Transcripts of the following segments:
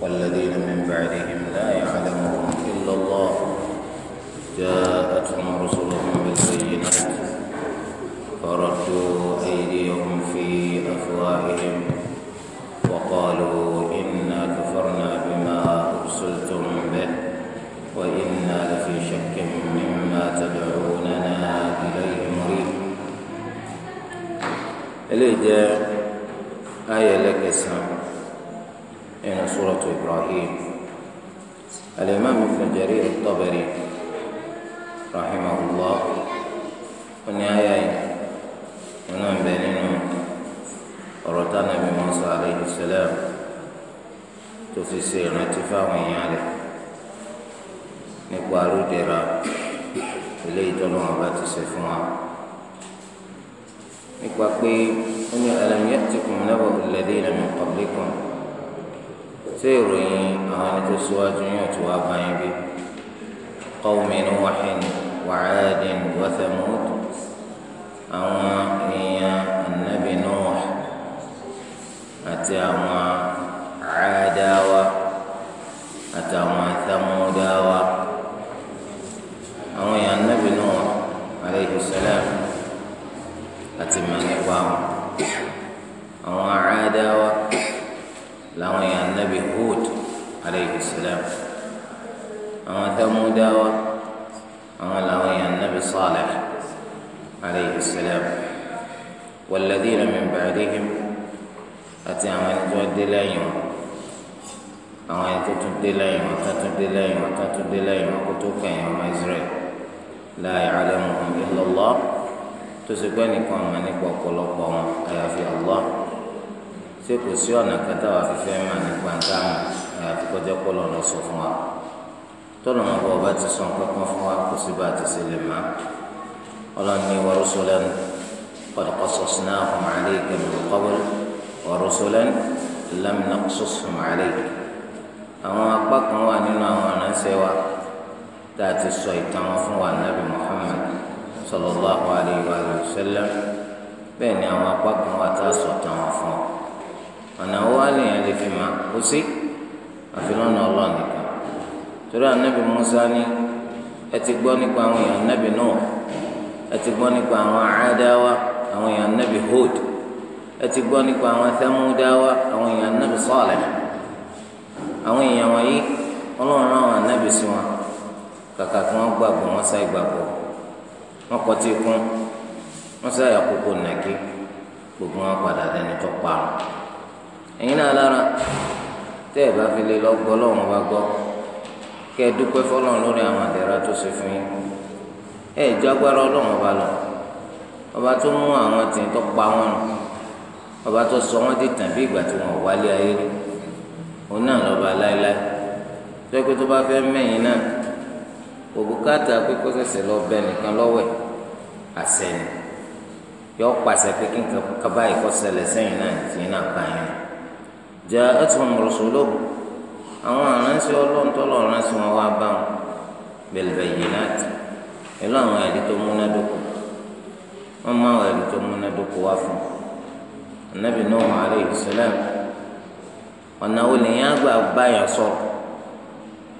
والذين من بعدهم لا يعلمون tẹ́kọ̀ tó bá fẹ́ mẹ́yìn náà òbúkátà pípọ́ sẹ̀sẹ̀ lọ bẹ nìkan lọ́wẹ̀ àṣẹ ni yọ pàṣẹ pé kí kaba ìkọ́ ṣẹlẹ̀ sẹ́yìn náà ti ní àpá yẹn jẹ́ ẹtùmọ̀ mọ̀rọ̀sọ̀ lóhùn àwọn aránṣẹ́ ọlọ́run tó lọ́ọ́ wọn wá bá wọn bẹ̀lẹ̀bẹ̀ yìí láti ẹlọ́ àwọn ẹ̀rí tó wọ́n mú àwọn ẹ̀rí tó wá fún un ọ̀nà olè yẹn àgbà báyà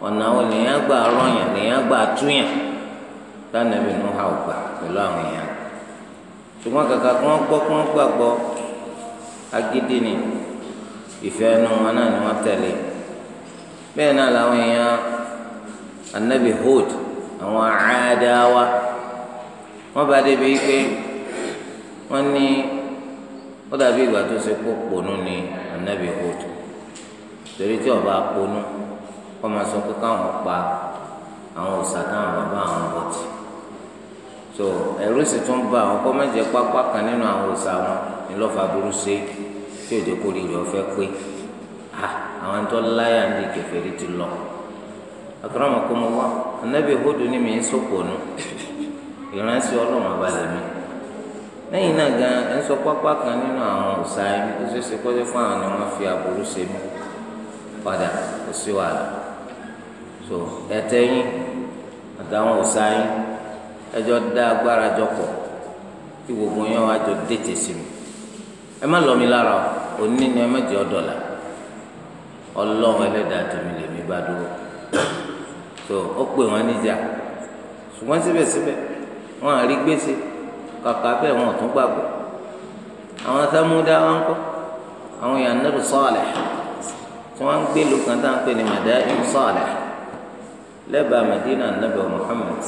ọ̀nà àwọn ènìyàn gbà rọ̀yàn ya gbà túyàn lánàbì nù hà ọgbà pẹ̀lú àwọn èèyàn ṣùgbọ́n kàkà kí wọ́n gbọ́ kí wọ́n gbàgbọ́ agídí ni ìfẹ́ ẹnu wọn náà ni wọ́n tẹ̀lé bẹ́ẹ̀ náà làwọn èèyàn anabi Hud àwọn àádáwa wọ́n bá débi pé wọ́n ní ó dàbí ìgbà tó ṣe kó ni anabi Hud torí tí ọba ponú. wọ́n máa sọ pé káwọn pa àwọn òòsà táwọn bàbá àwọn bọ̀ tì so ẹ̀rú sì tún bá àwọn kọ́mẹ́jẹ pápá kan nínú àwọn òòsà wọn ní lọ́fà burú sí tí òde kórè rẹ̀ ọ̀fẹ́ pé ah, àwọn tó láyà ń di kẹfẹ́rí ti lọ akramakumullah anabi hudu ni mi ń sọ̀kònú ìránṣẹ́ ọlọ́run abalẹ̀ mi lẹ́yìn náà gan ẹ sọ pápá kan nínú àwọn òòsà yẹn ó ṣeé ṣe kọ́jọ́ fún àwọn ni wọ́n fi aburú ṣe mú padà kò sí wàhálà. so ẹtẹ yín àtàwọn òòṣà ẹjọ dá agbára jọ pọ̀ kí gbogbo wá jọ sí mi ẹ má lọ lára òní ni ẹ má jẹ tèmi lèmi bá dúró so ó pè wọn níjà ṣùgbọ́n síbẹ̀síbẹ̀ wọn à rí gbèsè kàkà wọn ò tún àwọn sámúdá wọn àwọn leba Madina nabi Muhammad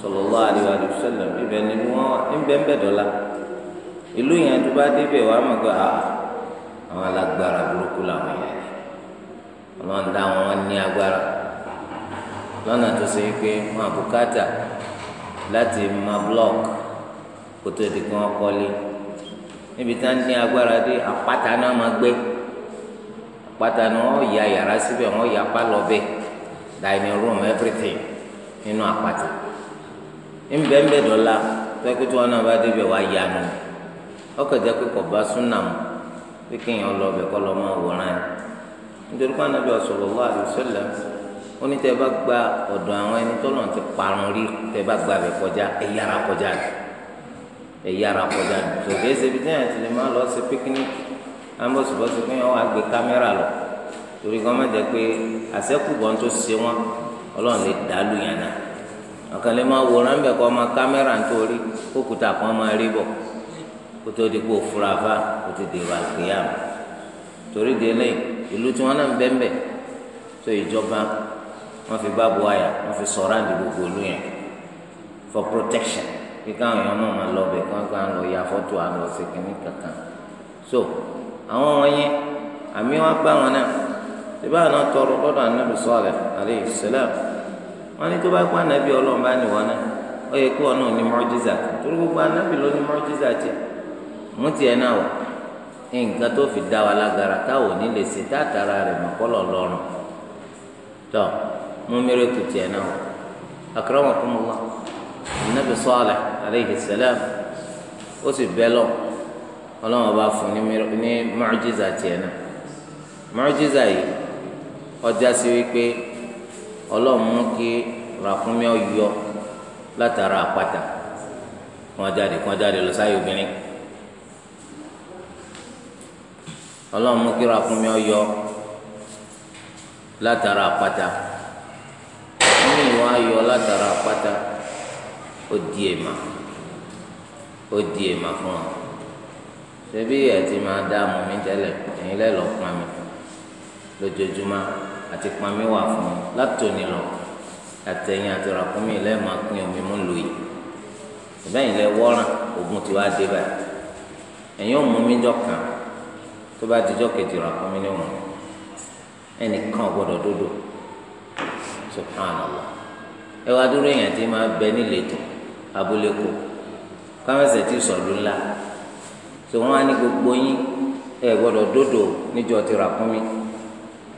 sallallahu alayhi wa sallam ibẹ̀ ni wọ́n níbẹ̀ ń bẹ̀ dọ́là ìlú yẹn tó bá débẹ̀ wàá mọ̀ pé ah, àwọn alágbára burúkú làwọn yẹn wọn dá wọn ní agbára lọ́nà tó ṣe pé wọn àbùkátà láti máa block kótó di kí wọ́n kọ́lé níbi ní agbára dé àpáta náà máa gbé àpáta náà dining room everything nínú àpàtà ńbẹ́ńbẹ́ dọ́là pẹ́kú bá débẹ̀ wá yá nu ọkọ̀ jẹ́ pé kọ̀ bá súnà mu pé kéèyàn lọ ọbẹ̀ kọ́ lọ́ máa wòran ẹ̀ nítorí pé Ànábì bá gba ọ̀dọ̀ àwọn ẹni tó lọ́n ti parun rí tẹ́ bá gba torí kan má jẹ́ pé àṣẹ́kùbọ̀n tó ṣe wọ́n ọlọ́run lè dá lù náà ọ̀kan lè máa wòran bẹ̀ kọ́ máa kámẹ́rà kókùtà kan máa rí bọ̀ kó tó di kó fura fa kó tó wà kéyàmù torí for protection kí káwọn èèyàn náà máa lọ bẹ̀ kí wọ́n gbà ń lọ so àwọn wọ̀nyẹn àmì wọn ìbáà náà tọrọ lọ́dọ̀ anabi sọ́ọ̀lẹ̀ aleyhi sẹlẹ̀m wọn ni tó bá gbọ́ anabi ọlọ́run bá ní wọn náà ó yẹ kí wọn náà ní mọ́jísà torí gbogbo anabi ló ní mọ́jísà tiẹ̀ mú tiẹ̀ náà wọ̀ nǹkan tó fi dá wa lágara táwọn ò ní lè ṣe tátara rẹ̀ mọ́kọ́lọ̀ lọ́rùn tọ́ mú mẹ́rẹ́kù tiẹ̀ náà wọ̀ akramakumullah anabi sọ́ọ̀lẹ̀ aleyhi sẹlẹ̀m ó sì bẹ́ lọ ọlọ́run ọba fún ní mọ́jísà tiẹ̀ náà mọ́jísà yìí ọjà sí wípé ọlọ́run kí ràkúnmí ọyọ látara àpáta jáde jáde lọ sáyé obìnrin kí ràkúnmí ọyọ látara àpáta nínú ìwà ayọ látara ó di èèmà ó di èèmà fún ọ ṣebí ẹ ti máa dá mọ mi lẹ àti pami wà fún látòní lọ àtẹ̀yìn àti ràkúnmí lẹ́ẹ̀ma pín omi mú lò yìí ìbẹ́yìn lẹ wọ́ràn ogun tí wàá dé báyìí ẹ̀yin ò mú mi jọ kàn tó bá dijọ́ kejì ràkúnmí ni wọ́n ẹnìkan gbọ́dọ̀ dódò subhanallah ẹ wá dúró èèyàn tí máa bẹ níletò abúlé kò kámẹ́sẹ̀ tí sọ̀dún ńlá tí wọ́n á ní gbogbo yín ẹ gbọ́dọ̀ dódò níjọ́ ti ràkúnmí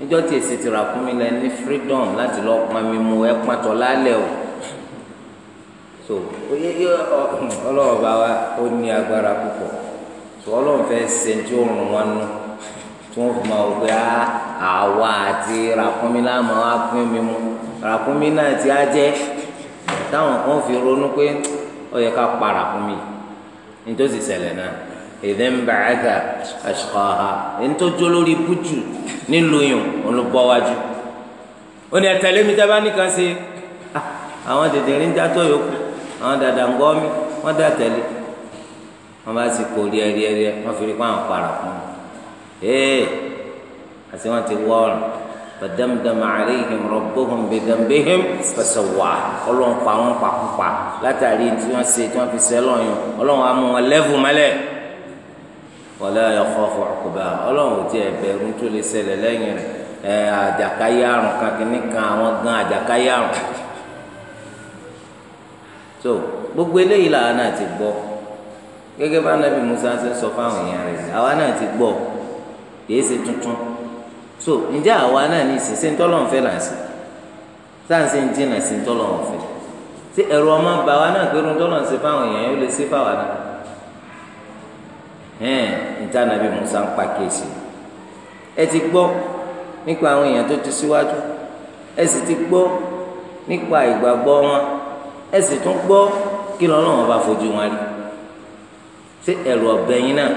níjọ́ tí èsì tìrà fún mi lẹ ní freedom láti lọ pọn mi mu ẹ pọn tọ́ lálẹ́ o so oyeye ọlọ́wọ́ bá wa ó ní agbára púpọ̀ so ọlọ́wọ́ fẹ́ ṣe tí ó rùn wọn nù tí wọ́n fi máa wò pé àwa àti ràkúnmí láàmú wa pín mi mu ràkúnmí náà ti á jẹ́ táwọn kan fi ronú pé ó yẹ ká pa ràkúnmí nítòsí ṣẹlẹ̀ náà ìdè ń bà ága àṣùkọ̀ọ̀ha ẹni tó jó lórí kújù nílùú yùn olùbọ̀wájú ó ní ẹ̀tẹ̀lé mi dábàá nìkan ṣe ah, àwọn dèdè rí ń dátọ̀ yòókù àwọn dàdà ń gọ́ mi wọ́n dá tẹ̀lé wọ́n bá sì kó rí ẹrí ẹrí wọ́n fi rí pàwọn para fún un ee àti wọ́n ti wọ́ ọ̀rùn fadamdam aleihim rabbuhum bidambihim fasawa ọlọ́run pa wọn pa kúpa látàrí tí wọ́n ṣe tí wọ́n fi sẹ́lọ̀ yàn ọlọ́run á mú wọn lẹ́fù mọ́lẹ̀ wala yakhafu uqbaha ọlọ́run ò tiẹ̀ bẹ̀rù tó lè ṣẹlẹ̀ lẹ́yìn rẹ̀ ẹ̀ àjàkáyé àrùn kakínní kan àwọn gan àjàkáyé so gbogbo eléyìí làwa náà ti gbọ́ gẹ́gẹ́ bá nàbí Musa ṣe sọ fáwọn èèyàn rẹ̀ àwa náà ti gbọ́ kìí ṣe tuntun so ǹjẹ́ àwa náà ní ìsinsìn ńtọ́lọ́run fẹ́ làǹsì sáǹsì ń jìnnà sí ńtọ́lọ́run fẹ́ ṣé ẹ̀rọ ọmọ bá wa náà pé ńtọ́lọ́run ṣe fáwọn èèyàn yóò lè ṣe fáwa náà ẹn níta nàbí Musa ń pa kéèsì ẹ ti gbọ́ nípa àwọn èèyàn tó ti síwájú ẹ sì ti gbọ́ nípa ìgbàgbọ́ wọn ẹ sì tún gbọ́ kí lọ́lọ́wọ́n bá fojú wọn rí ṣé ẹ̀rù ọ̀bẹ yín náà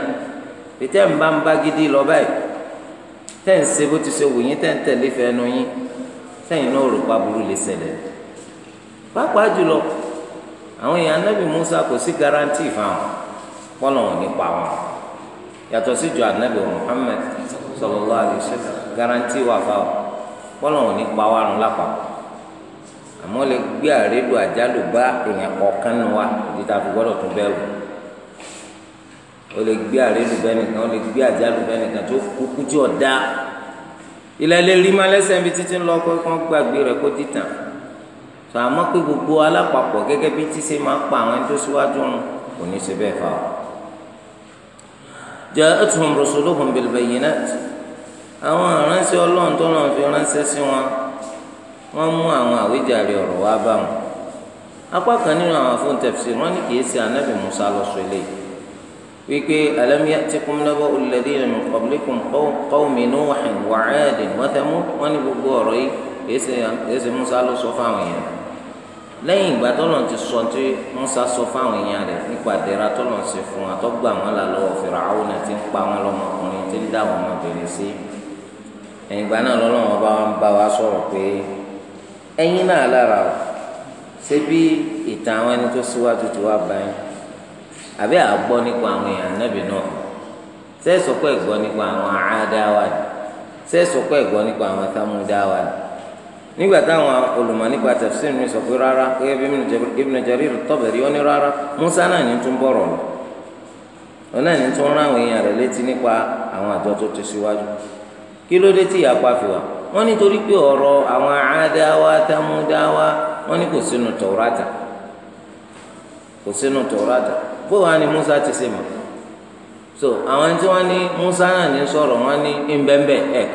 pété ń bá ń bá gidi lọ báyìí tẹ́ ń ṣe bó ti ṣe wù yín tẹ́ ń tẹ̀lé fẹ́nu yín sẹ́yìn náà rò pa burú lè ṣẹlẹ̀ pàápàá jùlọ àwọn èèyàn anábì Musa kò sí garanti fáwọn kọ́lọ́hún nípa wọn yàtọ̀ sí ju anabi Muhammad sallallahu alaihi wasallam garanti wà fáwọn kọ́lọ́hún nípa wa rún lápapọ̀ àmọ́ lè gbé àrédò àjálù bá èèyàn kọ̀ọ̀kan nù wa èyí tá a fi gbọ́dọ̀ tún bẹ́ẹ̀ wò o lè gbé àrédù bẹ́ẹ̀ nìkan o lè gbé àjálù bẹ́ẹ̀ nìkan tó kúkú tí ò dá ilẹ̀ lè rí máa lẹ́sẹ̀ bí títí ń lọ kó kán gbàgbé rẹ̀ kó dìtàn sọ àmọ́ pé gbogbo alápapọ̀ gẹ́gẹ́ bí títí máa ń pa àwọn ẹni tó síwájú òun kò ní í ṣe bẹ́ẹ̀ fà جاءتهم rusuluhum bil bayyinat àwọn aránṣẹ́ Ọlọ́run tó ràn fi ránṣẹ́ sí wọn wọ́n mú àwọn àwíjàre ọ̀rọ̀ wá bá wọn apá kan nínú àwọn afúntẹ̀fẹ̀sì wọn ní kìí ṣe anábì Musa lọ sọ eléyìí wípé alam ya'tikum naba'u alladhina min qablikum qawmi Nuhin wa 'Adin wa Thamud wọn ní gbogbo ọ̀rọ̀ yìí kìí ṣe Musa lọ sọ fáwọn yẹn. lẹ́yìn ìgbà tọ́lọ̀ ti sọ tí sọ fáwọn èèyàn rẹ̀ nípa tọ́lọ̀ fún wa tó gbà là lọ́wọ́ Fìràwọ́n àti ń pa wọn lọ́mọkùnrin tí ń dá wọn sí ẹ̀yìn ìgbà náà lọ́lọ́wọ́ wa sọ̀rọ̀ pé náà o ṣé bí ìtàn àwọn ẹni tó síwájú ti wá báyìí àbí àgbọ́ nípa àwọn èèyàn nẹ́bì náà ṣé ẹ sọ gbọ́ nípa àwọn ṣé gbọ́ nípa àwọn ni nígbà táwọn olùmọ̀ nípa tafsir mi sọ pé rárá gẹ́gẹ́ bí Ibn Jarir Tabari ó ní rárá Musa náà ní tún bọ̀rọ̀ lọ òun náà ní tún ráwọn èèyàn rẹ̀ létí nípa àwọn àjọ tó ti síwájú kí ló dé tí ìyapa fi wà wọ́n nítorí pé ọ̀rọ̀ àwọn àádáwa támúdáwa wọ́n ní kò sínú Taurata kò sínú Taurata bó wàá ní Musa ti ṣe mọ̀ so àwọn tí wọ́n ní Musa náà ní sọ̀rọ̀ wọ́n ní ń bẹ́ẹ̀ bẹ́ẹ̀ ẹ̀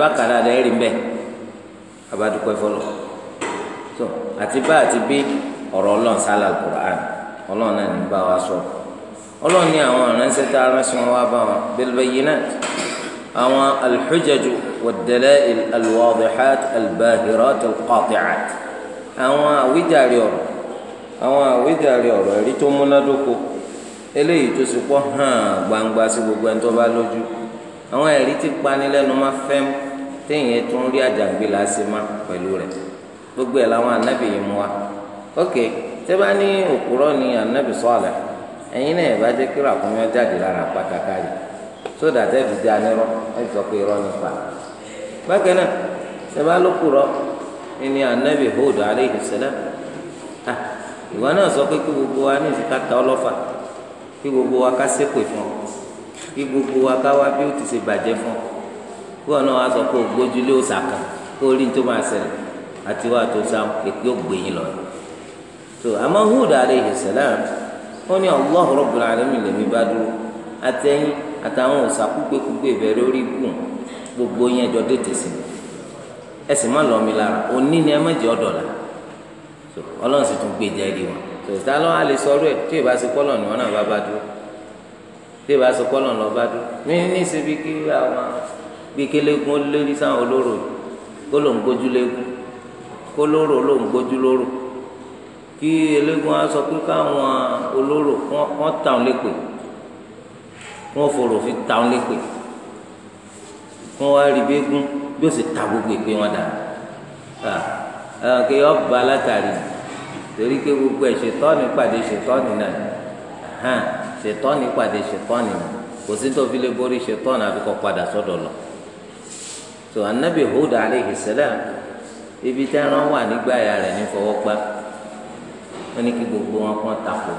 bá kàdáadáa ẹ̀ rí bẹ́ẹ̀ abadúpẹ́ fọlọ́ so àti bá àti bí ọ̀rọ̀ ọlọ́run sálà alukur'an ọlọ́run náà ní bá wa sọ ọlọ́run ní àwọn aránṣẹ́ tá a ránṣẹ́ wọn wá bá wọn bilbayinat àwọn alḥujaju wad-dala'il alwadihat albahirat alqati'at àwọn àwíjàre ọ̀rọ̀ àwọn àwíjàre ọ̀rọ̀ ẹ̀rí tó múnádóko eléyìí tó sì hàn gbangba sí gbogbo ẹni tó lójú àwọn ẹ̀rí ti panilẹ́nu máa fẹ́ mú. téèyàn tó ń rí àjàgbélà ṣe má pẹ̀lú rẹ̀ gbogbo ẹ̀ làwọn anábì yìí mú wa ok tẹ́ bá ní òkúrọ́ ni anábì sọ àlẹ́ ẹ̀yin náà bá jẹ́ kíra ràkúnmí ọ jáde lára pàtàkà yìí sódà tẹ́ fi já nírọ́ ẹ̀ sọ pé irọ́ nípa bákan náà tẹ́ bá lókùrọ́ ni anábì ìwọ náà sọ gbogbo wa ní ìsìká ta ọlọ́fà kí gbogbo wa ká fún ọ gbogbo wa ká wá bí ó ti ṣe kí ọ̀nà a wá sọ pé ògbójú lé òòsà kan kó rí tó máa ṣẹlẹ̀ àti wá tó sá ó lọ. tó àmọ́ ó ní lèmi bá dúró àtẹ̀yìn àtàwọn orí gbogbo yẹn jọ mi má lọ mi lára òní ni ẹ má jẹ́ ọ̀dọ̀ la Ọlọ́run sì tún ẹ̀rí wọn a lè sọ̀rọ̀ ẹ̀ ni bí kélékun lérí sáwọn olóró kó ló ń gbójú lékun kó lóró ló ń gbójú lóró kí eléégún á sọ pé káwọn olóró wọn tàn lépè wọn fòrò fi tàn lépè wọn wá rí bégún bí ó sì ta gbogbo ìpè wọn dà kí ọba látàrí torí pé gbogbo ẹ̀ ṣètọ́ni pàdé ṣètọ́ni náà hàn ṣètọ́ni pàdé ṣètọ́ni kò sí tó fi lè borí ṣètọ́ni àfikọ́ padà sọ́dọ̀ lọ so anabi Hud aleyhi salam ibi tí ẹran wà nígbà ya rẹ̀ ní fọwọ́ gbá wọn ní kí gbogbo wọn kàn tako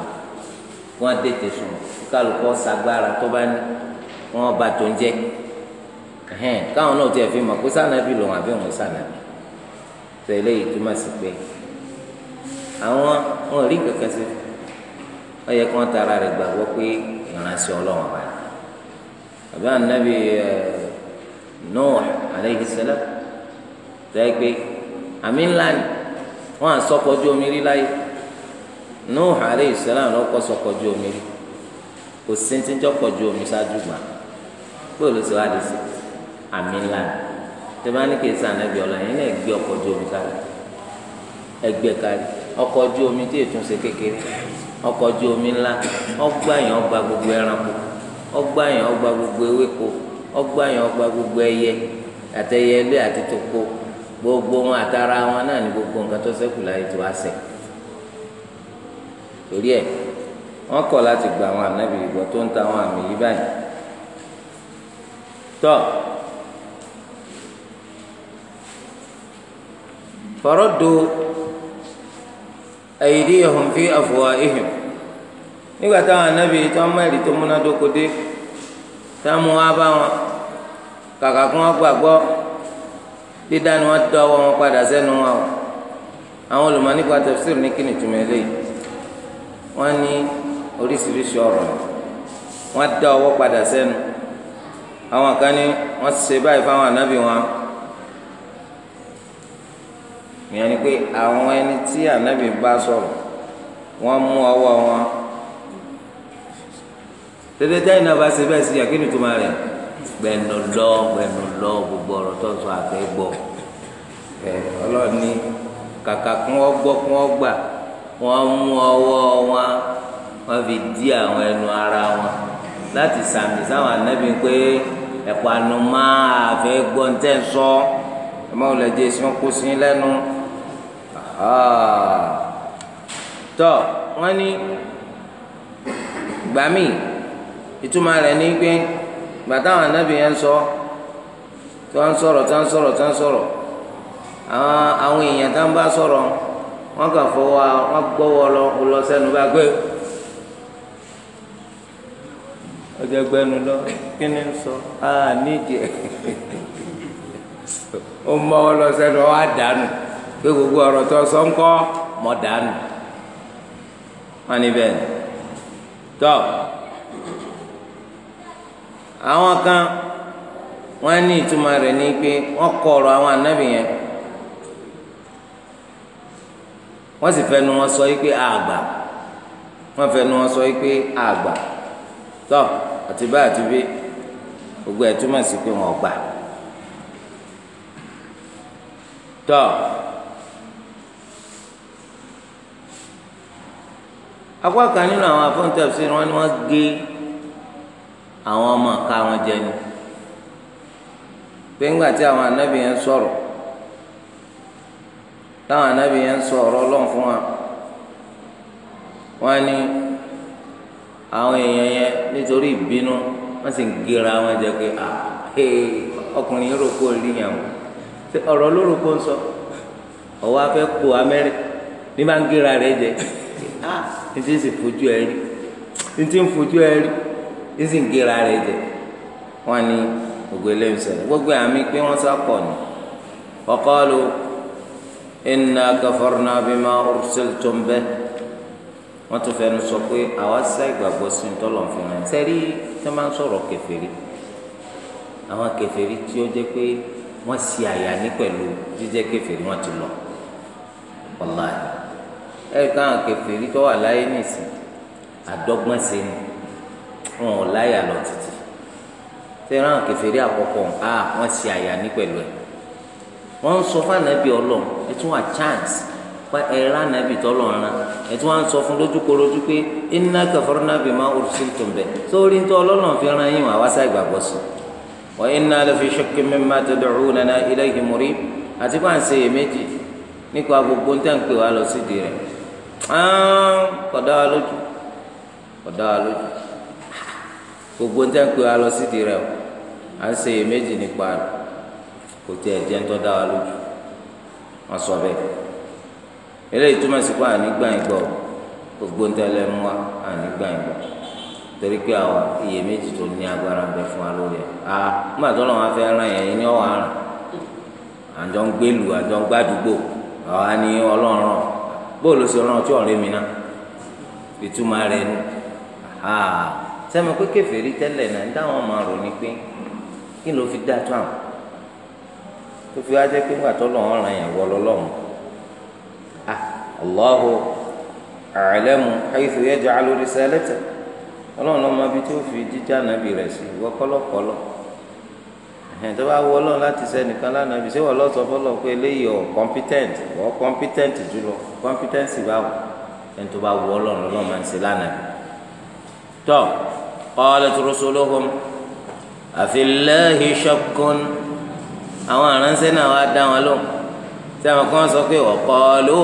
wọn tètè sùn kálukọ sagbára tó bá ní wọn bá tó ń jẹ ẹhẹn káwọn náà tiẹ̀ fi mọ̀ pé sànàbí lòun àbí òun sànàbí tó eléyìí túmọ̀ sí pé àwọn wọn rí kankan sí wọn yẹ kí wọn tara rẹ̀ gbàgbọ́ pé ìránṣẹ́ Ọlọ́run bá àbí ànábì ẹ. Nuh alayhi salam tẹ́ pé àmì ńlá ni wọ́n à omi rí láyé Nuh alayhi salam lọ́kọ́ sọ́kọ̀ọ́jú omi rí kò sí ti omi ṣáájú gbà pé olùsọ wa lè sè àmì ńlá ní kí n sàn ẹgbẹ́ ọ̀la yẹn náà gbé ọkọ̀ọ́jú omi kalẹ̀ ẹgbẹ́ e kalẹ̀ ọkọ̀ọ́jú omi tí ètò ń ṣe kékeré ọkọ̀ọ́jú omi ńlá ọgbà yẹn ọgbà gbogbo ẹranko ọgbà yẹn ọgbà gbogbo ewéko ọgbà yẹn ọgbà gbogbo ẹyẹ àtẹyẹ ilé àti tòkó gbogbo wọn atara wọn náà ní gbogbo nǹkan tó ṣẹ́kù láyé tó torí ẹ wọn kọ̀ láti gba àwọn ànábì ìgbọ́ tó ń ta àwọn àmì yìí báyìí tọ fọrọdù fi nígbà táwọn ànábì tó ń tó sáàmù wa bá wọn kàkà kí wọn gbàgbọ́ dídá ni wọn dọwọ́ wọn padà sẹ́nu wọn o àwọn olùmọ̀ nípa tafsir ní kíni túmọ̀ eléyìí wọn ní oríṣiríṣi ọ̀rọ̀ wọn dá ọwọ́ padà sẹ́nu àwọn kan ní wọn ṣe báyìí fáwọn ànábì wọn ìyẹn ni pé àwọn ẹni tí ànábì bá sọ̀rọ̀ wọn mú ọwọ́ wọn tètè táyìn náà bá ṣe bẹ́ẹ̀ sí àkínní tó máa rẹ̀ gbẹ̀nù lọ gbẹ̀nù lọ gbogbo ọ̀rọ̀ tó ń sọ àfẹ́ gbọ́ ẹ ọlọ́ọ̀ni kàkà kún ọ gbọ́ kún ọ gbà wọ́n mú ọwọ́ wọn wọ́n fi dí àwọn ẹnu ara wọn láti sàmì sáwọn anábì pé ẹ̀pọ̀ àánú máa àfẹ́ gbọ́ ní tẹ́ sọ ẹ má wọlé jẹ́ sún kó sí lẹ́nu tọ́ wọ́n ní gbàmíì ìtumọ̀ rẹ̀ ní pé gbàtà àwọn anábì yẹn ń sọ tí wọ́n ń sọ̀rọ̀ tí wọ́n ń sọ̀rọ̀ tí wọ́n ń sọ̀rọ̀ àwọn àwọn èèyàn tá ń bá sọ̀rọ̀ wọ́n kàn fọwọ́ wọn gbọ́wọ́ lọ lọ sẹ́nu bá gbé ọjọ́ gbẹ́nu lọ kí ni ń sọ á nídìí ẹ̀ ó mọ́ ọ lọ sẹ́nu ọ́ á pé gbogbo ọ̀rọ̀ tó sọ ń kọ́ mọ̀ dànù wọ́n ní bẹ́ẹ̀ tọ́. àwọn kan wọn ní ìtumọ̀ rẹ̀ ní pé wọn kọ ọ̀rọ̀ àwọn ànábì yẹn sì fẹnu wọn sọ àgbà tọ àti bá àti bí gbogbo ẹ̀ sí pé gbà tọ. apá kan wọn ni wọn gé. àwọn ọmọ ká wọn jẹ ni pé ńgbà tí àwọn anábì yẹn sọ̀rọ̀ táwọn anábì yẹn sọ Ọlọ́run fún wa wọn ní àwọn èèyàn yẹn nítorí ìbínú wọn sì ń gera wọn jẹ pé ah, ọkùnrin yìí rò kó rí ọ̀rọ̀ ló rò ń sọ ọwọ́ afẹ́ kó amẹ́rẹ́ ní bá ń gera rẹ jẹ ah, ní ti ń sì fojú ẹ rí ní ti ń fojú ẹ rí ìsì ń gera rẹ̀ jẹ wọn ni gbogbo eléyìí ṣẹlẹ̀ gbogbo àmì pé wọ́n sá pọ̀ ni ọkọ́lu inna kafarna bima ursiltum bih wọ́n tún fẹnu sọ pé àwa sá ìgbàgbọ́ sí ní tọ́lọ̀ fún wọn sẹ́rí tí wọ́n máa ń sọ̀rọ̀ kèfèrí àwọn kèfèrí tí ó jẹ́ pé wọ́n si àyà ní pẹ̀lú jíjẹ́ kèfèrí wọ́n ti lọ wàláyé ẹ̀ka àwọn kèfèrí tó wà láyé nìsín àdọ́gbọ́n sí wọn ò láyà lọ títí tẹ́lẹ̀ àwọn àkọ́kọ́ a wọ́n ṣe àyà ní pẹ̀lú ẹ̀ wọ́n ń sọ fún ànábì ọlọ́run ẹ wà chance pa ẹ̀rọ ànábì tọ́lọ̀ ọ̀ràn ẹ tún wà ń sọ fún lójúkorojú pé inna kafarna bima ursiltum bi sórí ń tọ́ ọlọ́run fi ran yín àwa sáà ìgbàgbọ́ sí wa inna lafi shakkin mimma tad'unana ilayhi murib àti bá ń ṣe èméjì nípa gbogbo ń tẹ̀ ń pè wá lọ sídìí rẹ̀ kódà wa lójú kódà lójú. gbogbo ń tẹ́ ń lọ o à ń ṣe iyèméjì nípa rẹ̀ kò tẹ̀ jẹ́ ń tọ́ dá wa lójú wọn sọ bẹ́ẹ̀ eléyìí túmọ̀ sí pé ànígbà ìgbọ̀ gbogbo ń tẹ́lẹ̀ mú wa ànígbà ìgbọ̀ torí pé àwọn iyèméjì tó ní agbára bẹ fún wa lórí ẹ̀ à nígbà tó lọ́wọ́ fẹ́ ràn yẹn yín ní ọ̀wọ́ àrùn àjọ sẹ́mi pé kèfèrí tẹ́lẹ̀ náà dáhùn máa rò ní pé kí ló fi dá tó àwọn tó fi wá jẹ́ pé ńgbà tó lọ́wọ́ ràn yàn wọ́ lọ́lọ́run à ah, Allahu a'lamu haythu yaj'alu risalata ọlọ́run ló mọ ibi fi jíjá nàbì rẹ̀ sí ìwọ kọ́lọ́kọ́lọ́ ẹ̀hìn tó bá wọ ọlọ́run láti sẹ́nìkan lánàá ibi ṣé wọ́n lọ fọlọ́ pé eléyìí ọ̀ competent wọ́n qalat rusuluhum afi Allahi shakkun àwọn aránṣẹ́ náà wá dá wọn lóhùn tí àwọn kan sọ pé wa qalu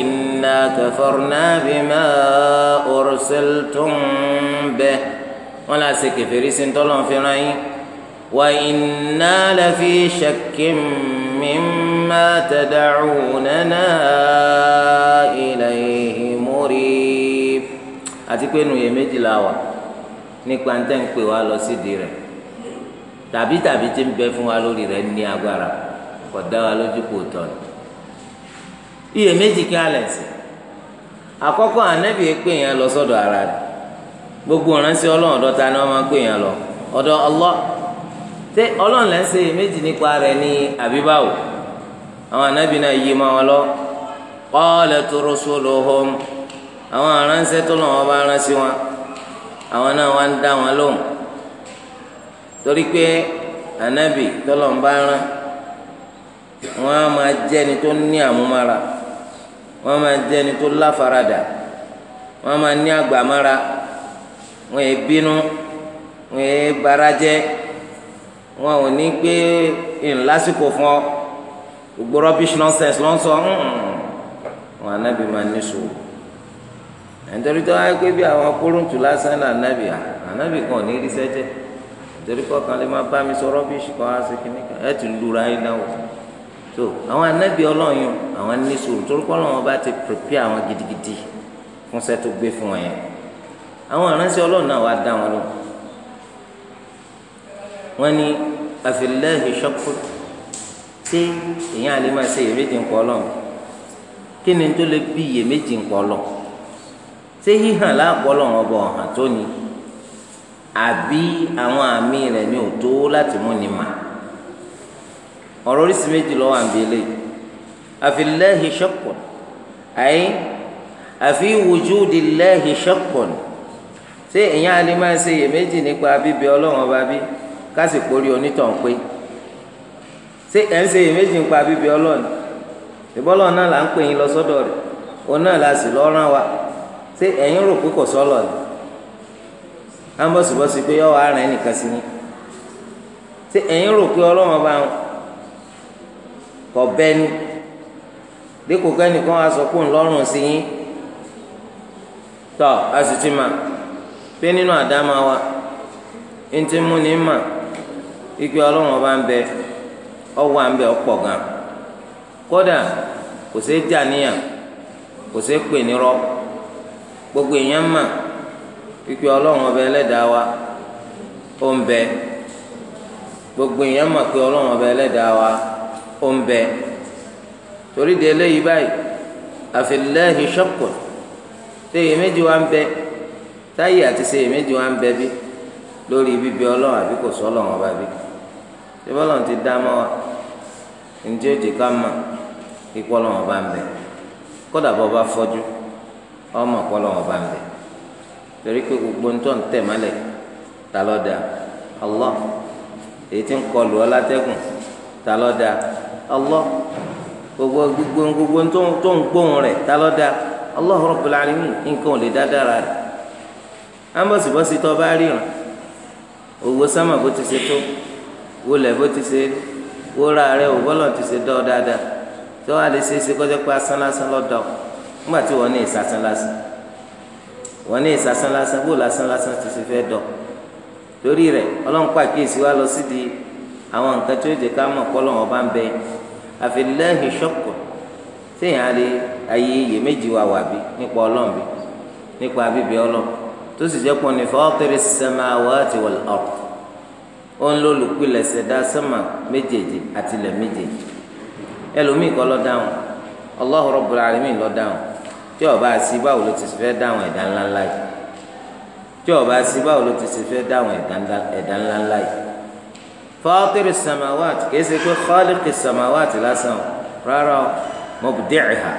inna kafarna bima ursiltum bih wọn là ṣe kẹfẹ́rí sí ntọ́lọ́ fi ràn yín wa inna lafi shakkin mimma tad'unana ilayhi murib àti pé nù yẹ méjìlá wa. nípa ntẹ́ ń pè wá lọ sídìí rẹ̀ tàbí tàbí tí ń bẹ fún wa lórí rẹ̀ ní agbára kò dá wa lójú kò tọ̀ ni. iye méjì kí a sí àkọ́kọ́ gbogbo ìránṣẹ́ ọlọ́run dọ́ta ni wọ́n máa pè yẹn lọ ọ̀dọ̀ Allah ọlọ́run lẹ́ ń ṣe méjì àwọn náà wá ń dá wọn lóhùn torí pé ànábì tọlọmọba rán wọn á máa jẹ́ ẹni tó ní àmúmára wọn á máa jẹ́ ẹni tó láfaradà wọn á máa ní àgbàmára wọn è bínú wọn è barajẹ́ wọn ò ní gbé ńlásìkò fún ọ gbogbo rubbish nonsense ló ń sọ wọn ànábì máa ní sùúrù nítorí tó wáyé pé bí àwọn kúrúǹtù lásán là nábì à ànábì kan ní rí sẹ́jẹ́ nítorí kọ́kan lè má bá mi sọ rọ́bìṣì kan á sí kíní kan ẹ ti lura yín náà wò so àwọn ànábì ọlọ́yún àwọn ní sùúrù torí kọ́ lọ́wọ́ bá ti pèpè àwọn gidigidi fún sẹ́ tó gbé fún wọn yẹn àwọn aránṣẹ́ ọlọ́run náà wá dá wọn lọ wọn ní àfìlẹ́hìn ṣọ́kù tí èèyàn àlè máa ṣe iyèméjì ń ọlọ́run kí ṣé híhàn lápọ̀lọ́wọ́ ọba ọ̀hàn tó ni àbí àwọn àmì rẹ̀ ni ò tó láti mú ni mà ọ̀rọ̀ oríṣi méjì lọ́wọ́ àǹbí eléyìí àfilẹ́hìn ṣọ́pọ̀ àyè àfi wùjúdi lẹ́hìn ṣọ́pọ̀ ṣé èèyàn alẹ́ máa ṣe iyèméjì nípa bíbẹ ọlọ́run ọba bí kásì kórí onítàn pé ṣé ẹ̀ ń ṣe iyèméjì nípa bíbẹ ọlọ́run ìbọ́lọ́ náà là ń pè yín lọ sọ́dọ̀ rẹ̀ òun náà la sì lọ́ rán wa. ṣé ẹ̀yin rò pé kò sọ́lọ̀ ni á ń bọ̀sibọ́sí pé yọ̀ wá ara ẹ̀ nìkan sí ni ẹ̀yin rò pé ọlọ́mọ bá ń kọ̀ bẹ́ẹ̀ ni dípò kẹ́nìkan á sọ pé a sì ti mà pé nínú àdámá wa ń ti ọlọ́run ọba bẹ ọwọ́ à ń bẹ ọ̀pọ̀ gan kódà kò gbogbo èèyàn mà pípé ọlọ́run ọba ẹlẹ́dàá wa ó ń bẹ gbogbo èèyàn mà pé ọlọ́run ọba ẹlẹ́dàá wa ó ń bẹ torí de eléyìí báyìí àfẹlẹ́hìn ṣọ́kùn ṣe èméjì wa ń bẹ táyì àti ṣe èméjì wa ń bẹ bí lórí bíbí ọlọ́run àbí kò sọ ọlọ́run ọba bí ṣé bọ́lọ̀ ti dá mọ́ wa ǹjẹ́ ó ti ká mọ̀ ikú ọlọ́run ọba ń bẹ kódà bọ́ bá fọ́jú ọmọ ọpọlọ wọn bá ń bẹ torí pé gbogbo ń tọ́ ń tẹ̀ mọ́lẹ̀ ta ló dá Allah èyí tí ń kọlù ọ látẹ́gùn ta ló dá Allah gbogbo gbogbo gbogbo tó ń gbóhùn rẹ̀ ta ló dá Allah Rabbul Alamin nǹkan ò lè dá dára rẹ̀ ambọ̀sibọ́sí tó bá ríran owó sámà bó ti ṣe tó wọlé bó ti ṣe wọ́ra rẹ̀ òbọ́lọ̀ ti ṣe dọ́ dáadáa tó wà lè ṣe é ṣe kọ́jọ́ pé asán lásán lọ́dọ̀ọ́ ńgbà tí wọn ní ìsásán lásán wọn ní ìsásán lásán bó lásán lásán ti ṣe fẹ́ dọ̀ torí rẹ̀ ọlọ́run pàkíyèsí wa lọ sídìí àwọn nǹkan tí ó jẹ ká mọ̀ kọ́lọ́ wọn bá ń bẹ àfẹlẹ́hìn ṣọ́kù téèyàn á lè ayé iyè méjì wa wà bí nípa ọlọ́run bí nípa bíbí ọlọ́run tó sì jẹ́ pọ̀ ní fọ́ọ̀tẹ̀rẹ̀ samawati wal ard ó ń lólùpìlẹ̀ ṣẹ̀dá sẹ́mà méjèèjì àtìlẹ̀ méjèèjì ẹlòmíì kọ́ ló dáhùn Allahu Rabbul Alamin ló tí ọba sí báwo ló ti fẹ́ dáhùn ẹ̀dá ńláńlá yìí tí ọba sí báwo ló ti fẹ́ dáhùn ẹ̀dá ńláńlá yìí fọ́tírì sàmáwáàtì kìí ṣe pé khaliqi sàmáwáàtì lásán rárá mubdi'iha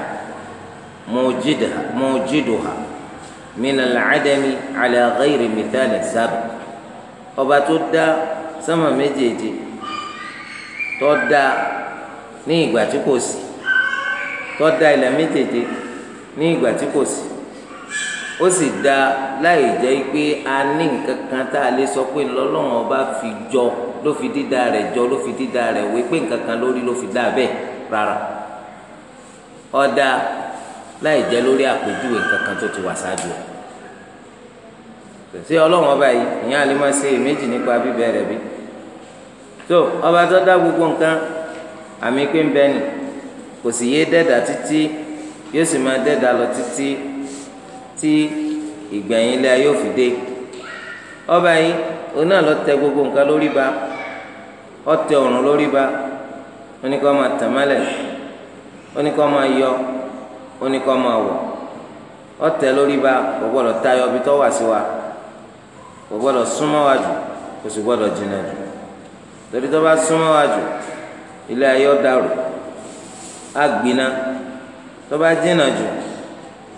mujiduha min al-'adami ala ghayri mithali sabiq ọba tó dá sánmà méjèèjì tó dá ní ìgbà tí kò sí tó dá ilẹ̀ méjèèjì ní ìgbà tí kò sí ó sì dá láì jẹ́ pé a ní nǹkan kan tá a lè sọ pé lọ́lọ́run ọba fi jọ ló fi dídá rẹ̀ jọ ló fi dídá rẹ̀ wé pé nǹkan kan lórí ló fi dá bẹ́ẹ̀ rárá ọ̀dà láì jẹ́ lórí àpèjúwe nǹkan kan tó ti wà ṣáájú ẹ̀ ṣé ọlọ́run ọba yìí ìyá àlè ṣe èméjì nípa bíbẹ̀ rẹ̀ bí tó ọba tó dá gbogbo nǹkan àmì pé ń bẹ ni kò sì yé dẹ́dà títí yóò sì máa dẹ́da lọ títí tí ìgbẹ̀yìn ilé ayé òfin dé ọba yìí òun náà lọ tẹ gbogbo nǹkan lórí ba ọtẹ ọ̀run lórí ba oníkọ́ máa tàn mọ́lẹ̀ oníkọ́ máa yọ oníkọ́ máa wọ̀ ọtẹ lórí ba kò gbọ́dọ̀ tayọ bí tọ́ wà sí wa kò gbọ́dọ̀ súnmọ́ wa jù kò sì gbọ́dọ̀ jìnnà jù torí tó bá súnmọ́ wa jù ilé ayé ọ̀dàrú á gbiná tó bá jìnnà jù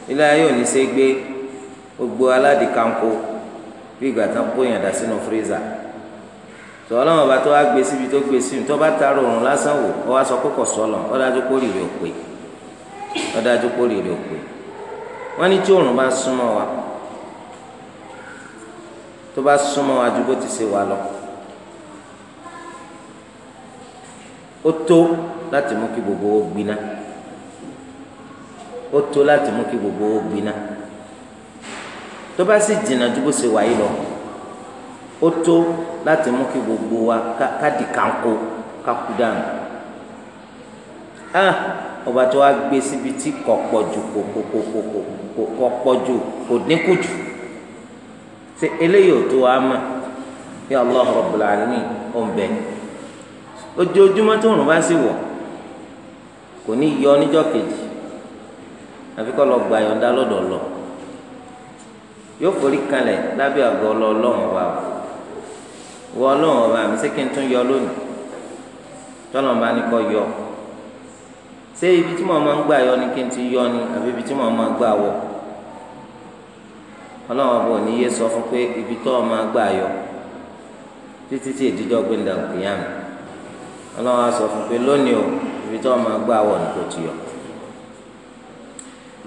ilé ayé ò ní ṣe gbé gbogbo aládìkanko bí ìgbà tán kó yàn dá sínú fírízà tó ọlọ́run ọba tó wá gbé síbi tó gbé síbi tó bá taara òrùn lásán wò ó wá sọ kókò sọlọ ó dájú kó rírì òpè ó dájú kó rírì òpè wọ́n ní tí òrùn bá súnmọ́ wa tó bá súnmọ́ wa ju bó ti ṣe wà lọ ó tó láti mú kí gbogbo gbiná. ó tó láti mú kí gbogbo ó gbiná tó bá sì jìnnà ju ṣe wà lọ ó tó láti mú kí gbogbo wa káàdì kanko dànù ah ọba tó wá gbé síbi tí kò pọ̀ jù kò kò kò kò kò kò pọ̀ jù kò dínkù jù ṣe eléyìí ò tó wá àfi kọ́ lọ gba yọ̀ǹda lọ́dọ̀ lọ yóò forí kalẹ̀ lábẹ́ àgọ́ lọ ọlọ́run ọba o wọ ọlọ́run ọba mi ṣé kí n tún yọ lónìí tọ́lọ́run bá ní kọ́ yọ ṣé ibi tí mo máa ń gbà yọ ni kí n ti yọ ni àbí ibi tí mo máa gbà wọ ọlọ́run ọba ò ní yé sọ fún pé ibi tó o máa gbà yọ títí tí ìdíjọ́ gbẹ̀ndàgbìyàn ọlọ́run á sọ fún pé lónìí o ibi tó o máa gbà wọ ni kò ti yọ.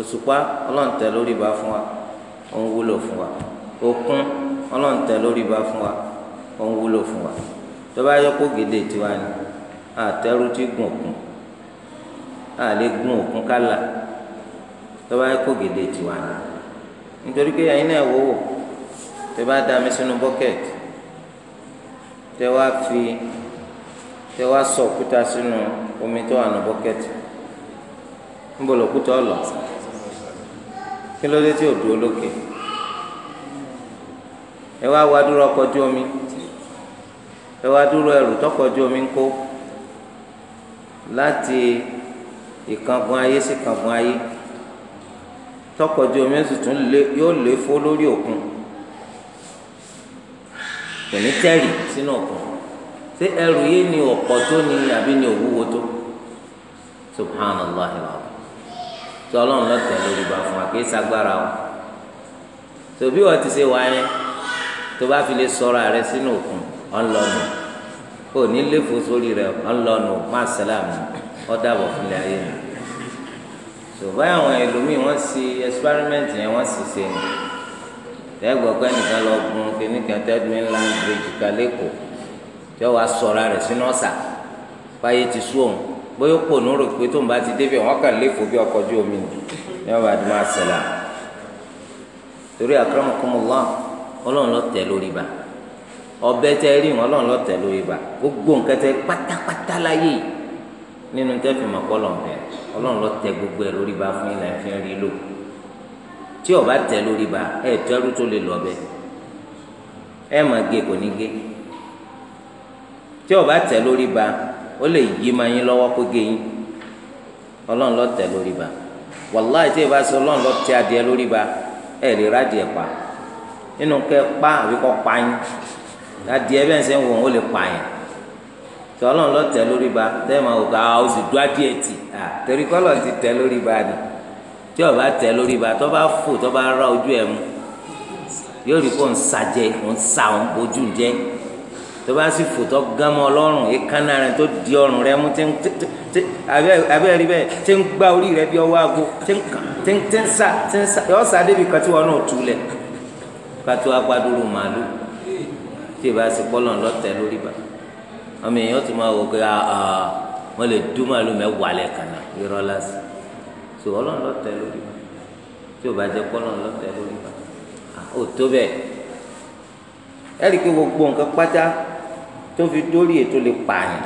òṣùpá ọlọ́ǹtẹ̀ lórí ba fún wa ó wúlò fún wa òkun ọlọ́ǹtẹ̀ lórí ba fún wa ó wúlò fún wa tó bá kó gèdè tiwa ni ti gùn òkun àlè gùn òkun kálà tó bá yẹ kó gèdè tiwa ni nítorí pé ẹ̀yin náà wò wò tẹ bá da sínú fi tẹ wá sọ òkúta sínú omi tó wà ní bọ́kẹ̀tì ń kí ló dé tí ò dúró lókè ẹ wá wá dúró ọkọ̀ ojú omi ẹ wá dúró ẹrù tọkọ̀ ojú omi ń kó láti ìkángun ayé sí ìkángun ayé tọkọ̀ ojú omi sì tún yóò lé fó lórí òkun kò ní tẹ́rì sínú òkun ṣé ẹrù yìí ni ọ̀pọ̀ tó ni àbí ni òwúwo tó subhanallah wa tí ọlọ́run lọ́tẹ̀ lórí bá fún wa kì í sagbára o tòbí wọ́n ti ṣe wáyé tó bá fi lè sọ̀rọ̀ rẹ sínú òkun ọ̀nlọ́nù kò ní léfo sórí rẹ ọ̀nlọ́nù máa sẹ́lámù ọ̀dàbọ̀ fúnlẹ̀ ayé mi tòbá àwọn ẹlòmíì wọ́n ṣe experiment yẹn wọ́n sì ṣe ni tẹ́gbọ̀ pé nìkan lọ gun kìnnìkan tẹ́gbẹ́ ńlá kalẹ́kọ̀ọ́ tí wọ́n wá sọ̀rọ̀ rẹ sínú ọ̀sà fáyé ti sú òun bóyá ó pò ní rò pé tó ń bá ti débẹ̀ wọ́n kàn léfò bí ọkọ̀ ojú omi ni ní ọba àti máa ṣẹlẹ̀ torí akramakumullah ọlọ́run lọ tẹ̀ lórí bá ọbẹ̀ tẹ rí wọn ọlọ́run lọ tẹ̀ lórí bá gbogbo nǹkan tẹ pátápátá láyé nínú tẹ́fì mọ̀ kọ́ lọ́nbẹ̀ ọlọ́run lọ tẹ gbogbo ẹ̀ lórí ba. fún ilẹ̀ fi rí lò tí ọba tẹ lórí bá ẹ tẹ́rù tó lè lọ bẹ́ẹ̀ ẹ mà gé kò ní gé tí ọba tẹ lórí bá ó lè yí ma yín lọ́wọ́ kó gé yín ọlọ́run ló tẹ̀ lórí ba wàláì tí ìbá sọ ọlọ́run ló tẹ̀ adìẹ lórí ba ẹ̀ lè ra adìẹ pa nínú kẹ́ pa àbí kọ́ pa yín adìẹ bẹ́ẹ̀ sẹ́ ń wọ̀ ó lè pa yín tọ́ ọlọ́run ló tẹ̀ lórí ba tẹ́ ma wò ká o sì dú adìẹ tì à torí kọ́ ọlọ́run ti tẹ̀ lórí ba ni tí o bá tẹ̀ lórí ba tọ́ bá fò tọ́ bá ra ojú ẹ̀ mu yóò rí kó ń sa jẹ ń sa ń bojú jẹ tó bá sì fòtọ́ gámọ́ ọlọ́run èékánná rẹ tó di ọrùn rẹ mú abẹ́ rí bẹ́ẹ̀ tí ń gbá orí rẹ bí ọwọ́ aago tí ń sá tí ń sá yọ sá débi kan tí wọn náà tú lẹ̀ kátó apádúró màálù tí ìbá sì pọ́ lọ́n lọ́tẹ̀ lórí bá ọmọ èèyàn tó máa wọ pé wọ́n lè dú màálù mẹ́wàá lẹ́ẹ̀kan náà irọ́ lásì tó ọlọ́run lọ́tẹ̀ lórí bá tí ò bá pọ́ lọ́n lọ́tẹ̀ lórí bá ó tó bẹ́ẹ̀ ẹ̀rí tó fi dórí ètò lè pààyàn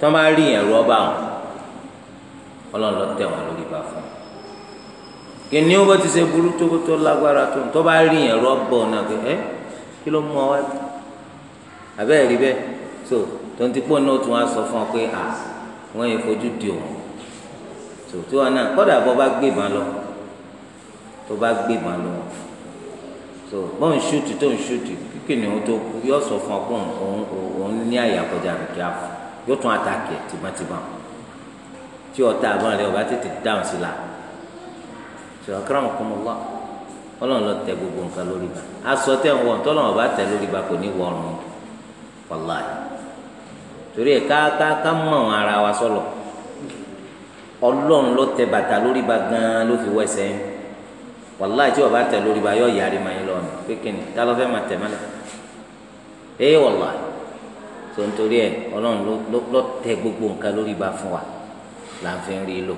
tó máa rí yẹn rú ọba wọn ọlọ́run lọ tẹ̀ wọn lórí ibà fún un kìnìún ó bá ti ṣe burú tó tó lágbára tó tó bá rí yẹn rọ́bọ̀ náà pé kí ló mú ọ wá abẹ́ẹ̀ rí bẹ́ẹ̀ so tó ń ti pọ̀ náà tó wá sọ fún ọ pé à wọ́n yẹn fojú di òun so tí wọn náà kọ́dà bọ́ bá gbé ìbọn lọ tó bá gbé ìbọn lọ so bọ́n ṣúùtì tó ń ṣúùtì kìnìún tó yọ sọ fún ọ pé òun ní àyè àkọjá rẹ̀ kí á fún yóò tún àtàkì tìbọntìbọn tí ọ̀tá àbọ̀n rẹ̀ ọba tètè dáhùn sí la sọ̀rọ̀ akérèmọ kọ́ mọ́ wá ọlọ́run lọ tẹ gbogbo nǹkan lórí ba aṣọ tẹ̀ ń wọ̀ tọ́lọ́run ọba tẹ lórí ba kò ní wọ ọ̀run wàláyé torí ẹ̀ ká ká ká mọ̀ ara wa sọ̀lọ̀ ọlọ́run lọ tẹ bàtà lórí ba gan ló fi wọ ẹsẹ̀ wàláyé tí ọba tẹ lórí ba yọ yàrá ìmọ̀ yín lọ́nà pé kíni tá máa tẹ̀ mọ́lẹ̀ ẹ̀ wàláyé. tó ń ẹ ọlọ́run ló tẹ gbogbo nǹkan lórí ba fún wa là ń fi rí lò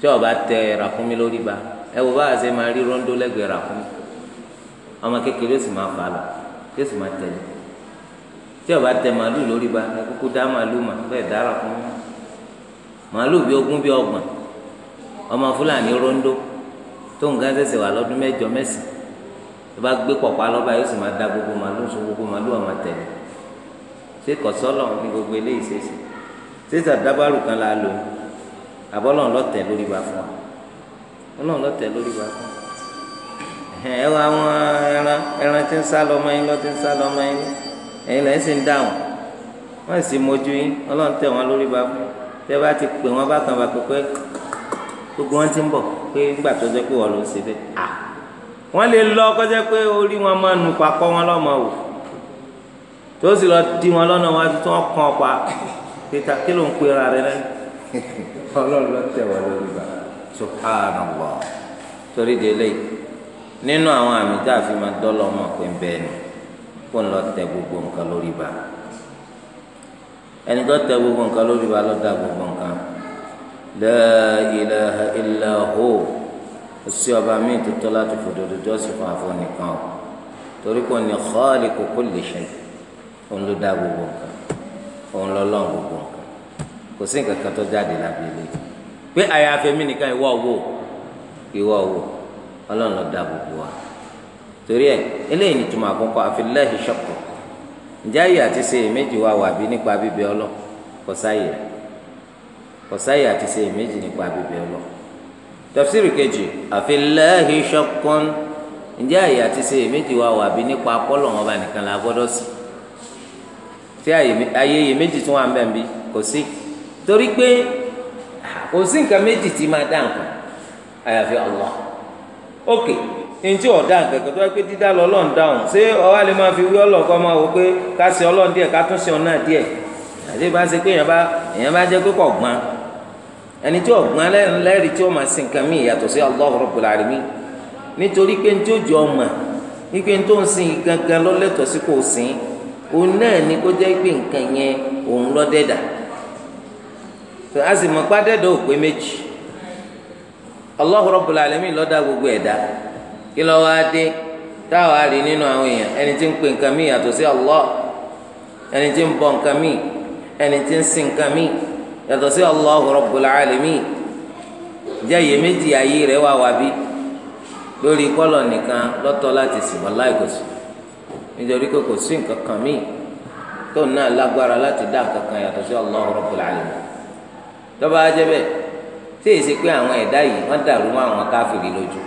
tí ọba tẹ ràkúnmí lórí ba ẹ wò bá máa rí rọ́ńdó lẹ́gbẹ̀ẹ́ ràkúnmí ọmọ kékeré sì máa fà á lọ sì máa tí ọba tẹ màálù lórí ba ẹ kúkú dá màálù wà tó bá gbé pọ̀pá lọ́ba yóò sì máa da gbogbo màlúù sọ gbogbo màlúù àmà tẹ̀lé ṣé kọ̀sọ́lọ̀ ní gbogbo eléyìí ṣe ṣe ṣé sàdábàrù kan la lò àbọ̀lọ̀ lọ́tẹ̀ lórí ba fún wa ọlọ́run lọ́tẹ̀ lórí ba fún wa ẹ wá àwọn ẹran ẹran tí ń sá lọ mọ́yìn lọ́ tí ń sá lọ mọ́yìn lọ ẹ̀yin lẹ́yìn sì ń dáhùn wọ́n sì mójú yín ọlọ́run tẹ̀ wọ́n lórí ba fún wa tẹ́ bá ti pè wọ́n bá kàn bá pẹ́ pẹ́ gbogbo wọn ti ń bọ̀ pé nígbà tó jẹ́ pé wọ́n ló ń ṣe bẹ́ẹ̀ wọ́n lè lọ kọjá pé orí wọn máa nù papọ̀ wọn lọ́mọ wò tó sì lọ di wọn lọ́nà wọn tó wọn kàn pa pété kí ló ń pe ara rẹ lẹ ọlọ́run ló tẹ̀ wọ́n lórí ba subhanallah torí délé nínú àwọn àmì tá a fi máa dọ́lọ́ ọmọ pé ń bẹ́ẹ̀ ni kó ń lọ tẹ gbogbo nǹkan lórí ba ẹni tó tẹ gbogbo nǹkan lórí ba ló gbogbo nǹkan la ilaha illa hu sí ọba míì tó tọ́ láti fòdòdó jọ́sìn fún àfọ nìkan o torí kò ní khaliqu kulli shay òun ló dá gbogbo nǹkan òun lọ́lọ́run gbogbo nǹkan kò sí nǹkan kan tó jáde lábẹ́ ilé pé àyàfi mi nìkan ìwọ wò ìwọ wò ọlọ́run ló dá gbogbo wa torí ẹ eléyìí ni tuma àkọ́kọ́ àfilẹ́hìn ṣọ́kọ̀ ǹjẹ́ ayé àti ṣe èméjì wa wà bí nípa bíbẹ ọlọ́ kọ̀sáyè kọ̀sáyè àti ṣe èméjì nípa bíbẹ ọlọ́ tafsiri kejì àfi lẹ́hìn ṣọ́kún ǹjẹ́ àyè àti ṣe èméjì wa wà bí nípa akọ́lọ̀ wọn bá nìkan la gbọ́dọ̀ sí tí àyè èméjì tún wà ń bẹ̀ ń bí kò sí torí pé kò sí nǹkan méjì tí máa dá nǹkan àyàfi Allah ok ntí ọ̀dà nǹkan tó wá pé dídá lọ ọlọ́run dáhùn ṣé ọwọ́ àlè máa fi wí ọlọ́ọ̀kọ́ máa wò pé ká ṣe ọlọ́run díẹ̀ ká tún ṣe ọ̀nà díẹ̀ àti bá ṣe pé èèyàn bá jẹ́ pé kọ̀ gbọ́n ẹni tí ọ̀gbọ́n lẹ́rìí tí ó máa sin nǹkan mí ìyàtọ̀ sí Allahu Rabbul Alamin nítorí pé ní tí ó jọ ọmọ wípé ní tó ń sin gangan lọ́lẹ́tọ̀ sí kò sin òun náà ni kó jẹ́ pé nǹkan yẹn òun ló dẹ́dà tó a sì mọ̀ pé méjì Allahu Rabbul Alamin ló dá gbogbo ẹ̀dá kí ló wá dé táwa rí nínú àwọn èèyàn ẹni tí ń pè nǹkan mí ìyàtọ̀ sí Allah ẹni tí ń bọ nǹkan mí ẹni tí ń sin nǹkan mí yàtọ̀ sí Allahu Rabbul Alamin jẹ́ iyèméjì ayé rẹ̀ wá wá bí lórí kọ́lọ̀ nìkan lọ́tọ̀ láti sìn wọ́n láì kò sùn nítorí pé kò sí nǹkan kan míì tó náà lágbára láti dá nǹkan kan yàtọ̀ sí Allahu Rabbul Alamin tọ́ba ajẹ́ bẹ́ẹ̀ tí èsì pé àwọn ẹ̀dá yìí wọ́n dàrú mọ́ àwọn káfìrí lójú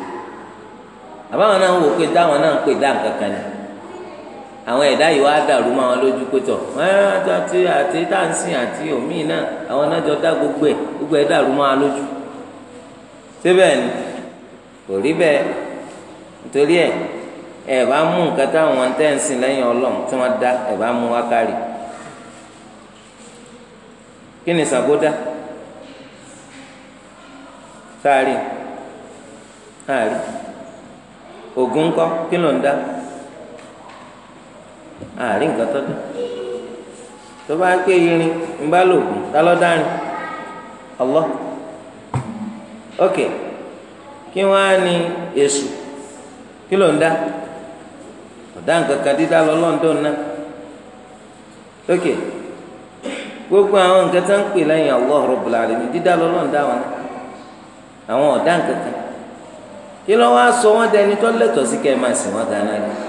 àbáwọn náà ń wò pé táwọn náà ń pè dá nǹkan kan ni àwọn ẹ̀dá yìí wá dàrú mọ́ àwọn lójú pétọ̀ àti àti táǹsì àti òmíì àwọn náà jọ gbogbo ẹ̀ gbogbo ẹ̀ dàrú mọ́ àwọn lójú. síbẹ̀ ni kò rí bẹ́ẹ̀ nítorí ẹ̀ ẹ̀ bá mú nǹkan táwọn lẹ́yìn ọlọ́run tí wọ́n dá ẹ̀ bá àárín nǹkan tó dùn tó bá ń pè irin ń bá lòògùn tá lọ́ dárin n'i ok kí wọ́n á ní èṣù kí ló ń dá ọ̀dá nǹkan kan dídá lọ lọ́ńdọ̀ náà ok gbogbo àwọn nǹkan tó ń pè lẹ́yìn dídá lọ àwọn náà àwọn ọ̀dá nǹkan kan kí ló wá sọ dẹni tó lẹ́tọ̀ọ́ sí kẹ́ ẹ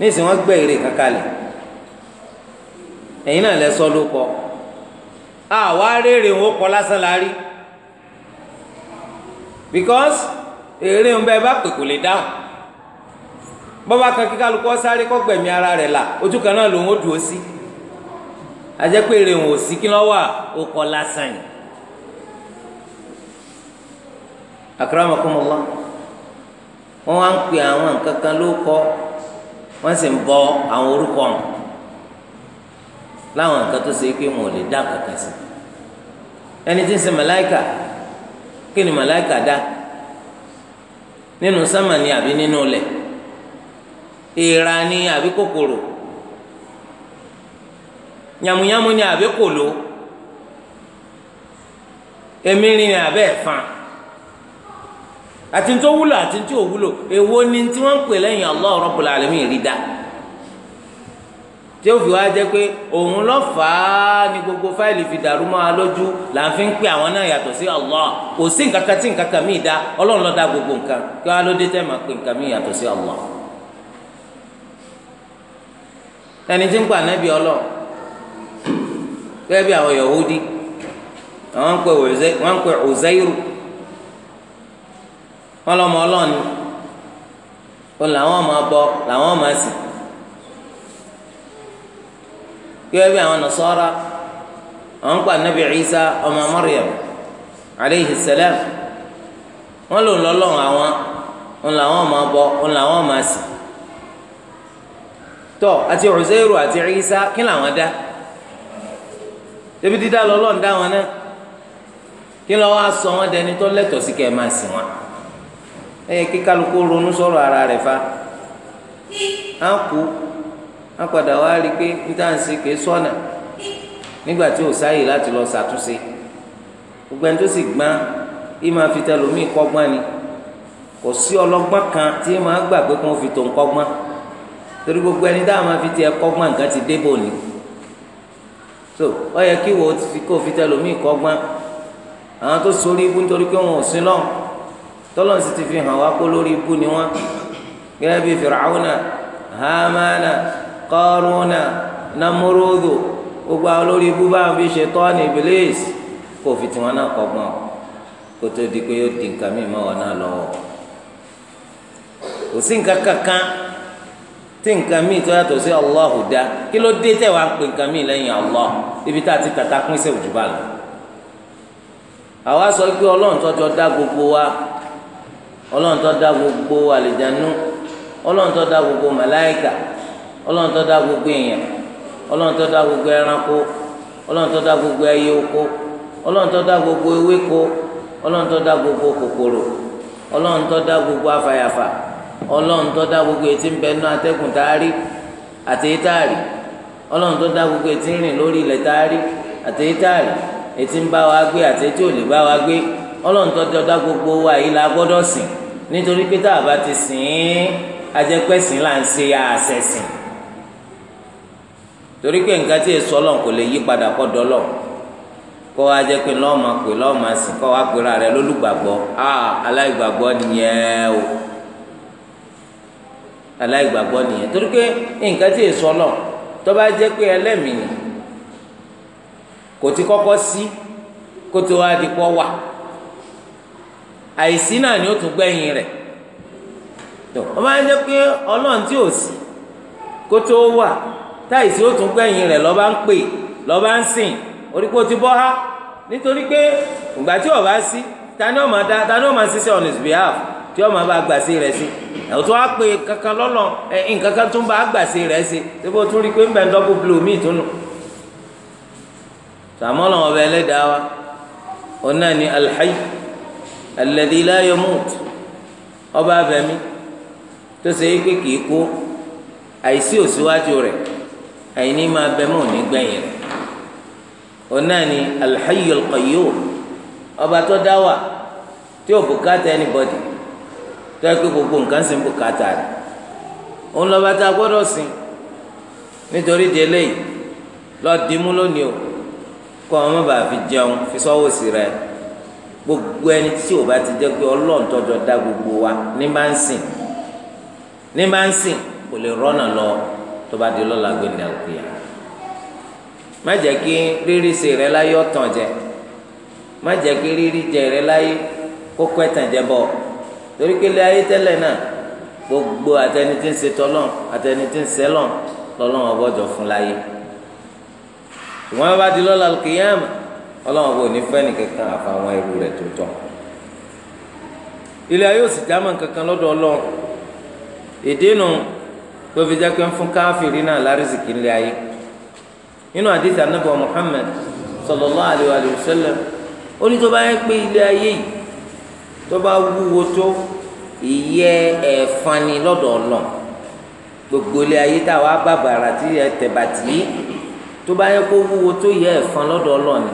níìsín wọn gbẹ ère kankalẹ ẹ̀yin náà lẹ sọ ló kọ àwa rèrè ń kọ lásán la rí because ère ń bẹ bá pè kò lè dáhùn kan kí kálukọ́ sáré kọ́ ara rẹ̀ là ojú kan náà lòun ó dùn ó sí ajẹ́ pé ń sí wà ó kọ lásán yìí wọ́n sì ń bọ àwọn orúkọ ọ̀hún láwọn nǹkan tó ṣe pé wọn ò lè dá kankan sí ẹni tí ń ṣe màláìkà kí ni màláìkà dá nínú sámà ni àbí nínú ilẹ̀ èèrà ni àbí kòkòrò yàmùyàmù ni àbí kòló emirin ni àbí ẹ̀fọn. àti tó wúlò àti tó wúlò èwo ni tí wọ́n ń pè lẹ́yìn Allah Rabbul Alamin rí dá tí ó fi wá jẹ́ pé òun lọ fà á gbogbo fáìlì fi dàrú mọ́ a fi ń pè àwọn náà yàtọ̀ sí Allah kò sí nǹkan kan tí nǹkan kan mí dá ọlọ́run ló dá gbogbo nǹkan kí wọ́n á ló dé tẹ́ máa pè nǹkan yàtọ̀ sí Allah ẹni tí ń wọn lọmọ ọlọ́ọ̀ni wọn làwọn máa bọ làwọn máa sìn gẹ́gẹ́ bí àwọn nasara àwọn pa nabi Isa ọmọ Maryam aleyhi salam wọn lò lọ́lọ́run àwọn wọn làwọn máa bọ wọn làwọn máa sìn tọ àti Uzairu àti Isa kí làwọn dá ebi dídá lọ́lọ́run dá wọn náà kí ló wá sọ wọn dẹni tó lẹ́tọ̀ọ́ sí kẹ́ ẹ máa sìn wọn ẹ kí kálukú ronú sọ̀rọ̀ ara rẹ̀ fa á kú á padà wá rí i pé níta ń ṣe kì í sọ̀nà nígbà tí ò sáyè láti lọ ṣàtúnṣe gbogbo ẹni tó sì gbọ́n yìí máa fi tẹlòmíì kọ́gbọ́n ni kò sí ọlọ́gbọ́n kan tí yìí máa gbà pé kó fi tó ń torí gbogbo ẹni dáhà máa fi tiẹ̀ kọ́gbọ́n nǹkan ti débò ni so ó yẹ kí wo kó fi tẹlòmíì kọ́gbọ́n àwọn tó sórí ibú nítorí pé wọn ò sin lọ́hùn tọ́lọ́n sì ti fi hàn wá kó lórí ibú ni wọ́n gẹ́gẹ́ gbogbo àwọn báwọn fi tiwọn náà kọ́gbọ́n kó tó di pé yóò di nǹkan wọn náà lọ́wọ́ kò sí nǹkan kankan tí nǹkan míì tó yàtọ̀ sí Allahu dá kí ló dé tẹ̀ ibi tá a ti tàta pín sí òjúbà lọ. àwa sọ pé ọlọ́run tọ́jọ́ dá gbogbo wa ọlọ́run tó gbogbo àlìjánu ọlọ́run tó gbogbo màláìkà ọlọ́run tó gbogbo èèyàn ọlọ́run tó gbogbo ẹranko ọlọ́run tó gbogbo ẹyẹ oko ọlọ́run tó gbogbo ewéko gbogbo kòkòrò ọlọ́run tó gbogbo afàyàfà gbogbo etí bẹ nú atẹ́kùn gbogbo etí ń ọlọ́run tó ti ọ̀dá gbogbo wa yìí la gbọ́dọ̀ sìn nítorí pé tá a bá ti sìn ín ajẹ́pẹ́sìn là ń ṣe àṣẹ̀sìn torí pé nǹkan tí èso ọlọ́run kò lè yí padà kọ́ dọ́lọ̀ kọ́ wa jẹ́ pé lọ́ọ̀mà pé lọ́ọ̀mà sìn kọ́ wa pera rẹ lólùgbàgbọ́ aláìgbàgbọ́ nìyẹn o aláìgbàgbọ́ nìyẹn torí pé nǹkan tí èso ọlọ́run tó bá jẹ́ pé ẹlẹ́mìí kò ti kọ́kọ́ sí kó tó wá di wà. Si, àìsí náà ni ó tún gbẹ̀yìn rẹ̀ tó wọ́n máa ń jẹ́ pé ọlọ́run tí ò sí kó tó wà táìsí ó tún gbẹ̀yìn rẹ̀ lọ́ba ń pè lọ́ba ń sìn ti bọ́ ha nítorí pé ìgbà tí ọba sí ta ni ọmọ da ta ni ọmọ ṣiṣẹ́ on his behalf tí ọmọ bá gbàsí si sí ẹ̀ tó wá pé kankan lọ́nà ẹ̀ tó ń bá gbàsí sí bó tún rí pé ń blue míì alladhi la yamut ọba abẹmí tó ṣe é pé kìí kú àìsí òsíwájú rẹ àìní máa bẹmọ nígbẹ̀yìn rẹ ọ̀nà ni alhayyul qayyum ọba tó dá wà tí ò bùkátà anybody tó yẹ kó gbogbo nǹkan sì ń bùkátà rẹ òun lọ́ba tá a gbọ́dọ̀ sìn nítorí délé yìí lọ́ọ́ dìímú lónìí o kọ́ ọ má bàa fi jẹun fi sọ́wọ́ sí rẹ gbogbo ẹni tí ò bá ti jẹ́ pé ọlọ́run dá gbogbo wa ní máa ń sìn ní máa ń sìn kò lè rọ́nà lọ tó bá di lọ́la gbẹ̀ndẹ̀ òkúya má jẹ́ kí rírí ṣe rẹ láyé ọ̀tàn jẹ má jẹ́ kí rírí jẹ rẹ láyé kókó ẹ̀tàn jẹ bọ̀ torí pé ilé ayé tẹ́lẹ̀ náà gbogbo àtẹni tí ń ṣe tọ́lọ́n àtẹni tí ń ṣẹlọ́n lọ́lọ́run ọgbọ́jọ fún láyé ṣùgbọ́n bá di lọ́la òkúya mọ̀ ọlọ́run bò ní fẹ́ni kankan àfàwọn ẹrú rẹ̀ tó tọ̀ ilé ayé òsì jámọ̀ kankan lọ́dọ̀ ọlọ́run èdè nù tó fi jẹ́ pé ń fún káfíìrì náà lárísìkì ńlẹ̀ ayé nínú àdìsí anábọ̀ Muhammad sallallahu alaihi wa sallam ó ní tó bá yẹ pé ilé ayé yìí tó bá wúwo tó ìyẹ ẹ̀fọn ni lọ́dọ̀ ọlọ́run gbogbo ilé ayé tá a wá bàbàrà tí ẹ tẹ̀ bàtì yìí tó bá yẹ kó wúwo tó yẹ ẹ̀fọn lọ́dọ̀ ọlọ́run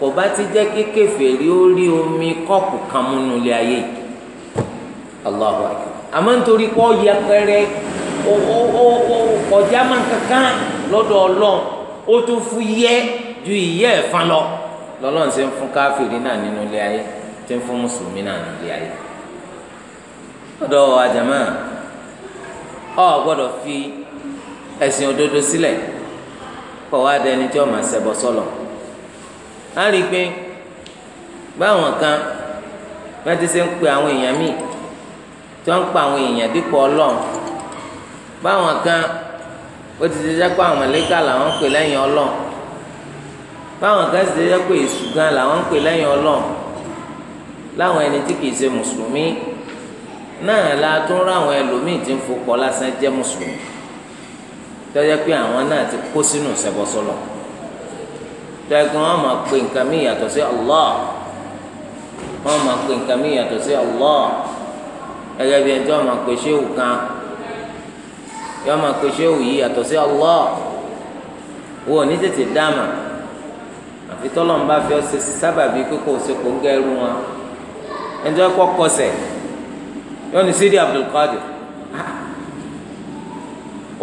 kò bá ti jẹ́ kí kèfèrí ó rí omi kọ́ọ̀pù kan múnú ilé ayé yìí Allahu akbar àmọ́ nítorí kọ́ yẹpẹrẹ ọjà máa kankan lọ́dọ̀ ọlọ́run ó tún fún yẹ ju ìyẹ́ ẹ̀fọn lọ lọ́lọ́run ṣe ń fún káfíìrì náà nínú ilé ayé ṣe ń fún mùsùlùmí náà nínú ilé ayé lọ́dọ̀ àjàmá ọ gbọ́dọ̀ fi ẹ̀sìn òdodo sílẹ̀ kọ́ wá dẹni tí ó máa ṣẹbọ sọ́lọ̀. So á rí i pé báwọn kan bá ti ṣe ń pe àwọn èèyàn míì tí wọ́n ń pa àwọn èèyàn dípò ọlọ́run báwọn kan ó ti ṣe jẹ́ pé àwọn mọ̀lẹ́kà làwọn ń pè lẹ́yìn ọlọ́run báwọn kan ti ṣe jẹ́ pé èṣù gan làwọn ń pè lẹ́yìn ọlọ́run láwọn ẹni tí kìí ṣe mùsùlùmí náà la tún ráwọn ẹlòmíì tí ń fọkọ lásán jẹ́ mùsùlùmí tọ́jà pé àwọn náà ti kó sínú ìṣẹ́bọsọ́lọ̀. So tẹ́gbọ́n wọn máa pe nǹkan mí yàtọ̀ sí Allah wọn máa pe nǹkan mí yàtọ̀ sí Allah gẹ́gẹ́ bí ẹjọ́ máa pe ṣéwù kan yọ máa pe ṣéwù yìí yàtọ̀ sí Allah wo ní tètè dáàmà àfi tọ́lọ́mù bá fi ọsẹ sábàbí kíkó òsèpò ń gẹ́rù wọn ẹjọ́ kọ́ kọsẹ̀ yọ ní sídìí Abdulkadir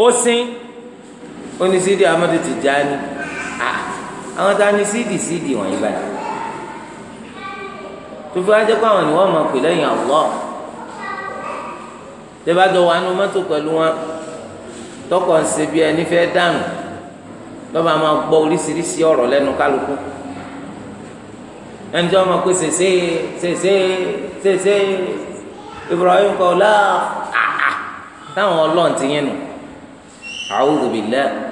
ó sín ó ní sídìí Amadu Tijani àwọn tá a ní síìdì síìdì wọ̀nyí báyìí tó fi wá jẹ́ pé àwọn ni wọ́n pè lẹ́yìn Allah tẹ́bàjọ wà nù mọ́tò pẹ̀lú wọn tọkọ̀ ń ṣe bí ẹni fẹ́ dànù lọ́ba máa gbọ́ oríṣiríṣi ọ̀rọ̀ lẹ́nu kálukú ẹni tí wọ́n máa pè sèse sèse sèse Ibrahim kọ́lá táwọn ọlọ́ọ̀tì yẹn nù a'udhu billah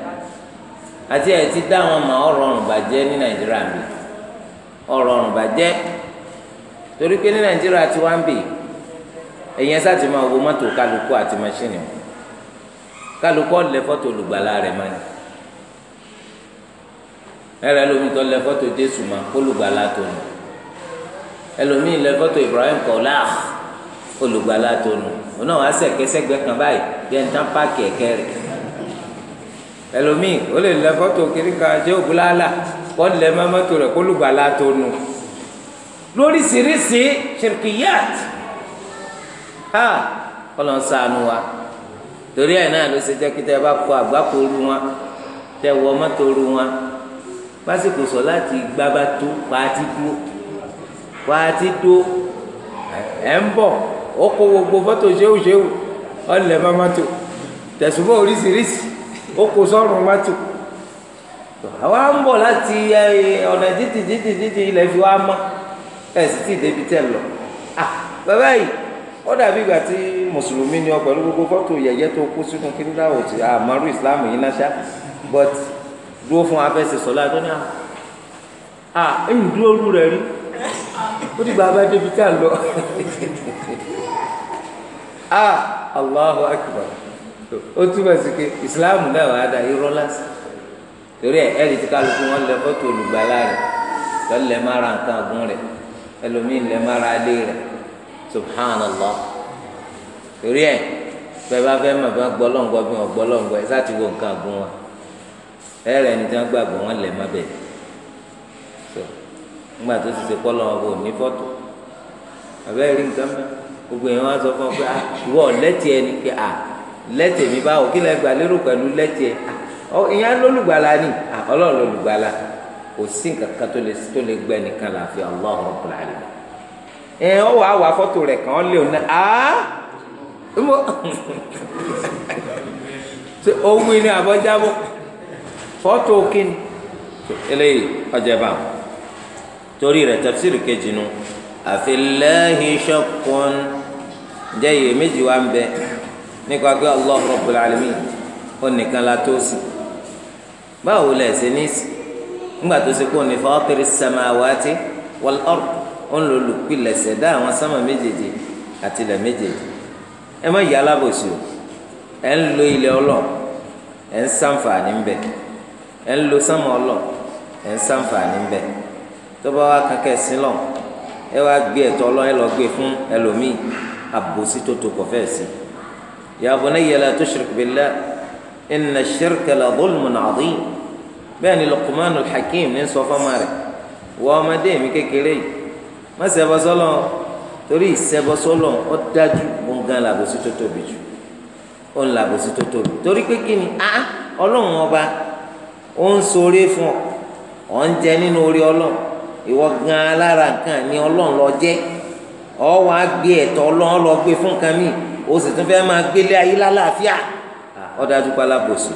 àti ẹ̀ ti dá wọn mọ̀ ọ̀rọ̀ ọ̀rùn bàjẹ́ ní nàìjíríà mi ọ̀rọ̀ ọ̀rùn bàjẹ́ torí pé ní nàìjíríà ti wá ń bì èyàn sáti máa wo mọ́tò kálukú àti mọ́ṣíìnì kálukú ọ̀lẹ́ fọ́tò olùgbàlà rẹ̀ máa ní ẹ̀rọ ẹlòmíì tó lẹ fọ́tò jésù máa kólùgbàlà tó nù ẹlòmíì lẹ fọ́tò ibrahim kọ́lá olùgbàlà tó nù òun náà wá sẹ̀kẹ́sẹ̀gbẹ́ kan báyìí bí ẹni tán páàkì ẹ̀kẹ́ rẹ̀ ẹlòmíì ó lè lẹ fọ́tò kíríkà jẹ́ òbúláàlà kọ́ lẹ mọ́tò rẹ̀ kó lùgbàlà tó nù lóríṣiríṣi ṣirkiyat ha ọlọ́n sànù wa torí ẹ̀ náà ló ṣe jẹ́ kí tẹ́ bá kọ àgbákò ru wọn tẹ́ wọ mọ́tò ru wọn pásítọ̀ sọ láti gbába tó pàtí dúró pàtí dúró ẹ̀ ń bọ̀ ó kó gbogbo fọ́tò ṣéwùṣéwù ọ̀lẹ́ mọ́tò tẹ̀sùbọ̀ oríṣiríṣi. ó kó sọ́run mọ́tò àwa bọ̀ láti ọ̀nà títì títì títì ilẹ̀ fi wá mọ́ ẹ̀ sì ti débi tẹ̀ lọ bàbá yìí ó dàbí ìgbà tí mùsùlùmí ni ọ pẹ̀lú gbogbo fọ́tò yẹ̀yẹ́ tó kó sínú kí nígbà wò àmọ́rú but dúró fún abẹ́sẹ̀ sọ́lá tó ní à ń dúró rẹ̀ rí ó ti gba abẹ́ débi tẹ̀ lọ ó túbọ̀ sí pé ìsìláàmù náà torí ẹ kálukú wọn lẹ fọ́tò olùgbàlà rẹ lọ́lẹ̀ mara nǹkan ọ̀gùn rẹ ẹlòmíì lẹ mara alé rẹ subhanallah torí ẹ bá mọ̀ bá gbọ́lọ́ngbọ́ bí ẹ wo nǹkan tí wọn má so tó ti lẹ́tẹ̀ mi báwo kí lẹ́ lérò pẹ̀lú lẹ́tẹ̀ ah, ìyẹn lólùgbàlà ni ah, ọlọ́run lólùgbàlà kò sí nǹkan kan tó lè tó lè gbẹ nìkan láàfin ẹ ọ wà wà fọ́tò rẹ̀ kàn án lé òun náà á ah! mo ṣe owó ni àbọ̀jábọ̀ fọ́tò kíni eléyìí ọjà torí rẹ̀ tafsiri kejì nu àfi lẹ́hìn ṣọ́kùn jẹ́ iye méjì nípa pé Allah Rabbul Alamin ó nìkan la tó sìn báwo lẹ̀ ṣe ní sìn ńgbà tó ṣe kó ní Fatiris samawati wal ard ó ń lò lùpìlẹ̀ ṣẹ̀dá àwọn sámà méjèèjì àti ilẹ̀ méjèèjì ẹ má yà alábòsí o ẹ ń lo ilẹ̀ ọlọ ẹ ń sàǹfààní ń bẹ ẹ ń lo sámà ọlọ ẹ ń sàǹfààní ń tó bá wá kankẹ́ sí ẹ wá gbé ẹ̀tọ́ ọlọ́ ẹ lọ gbé fún ẹlòmíì àbòsí tó tó kọ̀ sí i ya bunayya la tushrik billah inna ash-shirka la dhulmun adhim bẹ́ẹ̀ ni Luqmanul Hakim ní sọ fọ́mọ rẹ̀ wọ ọmọdé mi kékeré yìí má ṣẹbọ sọ́lọ́ torí ìṣẹbọ sọ́lọ́ ọ dájú gbọ̀ngàn làbòsí tó tóbi jù ó ń làbòsí tó tóbi torí pé kí ni a ọlọ́run ọba ó ń ṣoore fún ọ ọ̀ ń jẹ nínú orí ọlọ́run ìwọ gan alára nǹkan ni ọlọ́run ló jẹ́ ọ wàá gbé ẹ̀tọ́ Ọlọ́run lọ gbé fún kan mi o sì tún fẹ́ máa gbélé ayé lálàáfíà ọdájú pálábòsì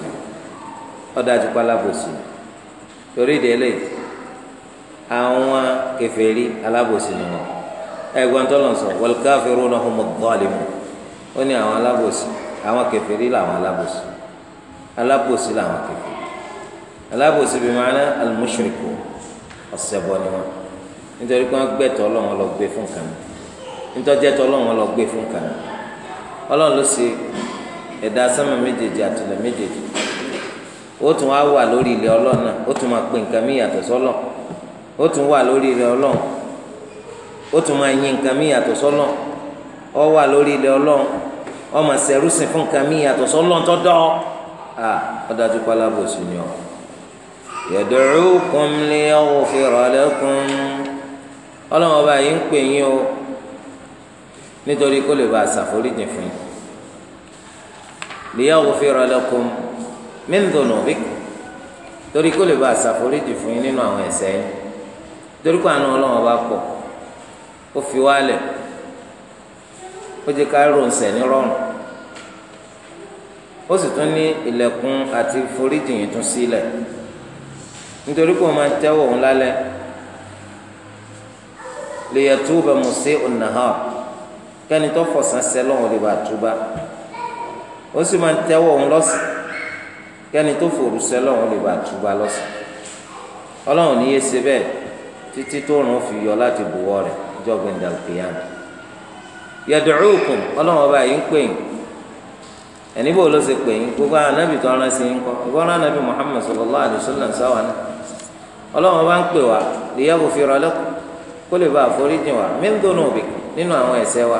ọdájú pálábòsì torí ìdẹ́lẹ̀ àwọn kèfèrí alábòsì ni wọn ẹ̀gbọ́n tó lọ sọ wal kafiruna humu dhalimun ó ní àwọn alábòsì àwọn kèfèrí làwọn alábòsì alábòsì làwọn kèfèrí alábòsì bí ma'ana al-mushriku ọ̀sẹ̀ bọ̀ ni wọn nítorí pé wọ́n gbẹ̀tọ̀ Ọlọ́run lọ gbé fún kàmi. ntọ́jẹ́ tó ọlọ́run lọ gbé fún kàn ọlọ́run ló ṣe ẹ̀dá sánmà méjèèjì méjèèjì ó tún wá wà lórí ilẹ̀ ọlọ́run náà ó tún máa pè nǹkan mí yàtọ̀ sọ́lọ̀ ó tún wà lórí ilẹ̀ ọlọ́run ó tún máa yin nǹkan mí yàtọ̀ sọ́lọ̀ ó wà lórí ilẹ̀ ọlọ́run ó fún nǹkan mí yàtọ̀ sọ́lọ̀ tó dọ́ à ó dájú pálábò sí ni ọ. fi ọlọ́run ọba yìí ń pè o. nítorí kó lè bá àsàforíjì fún yín liyaghfira lakum min dhunubikum torí kó lè bá àsàforíjì fún yín nínú àwọn ẹ̀ṣẹ̀ yín torí kó àánú Ọlọ́run bá pọ̀ ó fi wálẹ̀ ó jẹ́ ká rò ń sẹ̀ ní rọrùn ó sì tún ní ilẹ̀kùn àti foríjì yìí tún sílẹ̀ nítorí kó o máa tẹ́wọ̀ òun lálẹ́ liyatuba musi'un nahar kẹ́ni tó fọ̀sán sẹ́lọ̀ wọn lè bá túbá ó sì máa ń tẹ́wọ̀ òun lọ́sìn kẹ́ni tó fòrú sẹ́lọ̀ wọn lè bá túbá lọ́sìn ọlọ́run ní yé ṣe bẹ́ẹ̀ títí tó rùn fi yọ láti buwọ́ rẹ̀ jọ́gbìn dàlùkìyàn yad'ukum ọlọ́run ọba yìí ń pè yín ẹni bò ló ṣe pè yín gbogbo anabi tó ọ̀ràn sí yín kọ́ ìbọn anabi Muhammad sallallahu alayhi wa sáwọn náà ọlọ́run ọba ń pè wá liyaghfira lakum kó lè bá àforíjì wá min dhunubikum nínú àwọn ẹ̀ṣẹ̀ wa.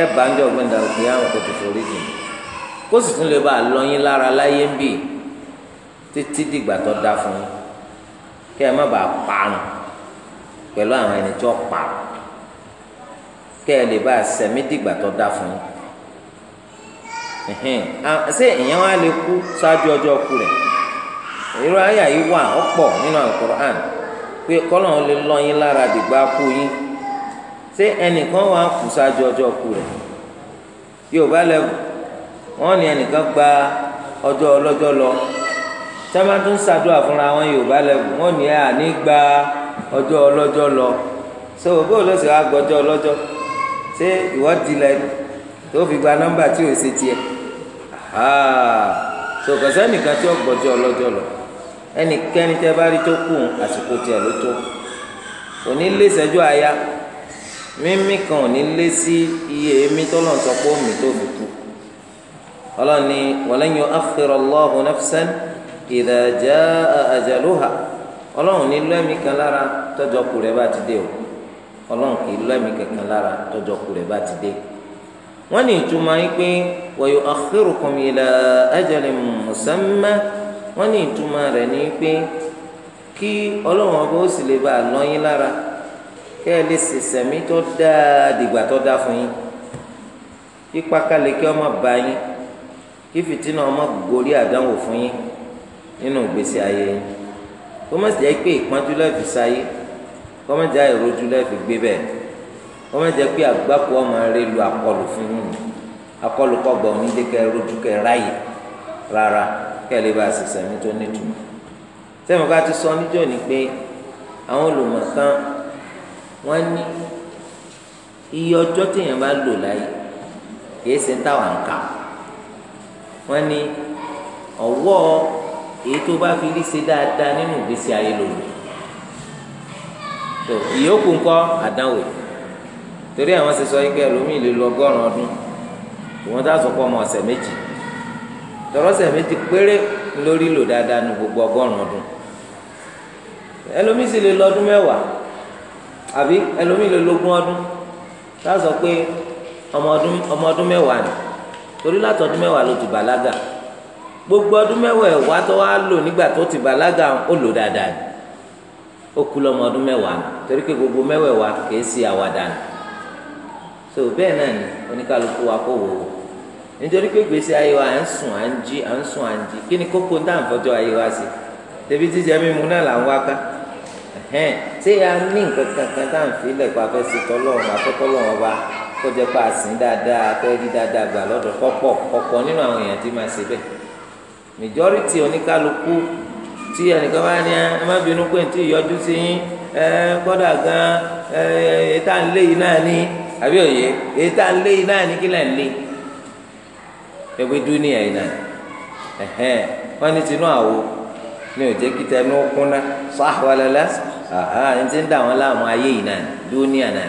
ẹ bá ń jọ gbẹ̀ndà òkè àwọn kò ti forí jìn kó sì tún lè bá a lọ yín lára láyé ń bì títí dìgbà tó dá fún yín kí ẹ má bàa parun pẹ̀lú àwọn ẹni tí ó parun kí ẹ lè bá a sẹ̀mí dìgbà tó dá fún yín ṣé ìyẹn wá lè kú ṣáájú ọjọ́ kú rẹ̀ irú ayé yìí wà ọ̀pọ̀ nínú Al-Qur'an pé kọ́lọ́n lè lọ yín lára dìgbà kú yín ṣé ẹnìkan wà kù ṣáájú ọjọ́ kú rẹ̀ yorùbá lẹ́wù wọ́n ní ẹnìkan gba ọjọ́ ọlọ́jọ́ lọ sábà tún ṣàdúrà fúnra wọn yorùbá lẹ́wù wọ́n ní ẹ̀ àní gba ọjọ́ ọlọ́jọ́ lọ so bó ló sì wá gbọ́jọ́ ọlọ́jọ́ ṣé ìwọ dilẹ̀ tó fi gba nọ́mbà tí ò ṣe tiẹ̀ so kọ̀sẹ́ nìkan tí ó gbọ́jọ́ ọlọ́jọ́ lọ ẹnikẹ́ni tẹ́ bá rí tó kù àsìkò tiẹ̀ ló tó òní lé ìṣẹ́jú àyà mímí kan ò ní lé sí iye èémí tó lọ́n sọ pé omi tó fi kú ọlọ́ni walan yu'akhkhira Allahu nafsan idha jaa ajaluha ọlọ́run ní lẹ́mí kan lára tọ́jọ́ kù rẹ̀ bá ti dé o ọlọ́run kì í lẹ́mí kankan lára tọ́jọ́ kù rẹ̀ bá ti dé wọ́n ní ìtumọ̀ yín pé wa yu'akhkhirukum ila ajalin musamma wọ́n ní ìtumọ̀ rẹ̀ ní pé kí ọlọ́run ọba ó sì lè bá a lọ́yìn lára kẹ́ ẹ lè sèsẹ̀mí tó dáa dìgbà tó dáa fún yín kí pákáleke ọmọ bá yín kí fìtínà ọmọ gorí àdánwò fún yín nínú ìgbésí ayé yín kó má jẹ́ pé ìpọ́njú lẹ́ẹ̀fi sáyé kó má jẹ́ àìrójú lẹ́ẹ̀fi gbé bẹ́ẹ̀ kó má jẹ́ pé àgbákò ọmọ rẹ lu àkọlù fún yín àkọlù kọgbà onídékẹ́ rojú kẹ́ ráyè rárá kẹ́ ẹ lè bá sèsẹ̀mí tó nítumọ̀ sẹ́mi ká ti sọ níjọ́ ni pé àwọn olùmọ̀ wọ́n ní iye ọjọ́ téèyàn bá lò láyé kìí ṣe ń táwa ń kà wọ́n ní ọ̀wọ́ èyí tó bá fi rí ṣe dáadáa nínú ìgbésí ayé lòlù tó ìyókù ńkọ́ àdánwò torí àwọn ṣe sọ yìí pé ẹlòmíì lè lọ ọgọ́rùn-ún ọdún ìwọ́n tá a sọ pọ̀ ọmọ ọ̀sẹ̀ méjì tọrọ ọ̀sẹ̀ méjì péré lórí lò dáadáa nu gbogbo ọgọ́rùn ọdún ẹlòmíì sì lè lọ ọdún mẹ́wàá àbí ẹlòmíì lè lógún ọdún tá pé ọmọ ọdún mẹ́wàá ni torí ọdún mẹ́wàá ló ti bàlágà gbogbo ọdún mẹ́wàá ẹ̀wá tó wá lò nígbà tó ti bàlágà ó lò dáadáa ni ó kú lọ́mọ ọdún mẹ́wàá ni torí pé gbogbo àwàdà ni so bẹ́ẹ̀ náà ni wa kò wò ó nítorí pé gbèsè ayé wa ni kókó ayé wa sí ẹ ṣé a ní nǹkan kankan tá à ń filẹ̀ pa fẹ́ sí tọ́lọ́run afẹ́kọ́lọ́run ọba kó jẹ́ pa àsìn dáadáa fẹ́ dáadáa gbà lọ́dọ̀ kọ́pọ̀ ọ̀pọ̀ nínú àwọn èèyàn tí máa ṣe bẹ́ẹ̀ majority oníkálukú tí ẹnìkan bá ní ẹ má bínú pé ìyọjú sí yín ẹ gbọ́dọ̀ gan ẹ ètà ń lé yìí náà ní àbí òye ètà lé yìí náà ní kí ń lé ewé yìí náà ẹ̀hẹ́n Aha, ẹni tí ń dà wọn láàmú ayé yìí náà dúníà náà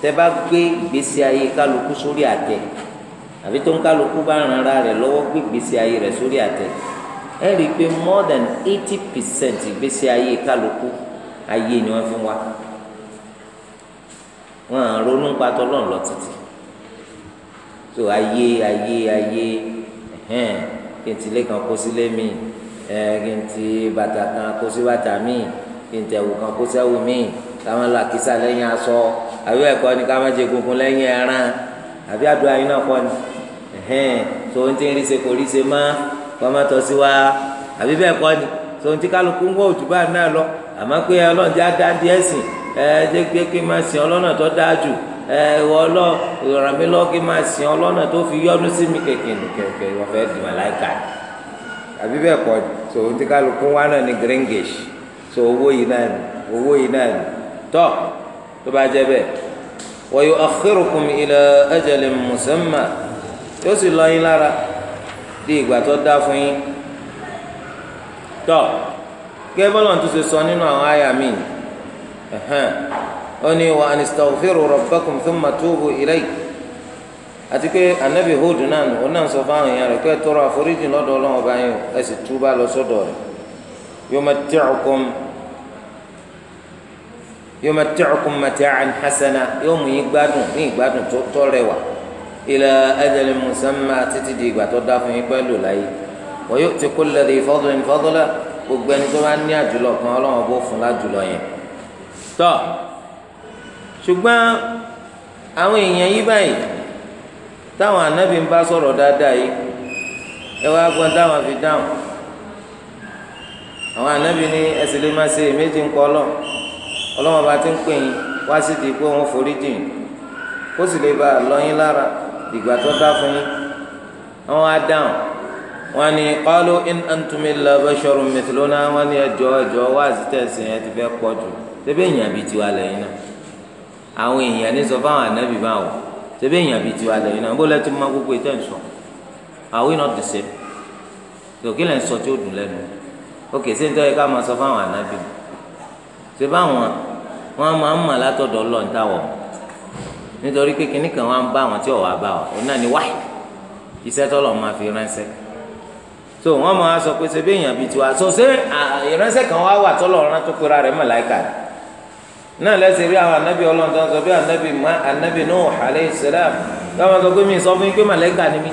tẹ bá gbé ìgbésí ayé kálukú sórí àtẹ àbí tó ń kálukú bá ran ara rẹ̀ lọ́wọ́ gbé ìgbésí ayé rẹ̀ sórí àtẹ ẹ rí i pé more than eighty percent ìgbésí ayé kálukú ayé ni wọ́n fi wá wọn à ń ronú pàtó lọ́n lọ títì tó ayé ayé ayé ẹ̀hẹ́n kí n ti kan kó sílé mi ẹ̀ kí n ti bàtà kan kó sí bàtà míì. kí n tẹ̀wù kan kó sẹ́wù míì káwọn lọ àkísà lẹ́yìn aṣọ àbí ẹ̀kọ́ ni káwọn jẹ gungun lẹ́yìn ẹran àbí àdúrà yín náà ni tó ń tí ń ríṣe kò ríṣe wa àbí bẹ́ẹ̀ kọ́ ni tó ń tí kálukú ń àmọ́ pé ọlọ́run ti dá díẹ̀ sìn ẹ jẹ́ pé kí n máa sìn ọlọ́nà tó dáa jù ẹ wọ lọ ràn mí kí fi yọ́nú sí mi kẹ̀kẹ́ kẹ̀kẹ́ wọ́n di màláìka àbí bẹ́ẹ̀ kọ́ tó ń tí kálukú wá náà so owó yìí náà nù owó yìí náà nù tọ́ tó bá jẹ́ bẹ́ẹ̀ wa yu'akhirukum ila ajalin musamma yóò sì lọ yín lára di ìgbà tó dá fún yín tọ́ gẹ́gẹ́ bọ́lá tó ṣe sọ nínú àwọn àyà mi ó ní wa anistaghfiru rabbakum thumma tubu ilayhi àti pé anabi Hud náà ó náà sọ fáwọn èèyàn rẹ̀ pé tọrọ àforíjì lọ́dọ̀ Ọlọ́run ẹ sì túbà lọ sọ́dọ̀ rẹ̀. يمتعكم يمتعكم متاعا حسنا يوم يقبادون يقبادون تطلعوا إلى أجل مسمى تتدي وتضافهم يقبلوا لي ويؤتي كل ذي فضل فضلا gbogbo ẹni tó bá ní àjùlọ kan ọlọ́run bó fún lájùlọ yẹn tọ́ ṣùgbọ́n àwọn èèyàn yí báyìí táwọn ànábì ń bá sọ̀rọ̀ dáadáa yìí ẹ wá gbọ́n táwọn fi dáhùn àwọn ànábì ní ẹsẹ̀ lè má ṣe èméjì ń kọ́ lọ ọlọ́wọ́n bá ti ń pè yín wá sí di pé wọ́n forí jìn kó sì lè ba lọ́yìn lára dìgbà tó dá fún yín àwọn adáhùn wọn ni qalu in antum illa wọn ni ẹjọ́ ẹjọ́ wá àzítẹ̀sìn yẹn ti fẹ́ pọ̀ jù tẹ́bí èèyàn bíi tiwa lẹ́yìn náà àwọn èèyàn ní sọ fáwọn ànábì báwọn tẹ́bí èèyàn bíi tiwa lẹ́yìn náà bóòlù ti máa gbogbo ìtẹ̀ ń sọ are we ń sọ tí ó dùn lẹ́nu ok ṣé nítorí yẹ ká máa sọ fáwọn ànábì ṣé báwọn wọn máa ń mọ̀ látọ̀dọ̀ ọlọ́run táwọ̀ nítorí pé kinní kan wọn bá àwọn tí ọ̀wá bá ọ òun náà ni wáì iṣẹ́ tọ́lọ̀ máa fi ránṣẹ́ so wọn máa sọ pé ṣe bí èèyàn bíi tiwa so ṣé ìránṣẹ́ kan wá wà tọ́lọ̀ rán tó pera rẹ̀ màláíkà náà lẹ́sẹ̀ rí àwọn ànábì ọlọ́run tó ń sọ bí ànábì Nuh alayhi salam táwọn sọ pé mi sọ fún yín pé màláíkà ni mí.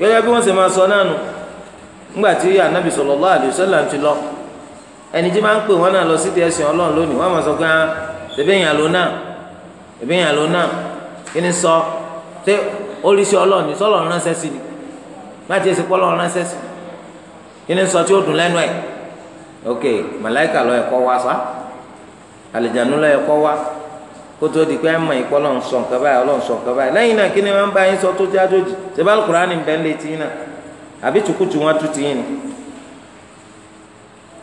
gẹ́gẹ́ bí wọ́n ṣe máa sọ náà nù ńgbà tí anabi sallallahu alaihi wasallam ti lọ ẹni tí máa ń pè wọ́n náà lọ sí ti ẹ̀sìn ọlọ́run wọ́n máa sọ pé ebe ah, bèbè yàn ló náà ya yàn ló náà kí ni sọ ṣé oríṣi ọlọ́run ní sọ́lọ́ ránṣẹ́ sí ni láti ẹsẹ̀ pọ́lọ́ ránṣẹ́ sí kí ni sọ tí ó dùn lẹ́nu ẹ̀ ok màláìkà lọ ẹ̀kọ́ wa sá lọ ẹ̀kọ́ wa. kótó di pé ẹmọ ìkọ lọ́n sọ nǹkan báyìí ọlọ́n sọ nǹkan báyìí náà ni bá yín sọ tó ti náà àbí tukutu wọn tún ti yín ni.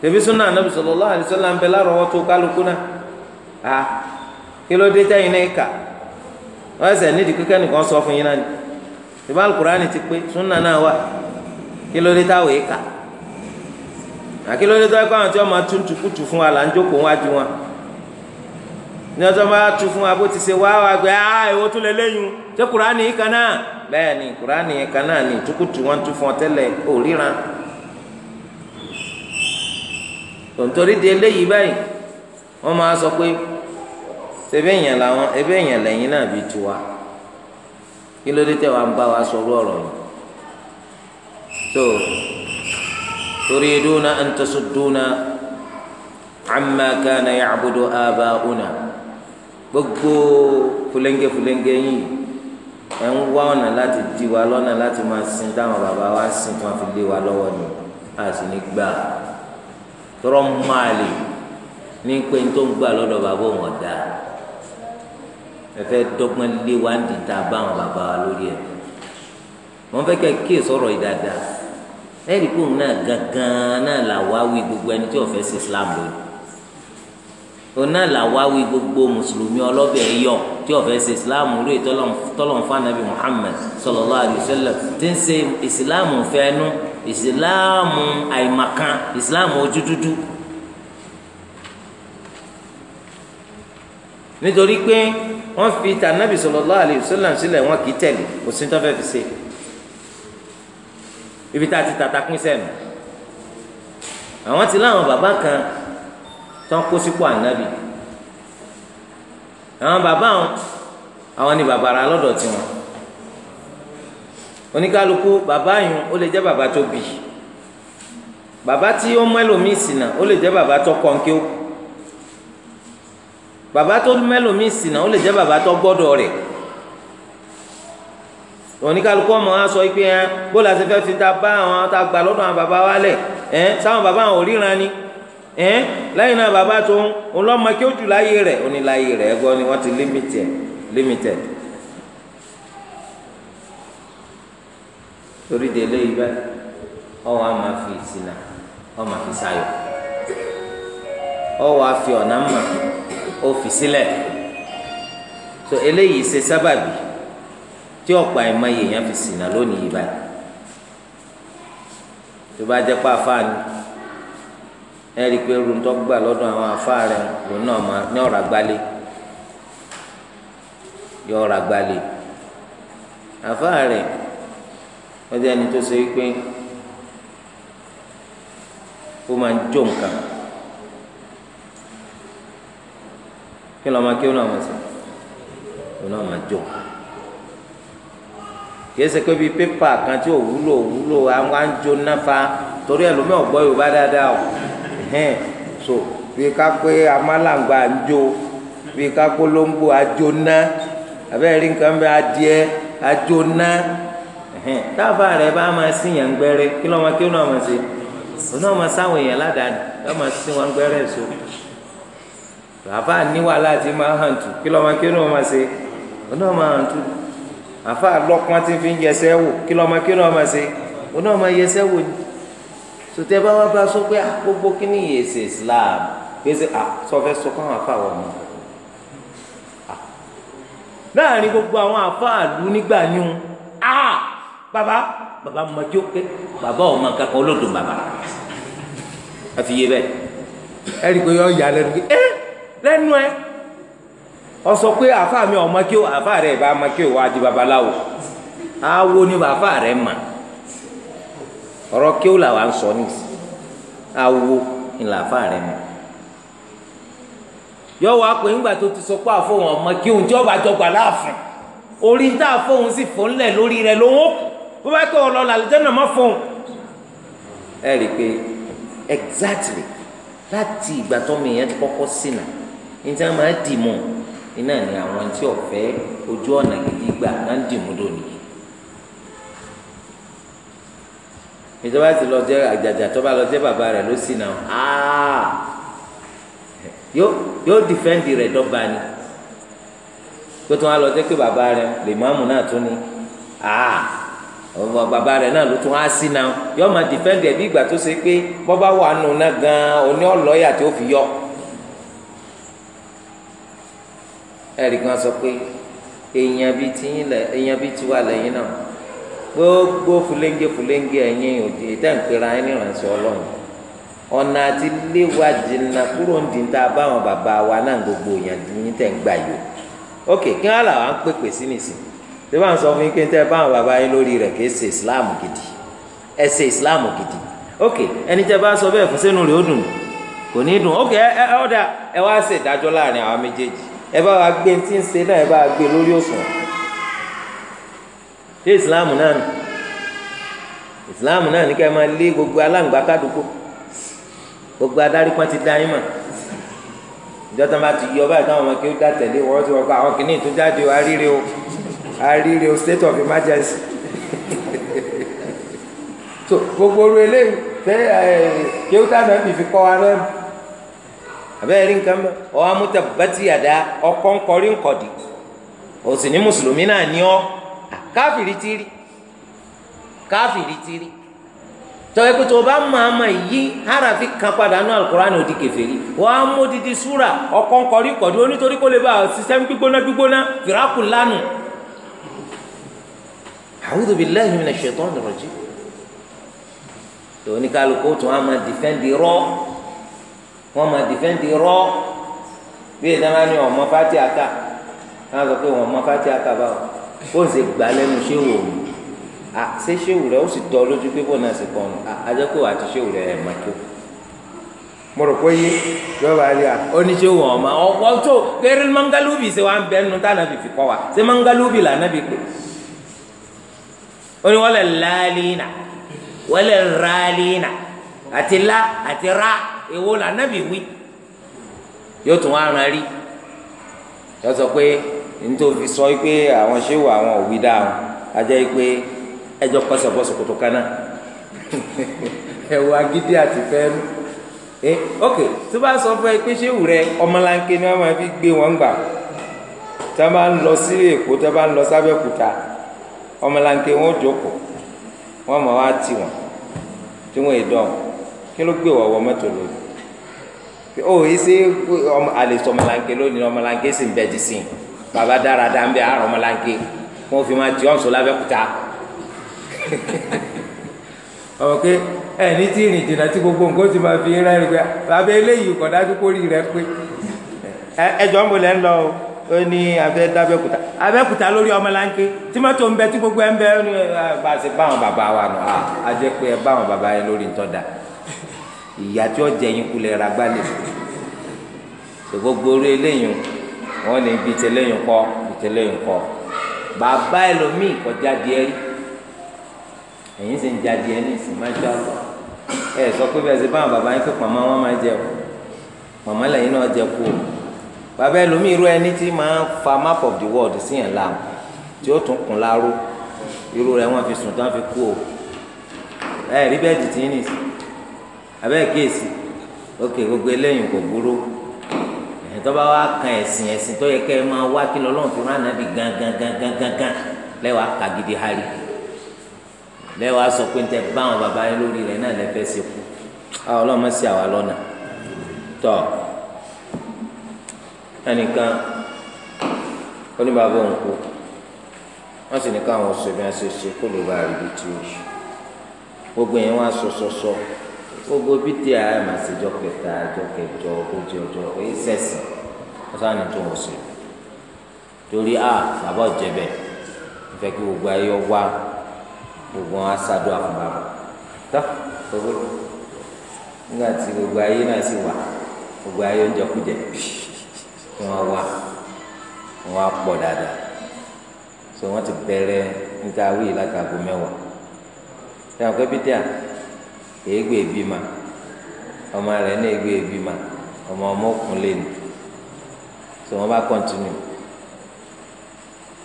tèmi súnà anábì sallallahu alaihi wasallam ń bẹ lárọ̀ọ́wọ́ tó kálukú náà a kí ló dé tẹ́yìn náà kà wọ́n ẹsẹ̀ nídìí kíkẹ́ nìkan sọ fún yín náà ni ti pé súnà náà wà kí ló dé ní ọjọ́ máa tu fún abó ti ṣe wá wá gbé ah èwo lè léyìn ṣé kùránì yìí kan náà bẹ́ẹ̀ ni kùránì yìí wọn fún ọ tẹ́lẹ̀ ò tòǹtòrí di eléyìí báyìí wọ́n máa sọ pé ṣebí èèyàn làwọn ẹbí èèyàn lẹ́yìn náà bí tiwa kí ló dé tẹ́ wàá bá wa sọ yìí tó gbogbo fúlẹ́ńgẹ́ fúlẹ́ńgẹ́ yìí ẹ̀ ń wá ọ̀nà láti di wa lọ́nà láti máa sin táwọn bàbá wa sin tí wọ́n fi lé wa lọ́wọ́ ni a sì ní gbà tọrọ máàlì ní pé n tó ń gbà lọ́dọ̀ bàbá òun ọ̀dà ẹ fẹ́ dọ́gbọ́n lé wa ń di ta bá àwọn bàbá wa lórí ẹ̀ wọ́n fẹ́ kẹ́ kí sọ̀rọ̀ yìí dáadáa ẹ̀rí pé òun náà gangan náà là gbogbo ẹni tí wọ́n fẹ́ sí Islam lónìí oná làwáwí gbogbo mùsùlùmí ọlọ́bẹ̀ yọ tí ọ̀fẹ́ ṣe ìsìláàmù lóye tọ́lọ̀nfà nàbì Muhammad sallallahu alaihi wasallam tí ń ṣe ìsìláàmù fẹ́ẹ́nu ìsìláàmù àìmàkan ìsìláàmù ojú dúdú. nítorí pé wọ́n fi tànàbì sallallahu alaihi wasallam sílẹ̀ wọn kì í tẹ̀lé òsín tó fẹ́ fi ṣe ibi tá ti tàtà pín sẹ́nu àwọn ti láwọn bàbá kan tán kó sípò ànábì àwọn bàbá wọn àwọn ni bàbá ara lọ́dọ̀ tiwọn oníkálukú bàbá yìí ó lè jẹ́ bàbá tó bì bàbá tí ó mẹ́lòmíì ṣìnà ó lè jẹ́ bàbá tó kọ́ńké ó bàbá tó mẹ́lòmíì ṣìnà ó lè jẹ́ bàbá tó gbọ́dọ̀ rẹ̀ oníkálukú ọmọ wa sọ pé ẹ bó la ṣe fẹ́ fi ta bá àwọn ta gbà lọ́dọ̀ àwọn bàbá wa lẹ̀ ẹ sáwọn bàbá wọn ò ríran ni. ẹ lẹ́yìn náà bàbá tó ń lọ́mọ kí ó jù láyé rẹ̀ ó ní ni ti limited limited. torí fi ìsìnà máa fi fi ọ̀nà ó fi sílẹ̀ so eléyìí ṣe sábàbí tí ọ̀pọ̀ fi sìnà lónìí tó bá jẹ́ ẹ̀rí pé irun tó gbà lọ́dún àwọn afá rẹ̀ lòun náà máa ní ọ̀rà gbalẹ̀ yọ ọ̀rà gbalẹ̀ afá rẹ̀ wọ́n jẹ́ ẹni tó ṣe wípé ó máa ń jó nǹkan kí lọ́ọ́ máa kí ó náà máa sọ ó náà máa jó kìí ṣe pé bíi pépà kan tí ò wúlò wúlò àwọn á ń jó náfa torí ẹlòmíràn gbọ́ Yorùbá dáadáa o ẹ̀hẹ́n so bí ká pé amálàǹgbà ń jó bí ká pé abe àjò ná abẹ́rẹ́ rí nǹkan bẹ́ẹ̀ adìẹ àjò ná ẹ̀hẹ́n táàbà rẹ̀ bá máa sí yàn gbẹ́rẹ́ kí lọ́mọ kí lọ́mọ máa ṣe ọ̀nà ọmọ sáwọn èèyàn ládàáni yọ máa sí wọn gbẹ́rẹ́ so bàbá níwà láti máa hàn tù kí lọ́mọ kí lọ́mọ máa ṣe ọ̀nà ọmọ hàn tù àfa lọ́kàn tí fi ń wò kí lọ́mọ kí lọ́mọ máa ṣe ọ̀nà ọmọ wò ni sòtẹ́ bá wá bá sọ pé ah, gbogbo kíní yìí ṣe Islam gbèsè àtọ́fẹ́ ah, sọ fún àwọn afáwọn ọmọ ah. láàrin gbogbo àwọn afáàlú nígbà yún á bàbá bàbá mọjó pé bàbá ọmọ kankan olódò bàbá a fi yé bẹ́ẹ̀ ẹ rí i pé yọ ya lẹ́nu pé ẹ eh, lẹ́nu ẹ ọ sọ pé àfa ọmọ kí o àfa rẹ ìbá ọmọ kí o wá di babaláwo àwo ni bàbá rẹ mà ọ̀rọ̀ kíó làwa ń sọ nìyí awo ńlá afa rẹ mọ yọ wá pé ńgbà tó ti sọ pé àfọwọn ọmọ kí òun jọba jọgbà láàfin orí tá àfọwọn sì fò ńlẹ lórí rẹ ló ń wó bó bá kọ ọlọ làlùjẹ náà má fọhùn ẹ rí i pé exactly láti ìgbà tó mi yẹn ti kọ́kọ́ sínà níta máa dì mọ́ iná ni àwọn tí ọ̀fẹ́ ojú ọ̀nà gidi gbà náà ń dì mú dòní ìjọba ti lọ jẹ àjàjà tó bá lọ jẹ bàbá rẹ ló sì nà ó aa ah! yóò yóò dìfẹ́ǹdì rẹ dọ́gba ni tó tún wá lọ jẹ pé bàbá rẹ lè máàmù náà tún ni aa ah! ọmọ bàbá rẹ náà ló tún wá sí nà ó yóò máa dìfẹ́ǹdì ẹ bí ìgbà tó ṣe pé bọ́bá wà nù náà gan-an oní ọ̀lọ́yà tí ó fi yọ. ẹ̀rí kan sọ pé èèyàn bíi tiwa lẹ́yìn náà. gbogbo fulenge fulenge ẹ̀yìn òjì ìtẹ́ ìpera ẹni ránṣẹ́ ọlọ́run ọ̀nà àti léwà jìnnà kúrò ń dìntà báwọn bàbá wa náà gbogbo èèyàn yín tẹ̀ ń gbà yìí o ok kí wọ́n là wá ń pèpè sí nìsín tí wọ́n sọ fún yín pé ń báwọn islam gidi ẹ islam gidi ok ẹni bá sọ fún sínú ó dùn kò ní dùn ok ẹ ẹ wá láàrin àwọn méjèèjì ẹ bá gbé ń ṣe náà ẹ bá ṣé islam náà nù ìsìláàmù náà ní ká ẹ máa lé gbogbo aláǹgbá kádùkú gbogbo adarí ti dá yín mọ̀ ìjọ tó ń bá ti yọ báyìí táwọn ọmọ kí ó dá tẹ̀lé wọ́n ti àwọn kìnnìún o o state of emergency so gbogbo oru eléyìí tẹ ẹ kí ó dáná bì fi kọ́ wa náà abẹ́rẹ́ rí nǹkan mọ́ ọ̀hámútà bàtìyàdá ọkọ̀ ńkọrí ńkọ̀dì òsì káfìrí ti rí káfìrí ti rí tọ́wọ́ pé tó o bá máa ma yí harafi kan padà nú alukurani òdi kèfèrí wọ́n á mú odidi súra ọ̀kan kọrí kọ̀dú onítorí kó lè bá ṣiṣẹ́ gbígbóná gbígbóná fìràkù lánàá. a'udhu billahi minash shaitonir rajim. tòun ní kálukú tún á máa dìfẹ́ǹdì rọ́ wọ́n máa dìfẹ́ǹdì rọ́ bí ìdáná ni ọ̀mọ́ fati aka náà sọ pé ọ̀mọ́ fati aka báwọn bó ń ṣe gbà lẹ́nu ṣéwù òun à ṣé ṣéwù rẹ ó sì tọ́ lójú pé bó náà ṣe kọ́ ọ̀nà àjẹkù àti ṣéwù rẹ ẹ̀ mọ́tò mo rò pé yé yọba rí a ó ní tó kéré mangalubi ṣe wà ń bẹ́ẹ̀ nu táwọn àbí kọ́ wa ṣé mangalubi là náà bí pè ó ní wọ́n lẹ̀ láàlínà wọ́n lẹ̀ ráàlínà àti lá àti rá èwo là náà bí wí yóò tún wá ran rí yọ sọ pé nítorí òfin sọ pé àwọn ṣéwò àwọn òbí dá wọn ajá yìí pé ẹjọ́ pọ́sọ̀pọ́sọ̀ kò tó kaná ẹ̀wọ̀ agídí àti fẹ́ẹ́nu ẹ ok tó bá sọ fún ẹ pé ṣéwù rẹ ọmọlanke ni wọn máa fi gbé wọn gbà tá a máa ń lọ sí Èkó tá a máa ń lọ sábẹ́kúta ọmọlanke wọn ò jókòó wọn máa wá tì wọn tí wọn èdán kí ló gbé wọ̀wọ́ mọ́tò lónìí ó yìí ṣe àlè sọmọlanke lónìí ọmọlanke sì ń bẹ jì sí i baba dáradá ń bẹ àrọmọláńké wọn fi máa tiọ́ sọ lábẹ́kúta ọmọ pé ẹni tí ìrìn jìnnà tí gbogbo nǹkan ti máa fi rẹ́ rí pé bàbá eléyìí kọ̀ dájú kó rí rẹ pé ẹjọ́ ń bò lẹ́ ń lọ ó ní abẹ́ dábẹ́kúta abẹ́kúta lórí ọmọláńké tí mọ́tò ń bẹ tí gbogbo ẹ ń bẹ bá a ṣe báwọn bàbá wa nù á ah, jẹ́ pé ẹ báwọn bàbá yẹn lórí ntọ́ da ìyá tí yín kulẹ̀ ra gbogbo orí eléyìí wọn ní ibi tẹlẹyìn kọ ibi tẹlẹyìn kọ bàbá ẹlòmíì kọjá díẹ̀ rí ẹ̀yin sì ń já díẹ̀ ní ìsìn máa já lọ ẹ sọ pé bẹ́ẹ̀ ṣe báwọn bàbá yín pé pàmò wọn máa jẹ o pàmò lẹ́yìn náà jẹ kú o bàbá ẹlòmíì irú ẹni tí máa ń fa map of the world síyàn la tí ó tún kùn láró irú rẹ̀ wọn fi sùn tán fi kú o ẹ rí bẹ́ẹ̀ dì ní ìsìn abẹ́ẹ̀ kíyèsí ókè gbogbo eléyìí kò burú tọ́ba wa kan ẹ̀sìn ẹ̀sìn tó yẹ kẹ́ ẹ máa wá kí lọ́lọ́run fi rán ànábì gan gan gan gan gan gan lẹ́wàá kà gidi hari lẹ́wàá sọ pé ń tẹ bá àwọn baba yẹn lórí rẹ̀ náà lẹ́fẹ́ ṣe kú àwọn ọlọ́mọ sí àwa lọ́nà tọ́ ẹnìkan ó ní bàbá òun kú wọ́n sì ní káwọn oṣù bí wọ́n ṣe ṣe kó lè bá ibi tí o gbogbo yẹn wọ́n á sọ sọ sọ gbogbo bíi tí a máa ṣe kẹta jọ kẹjọ ogójì ọjọ́ èyí sẹ̀sìn wọ́n sáà ní tó wọ́n sí torí a bàbá ọ̀jẹ̀bẹ̀ ìfẹ́ kí gbogbo ayé wá gbogbo wọn aṣáájú àfọ̀bàbà tó gbogbo nígbà tí gbogbo ayé náà sì wà gbogbo ayé ń jẹkújẹ kí wọ́n wá wọ́n á pọ̀ dáadáa so wọ́n ti bẹ̀rẹ̀ níta wíì látàgò mẹ́wàá táwọn pẹ́ pété à èégbé ìbímọ ọmọ rẹ̀ ní èégbé ìbímọ ọmọ ọmọ òkun lé ní so wọ́n bá kọ́ntínú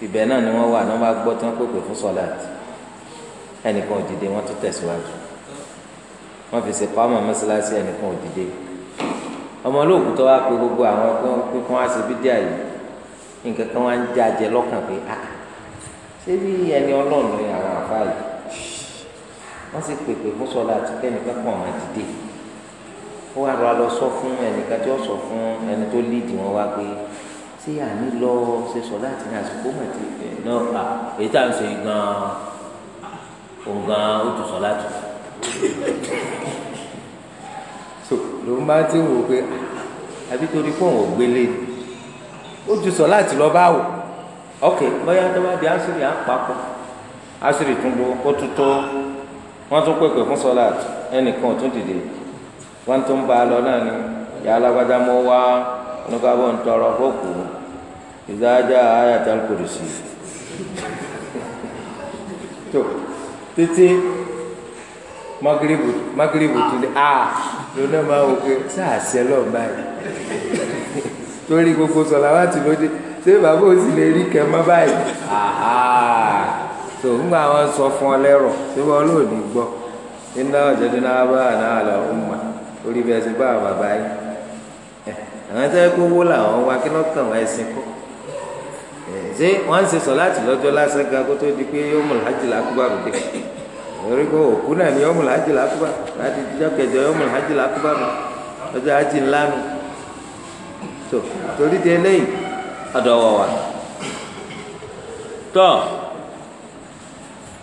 ibẹ̀ náà ni wọ́n wà ní wọ́n bá gbọ́ tí wọ́n pèpè fún sọ́láàtì ẹnìkan ò dìde wọ́n tún tẹ̀síwájú wọ́n fi sèpá ọmọ mọ́sálásí ẹnìkan ò dìde ọmọ olóògùn tó wá pé gbogbo àwọn pínpín wá sí bídíà yìí nǹkan kan wá ń jáde lọ́kàn pé ah ṣé bí ẹni ọlọ́run ni àwọn àfáà yìí wọ́n sì pèpè fún sọ́láàtì kẹ́nìkan kan máa dìde ó wá rọra lọ sọ fún ẹnìkan tí ó sọ fún ẹni tó líìdì wọn wá pé ṣé àní lọ ṣe sọ láti ní àsìkò mọ̀tì ẹ̀ náà èyí tá à ń ṣe gan òun gan ó tún sọ láti ló ń bá ti wò pé àbí torí pé òun gbélé ó ju sọ láti lọ bá wò ok bóyá tó bá di àṣírí àpapọ̀ àṣírí tún lọ ó tún tó wọ́n tún pèpè fún sọ láti ẹnìkan ò tún dìde wọn tún bá a lọ náà ni ìyá alágbádá mọ wá oníkàbọ ń tọrọ fókù ìdájá ayàtà kùrìsì tó títí magiribu magiribu tún lé a lónà máa wò pé sáà sẹ lọ báyìí torí gbogbo sọlá wà tí lóde ṣé bàbá ò sì lè rí kẹmọ báyìí tó ń gbà wọn sọ fún ọ lẹrọ ṣé wọn lóò ní gbọ́ iná ọjọ́ dín náà bá àná àlọ ọmọ orí bẹ́ẹ̀ ṣe bá àwọn bàbá yìí àwọn ẹsẹ kó wó làwọn wá kí lọ́kàn wọn ẹ̀sìn kọ́ ṣé wọ́n ń ṣe sọ láti lọ́jọ́ lásán ga kó tó di pé yóò mú làájì làkúbà ròde lórí pé òkú náà ni yóò mú làájì làkúbà láti jíjọ́ kẹjọ yóò mú làájì làkúbà rò lọ́jọ́ àjì ńlá tó torí di eléyìí ọ̀dọ̀ wọ̀ tó.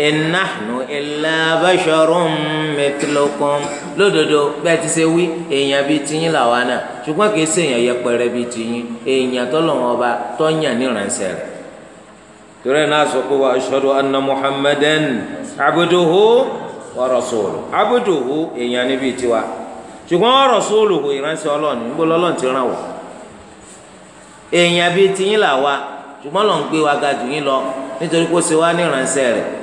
in nahnu illa basharun mithlukum lódodo bẹ́ẹ̀ ti ṣe wí èèyàn bíi tiyín làwa náà ṣùgbọ́n kì í ṣe èèyàn yẹpẹrẹ bíi èèyàn ọba tọ́yàn níránṣẹ́ rẹ̀. torí náà sọ pé wa ashhadu anna muhammadan abduhu wa rasuluhu èèyàn ni tiwa wa ti ràn èèyàn bíi làwa ga yín lọ nítorí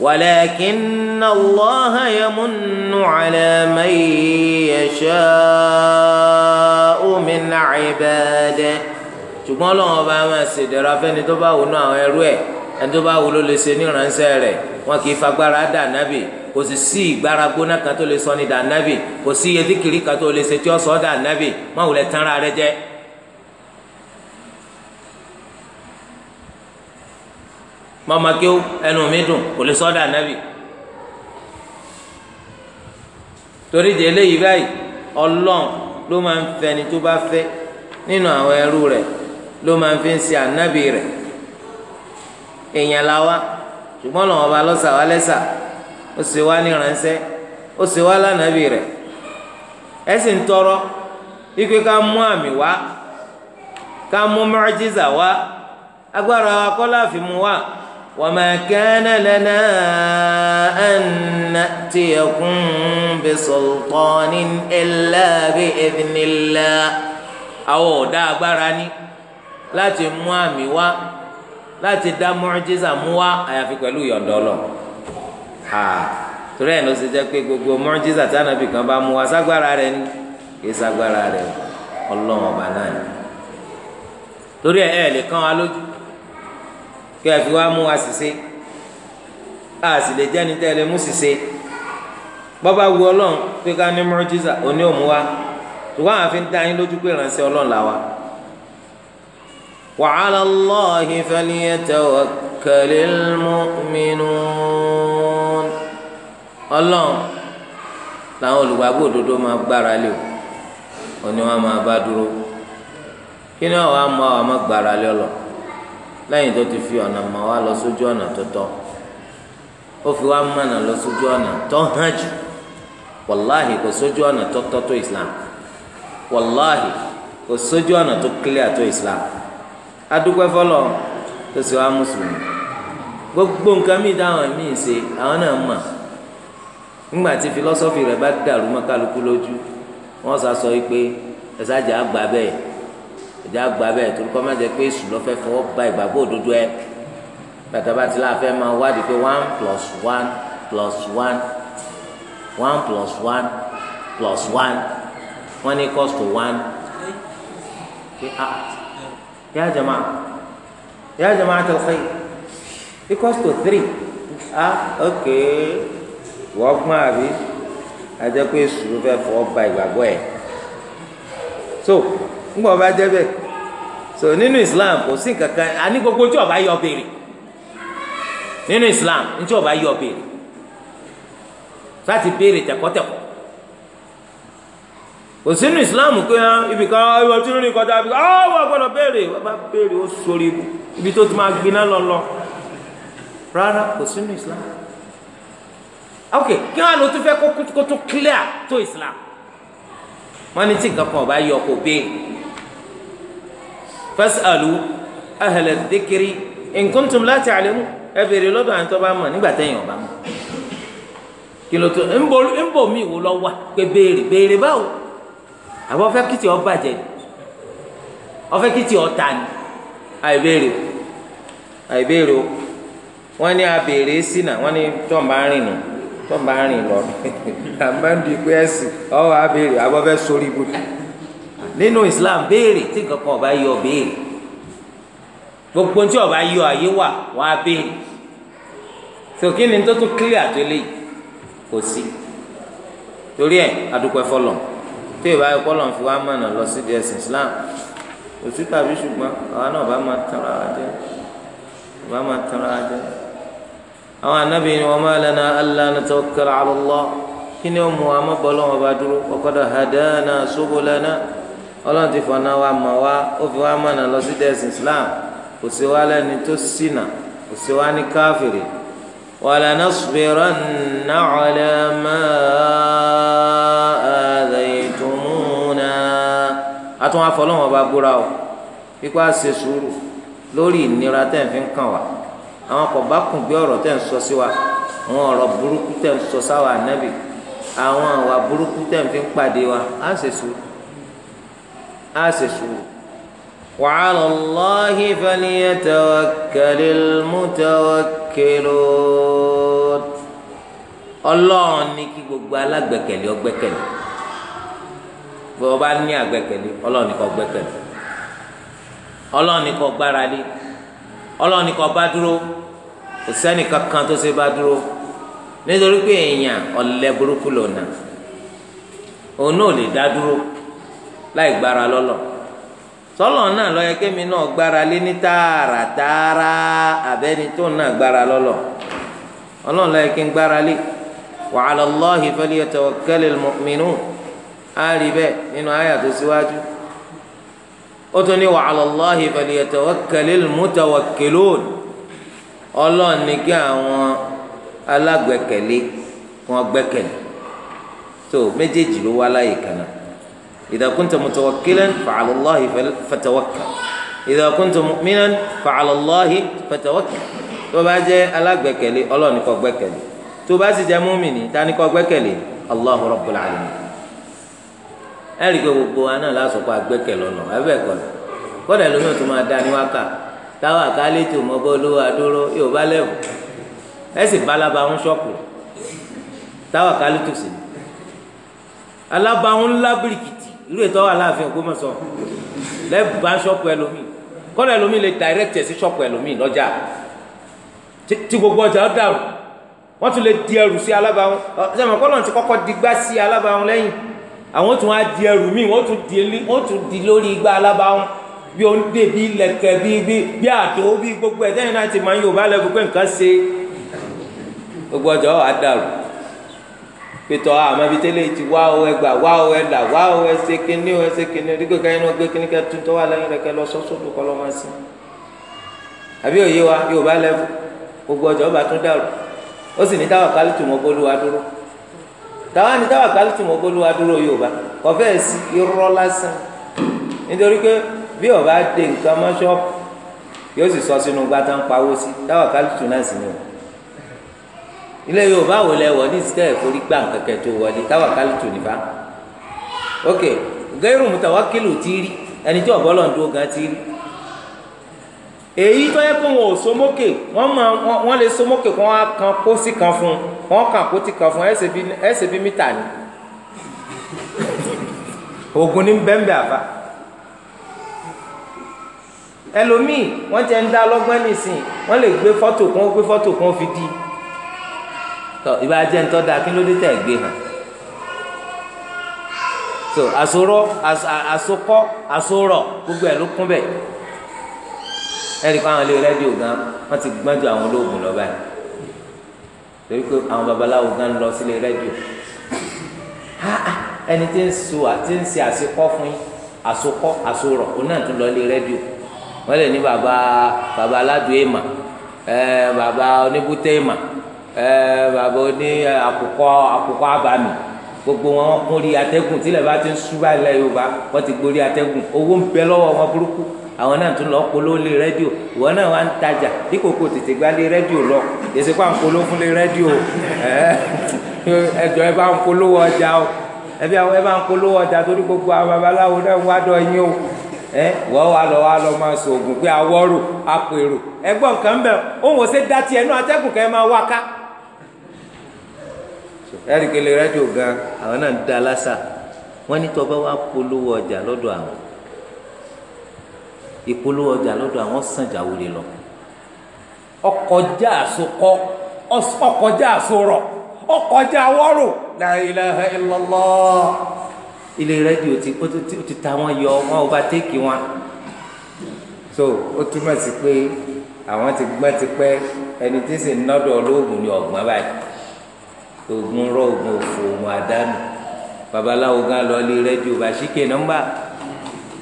ولكن الله يمن على من يشاء من عباده ṣùgbọ́n ọlọ́run ọba máa ṣe ìdẹ̀ra fẹ́ni tó bá wù nú àwọn ẹrú ẹ̀ ẹni tó bá wù ló lè ṣe níránṣẹ́ rẹ̀ wọn kì í fagbára dà nábì kò sì sí ìgbára gbóná kan tó lè sọ ní dà nábì kò sí iye tí kìrì kan tó lè ṣe tí ó sọ dà nábì má wulẹ̀ tán ra rẹ jẹ́. mama kí ó ẹnu mi dùn kò lè sọ́dọ̀ ànábì torí de eléyìí báyìí ọlọ́n ló máa ń fẹni tó bá fẹ́ nínú àwọn ẹrú rẹ̀ ló máa ń fi ń ṣe ànábì rẹ̀ èèyàn la wá ṣùgbọ́n lọ́wọ́ bá lọ́sà wá lẹ́sà ó sì wá ní ìránṣẹ́ ó sì wá lánàbì rẹ̀ ẹ sì ń tọrọ ikú ká mú àmì wá ká mú mọ́rẹ́jísà wá agbára wa kọ́ wá. وما كان لنا أن نأتيكم بسلطان إلا بإذن الله أو دا براني لا تموامي و لا تدا معجزة موا أيا في كلو يندولو ha torí ẹ̀ ló ṣe jẹ́ pé gbogbo mọ́jísà tí ànábì kan bá mú wa ságbára rẹ̀ ni kì í ságbára rẹ̀ ọlọ́run ọba náà ni torí ẹ̀ ẹ̀ lè kán wa lójú kí ẹ fi wá mú wa sì ṣe a sì lè jẹ́ni tẹ́ ẹ lè mú sì ṣe bọ́bá wu ọlọ́run pé ká ní mọ́jísà òní òmu wa ṣùgbọ́n àwọn afi ń dá yín lójú pé ìránṣẹ́ ọlọ́run làwa. wa 'ala Allahi falyatawakkalil mu'minun ọlọ́run làwọn olùgbàgbọ́ òdodo máa gbára lé o òní wọn máa bá dúró kí ni wọn máa wà lẹ́yìn tó ti fi ọ̀nà mọ̀ wá lọ sójú ọ̀nà tó tọ́ ó fi wá mọ̀nà lọ sójú ọ̀nà tó hàn wàláhì kò ọ̀nà tó tọ́ islam wàláhì kò sójú ọ̀nà tó clear tó islam adúpẹ́ fọlọ́ tó sì wá gbogbo nǹkan mi dáhùn àwọn náà mọ̀ ìjà gba bẹ́ẹ̀ torí kọ́ má jẹ́ pé èṣù lọ́fẹ́ fọwọ́ gba ìgbàgbọ́ òdodo ẹ bàtà bá ti láàfẹ́ máa wádìí pé one plus one plus one one plus one plus one wọ́n ní cost to one pé ah, a yá jama yá jama tó xẹ́ equals to three ah ok wọ́n gbọ́n àbí ajẹ́ pé èṣù lọ́fẹ́ fọwọ́ gba ìgbàgbọ́ ẹ so ńgbọ́ bá jẹ́ bẹ́ẹ̀ so nínú Islam kò sí nǹkan kan àní gbogbo tí ọba yọ béèrè nínú Islam tí ọba yọ béèrè láti béèrè tẹ̀kọ́tẹ̀kọ́ kò sínú Islam pé ah, ibi kan ìwọ tí lórí kọjá ibi kan ọ ah, wọ́n gbọ́dọ̀ béèrè wọ́n bá béèrè ó sórí ibu ibi tó ti máa gbiná lọ́lọ́ rárá kò sínú Islam ok kí wọn lò tún fẹ́ kó tún clear tó Islam wọn ní tí nǹkan kan ọba yọ kó béèrè. fasalu ahlẹ dhikri in kuntum la ta'lamu ẹ béèrè lọ́dọ̀ àwọn tó ọba mọ̀ kìlọ̀tò ńbọ ńbọ mi wò lọ wà pé ni ọ̀fẹ́ kìtì ọ̀tà ni àìbéèrè àìbéèrè o wọ́n ní abèrè sínà wọ́n ní rìn nù rìn lọ àmọ́ ń pé ẹ̀sìn sórí ibùdó. nínú islam béèrè tí kankan ọba yọ béèrè gbogbo tí ọba yọ ayé wà wọn á béèrè tòkí ni tó tún clear tó lé kò sí torí ẹ adúpẹ́ fọlọ tí ìbá yọ kọlọ fi wá mọ̀nà lọ sí di ẹsìn islam òsì tàbí ṣùgbọ́n àwa náà bá máa tara wa jẹ bá máa tara wa jẹ àwọn anábì ni wọn máa lẹnu allah natawakkal ala Allah kí ni ó mú wa má bọ́ lọ́wọ́ bá dúró wa hadana subulana ọlọ́run ti fọ̀nà wa mọ̀ wá ó fi wá mọ̀nà lọ sí dẹ́sìn islam kò sí wa lẹ́ni tó ṣìnà kò sí wa ní káfìrì wala nasbiranna ala ma adaytumuna. àtúnwá fọlọ́wọ́n bá búra o pípa ṣe sùúrù lórí ìnira tẹ́ ń fi kàn wá àwọn kò bá kùn bí ọ̀rọ̀ tẹ́ ń sọ sí wa àwọn ọ̀rọ̀ burúkú tẹ́ ń sọ sáwà nábì àwọn àwà burúkú tẹ́ ń fi pàdé wa á ṣe sùúrù á sì sùúrù. وعلى الله فليتوكل المتوكلون ọlọ́run ní kí gbogbo alágbẹ̀kẹ̀lé ọgbẹ́kẹ̀lé bí wọ́n bá ní àgbẹ̀kẹ̀lé ọlọ́run ní kó gbẹ́kẹ̀lé ọlọ́run ní kó gbára lé ọlọ́run ní kó bá dúró kò sẹ́ni kankan tó ṣe bá dúró nítorí pé èèyàn ọ̀lẹ burúkú lòna òun náà lè dá dúró láì gbára lọ́lọ́ sọlọ náà ló yẹ kémi náà gbára lé ní tààrà tààrà abẹni tó náà gbára lọ́lọ́ Ọlọ́run ló yẹ kí n gbára lé wa ala Allahi falyatawakkalil mu'minun á rí bẹ́ẹ̀ nínú àyà tó síwájú ó tún ní wa ala Allahi falyatawakkalil mutawakkilun Ọlọ́run ní kí àwọn alágbẹ̀kẹ̀lé wọn gbẹ́kẹ̀lé tó méjèèjì ló wá láyè kan إذا كنت متوكلا فعلى الله فتوكل إذا كنت مؤمنا فعلى الله فتوكل tó bá jẹ́ alágbẹ̀kẹ̀lé Ọlọ́run ni kó gbẹ́kẹ̀lé tó bá sì jẹ́ múmìnì ta ni kó gbẹ́kẹ̀lé Allahu Rabbul Alamin ẹrí pé gbogbo wa náà lásán kó agbẹ́kẹ̀lé ọ̀nà ẹbẹ̀ kọ́ ni kódà lómi ò tún máa da ni wákà táwa kálí tó mọ bó lówó adúró yóò bá lẹ́wọ̀ ẹ sì balaba ń ṣọ́kù táwa kálí tó sì ní alaba ń lábìrìkì irú ètò wà láàfin Ògbómọ̀ṣọ́ lẹ́bàá ṣọ́ọ̀pù ẹlòmíì kọ́nà ẹlòmíì lè direct ẹ̀ sí ṣọ́ọ̀pù ẹlòmíì lọ́jà tí gbogbo ọjà ó dàrú wọ́n tún lè di ẹrù sí alábàáwọn ṣẹ́mi kọ́nà ti kọ́kọ́ di gbá sí alábàáwọn lẹ́yìn àwọn tún á di ẹrù míì wọ́n tún di lórí igbá alábàáwọn bí o ń dè bí lẹ̀kẹ̀ bí bí bí àtò bí gbogbo ẹ̀ sẹ́yìn náà ti máa ń yóò bá lẹ́gbẹ̀ẹ́ nǹkan ṣe gbogbo ọjà ó wà á dàrú pétọ́ ah, àmọ́bi tẹ́lẹ̀ ti wá o ẹ gbà wá o ẹ là wá o ẹ ṣe kíní o ẹ ṣe kíní dígbò káyọ̀ náà gbé kíní kẹ́ tuntun wà lẹ́yìn rẹ̀ kẹ́ lọ sọ́sọ́ tó kọ́ lọ́ máa sìn. àbí òye wa yóò bá lẹ́fù gbogbo ọjọ́ ọba tún dàrú ó sì ní táwa kálítù mọ́ bólúwa dúró táwa ní táwa kálítù mọ́ bólúwa dúró yóò bá kọfẹ́ sí irọ́ lásán nítorí pé bí ọba dé nǹkan mọ́ yóò sì sọ sínú gbàtàn pawó sí táwa kálítù náà sì ní o ilé yorùbá wò lẹ wọ ní sítẹ ìforí gbà kẹkẹ tó wọlé táwàkálì tó nípa ok gẹrù mùtàwákìlù ti rí ẹni tí ọbọ lọńdó gan ti rí èyí tó yẹ kó wọn ò sọmọkè wọn mọ wọn lè sọmọkè kó wọn kan pósí kan fún wọn kan pósí kan fún ẹsẹ bí mítà ni oògùn ní bẹ́ńbẹ́ àbá ẹlòmíì wọ́n ti ń dá lọ́gbọ́n nìsín wọ́n lè gbé fọ́tò kan gbé fọ́tò kan fi di tọ ìbá jẹ́ ntọ́ da kí ló dé tẹ̀ gbé hàn so àsorọ àsokọ àsorọ gbogbo ẹ̀ ló kún bẹ̀ ẹ̀rí kó àwọn ilé rẹ́díò gan wọ́n ti gbọ́njú àwọn olóògùn lọ báyìí torí pé àwọn babaláwo gan lọ sílé rẹ́díò ẹni tí ń so àti ń ṣe àsokọ fún yín àsokọ àsorọ òun náà tún lọ ilé rẹ́díò wọ́n lè ní baba baba aládùn èèmà ẹ baba oníbútẹ́ èèmà ẹ bàbá oní àkùkọ àkùkọ abàmì gbogbo wọn kún rí atẹ́gùn tílẹ̀ bá ti ń ṣú báyìí lẹ́yìn yorùbá wọ́n ti gborí atẹ́gùn owó ń bẹ lọ́wọ́ wọn burúkú àwọn náà tún lọ́ọ́ polówó lé rẹ́díò ìwọ náà wà ń tajà dípò kò tètè gbá lé rẹ́díò lọ èsì pa ń polówó fún lé rẹ́díò ẹjọ ẹ bá ń polówó ọjà o ẹbí àwọn ẹ bá ń polówó ọjà torí gbogbo àwọn babaláwo náà wá dọ̀ yín o ẹ wọ́n wá lọ wá lọ máa sọ ògùn pé awọ́rò apèrò ẹgbọ́n kan bẹ̀ òun ò ṣe dá tiẹ̀ náà atẹ́gùn kẹ́ máa wá ká ẹ̀ríkẹ́lẹ́ rẹ́díò gan àwọn náà ń da lásà wọ́n ní tọ́ bá wá polówó ọjà lọ́dọ̀ àwọn ìpolówó ọjà lọ́dọ̀ àwọn sànjà wòlé lọ ọkọjá àsokọ ọkọjá àsorọ ọkọjá wọrò la ilaha illallah ilé rẹ́díò ti ó ti ta wọn yọ wọn ò bá téèkì wọn so ó túmọ̀ sí pé àwọn ti gbọ́n ti pẹ́ ẹni tí sì ń nọ́dọ̀ olóògùn ni ọ̀gbọ́n báyìí oògùn rọ oògùn òfò oògùn àdánù babaláwo gan lọ lé rẹ́díò bàṣíkè nọ́mbà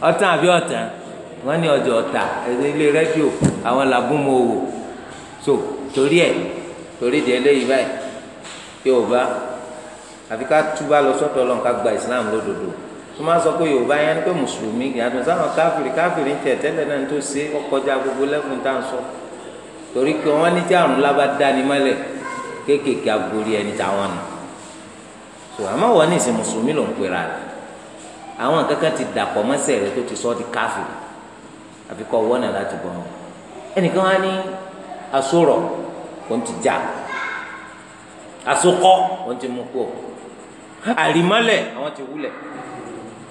ọ̀tàn àbí ọ̀tàn wọ́n ní ọjọ́ ọ̀tà ilé rẹ́díò àwọn làbúmọ̀ òwò so torí ẹ̀ torí di eléyìí báyìí yorùbá àfi ká túbà lọ sọ́dọ̀ Ọlọ́run ká gba islam lódodo tó máa sọ pé yorùbá yẹn ni pé mùsùlùmí yàtọ̀ sáwọn káfìrí káfìrí ń tẹ tẹ́lẹ̀ náà tó ṣe ọkọjá gbogbo lẹkùn tá à ń sọ torí pé wọ́n ní tí lábá dání mọ́lẹ̀ kéékèèké agbórí ẹni táwọn nù so àmọ́ wọ́n ní ìsìn mùsùlùmí ló ń pera rẹ̀ àwọn kankan ti dàpọ̀ mọ́sẹ̀ rẹ̀ tó ti sọ di káfíìn àfi kọ́ wọ́n náà láti bọ̀ wọn ẹnìkan wá ní asọ̀rọ̀ kò ń ti já asokọ́ kò ń ti mú kó àrímọ́lẹ̀ àwọn ti wúlẹ̀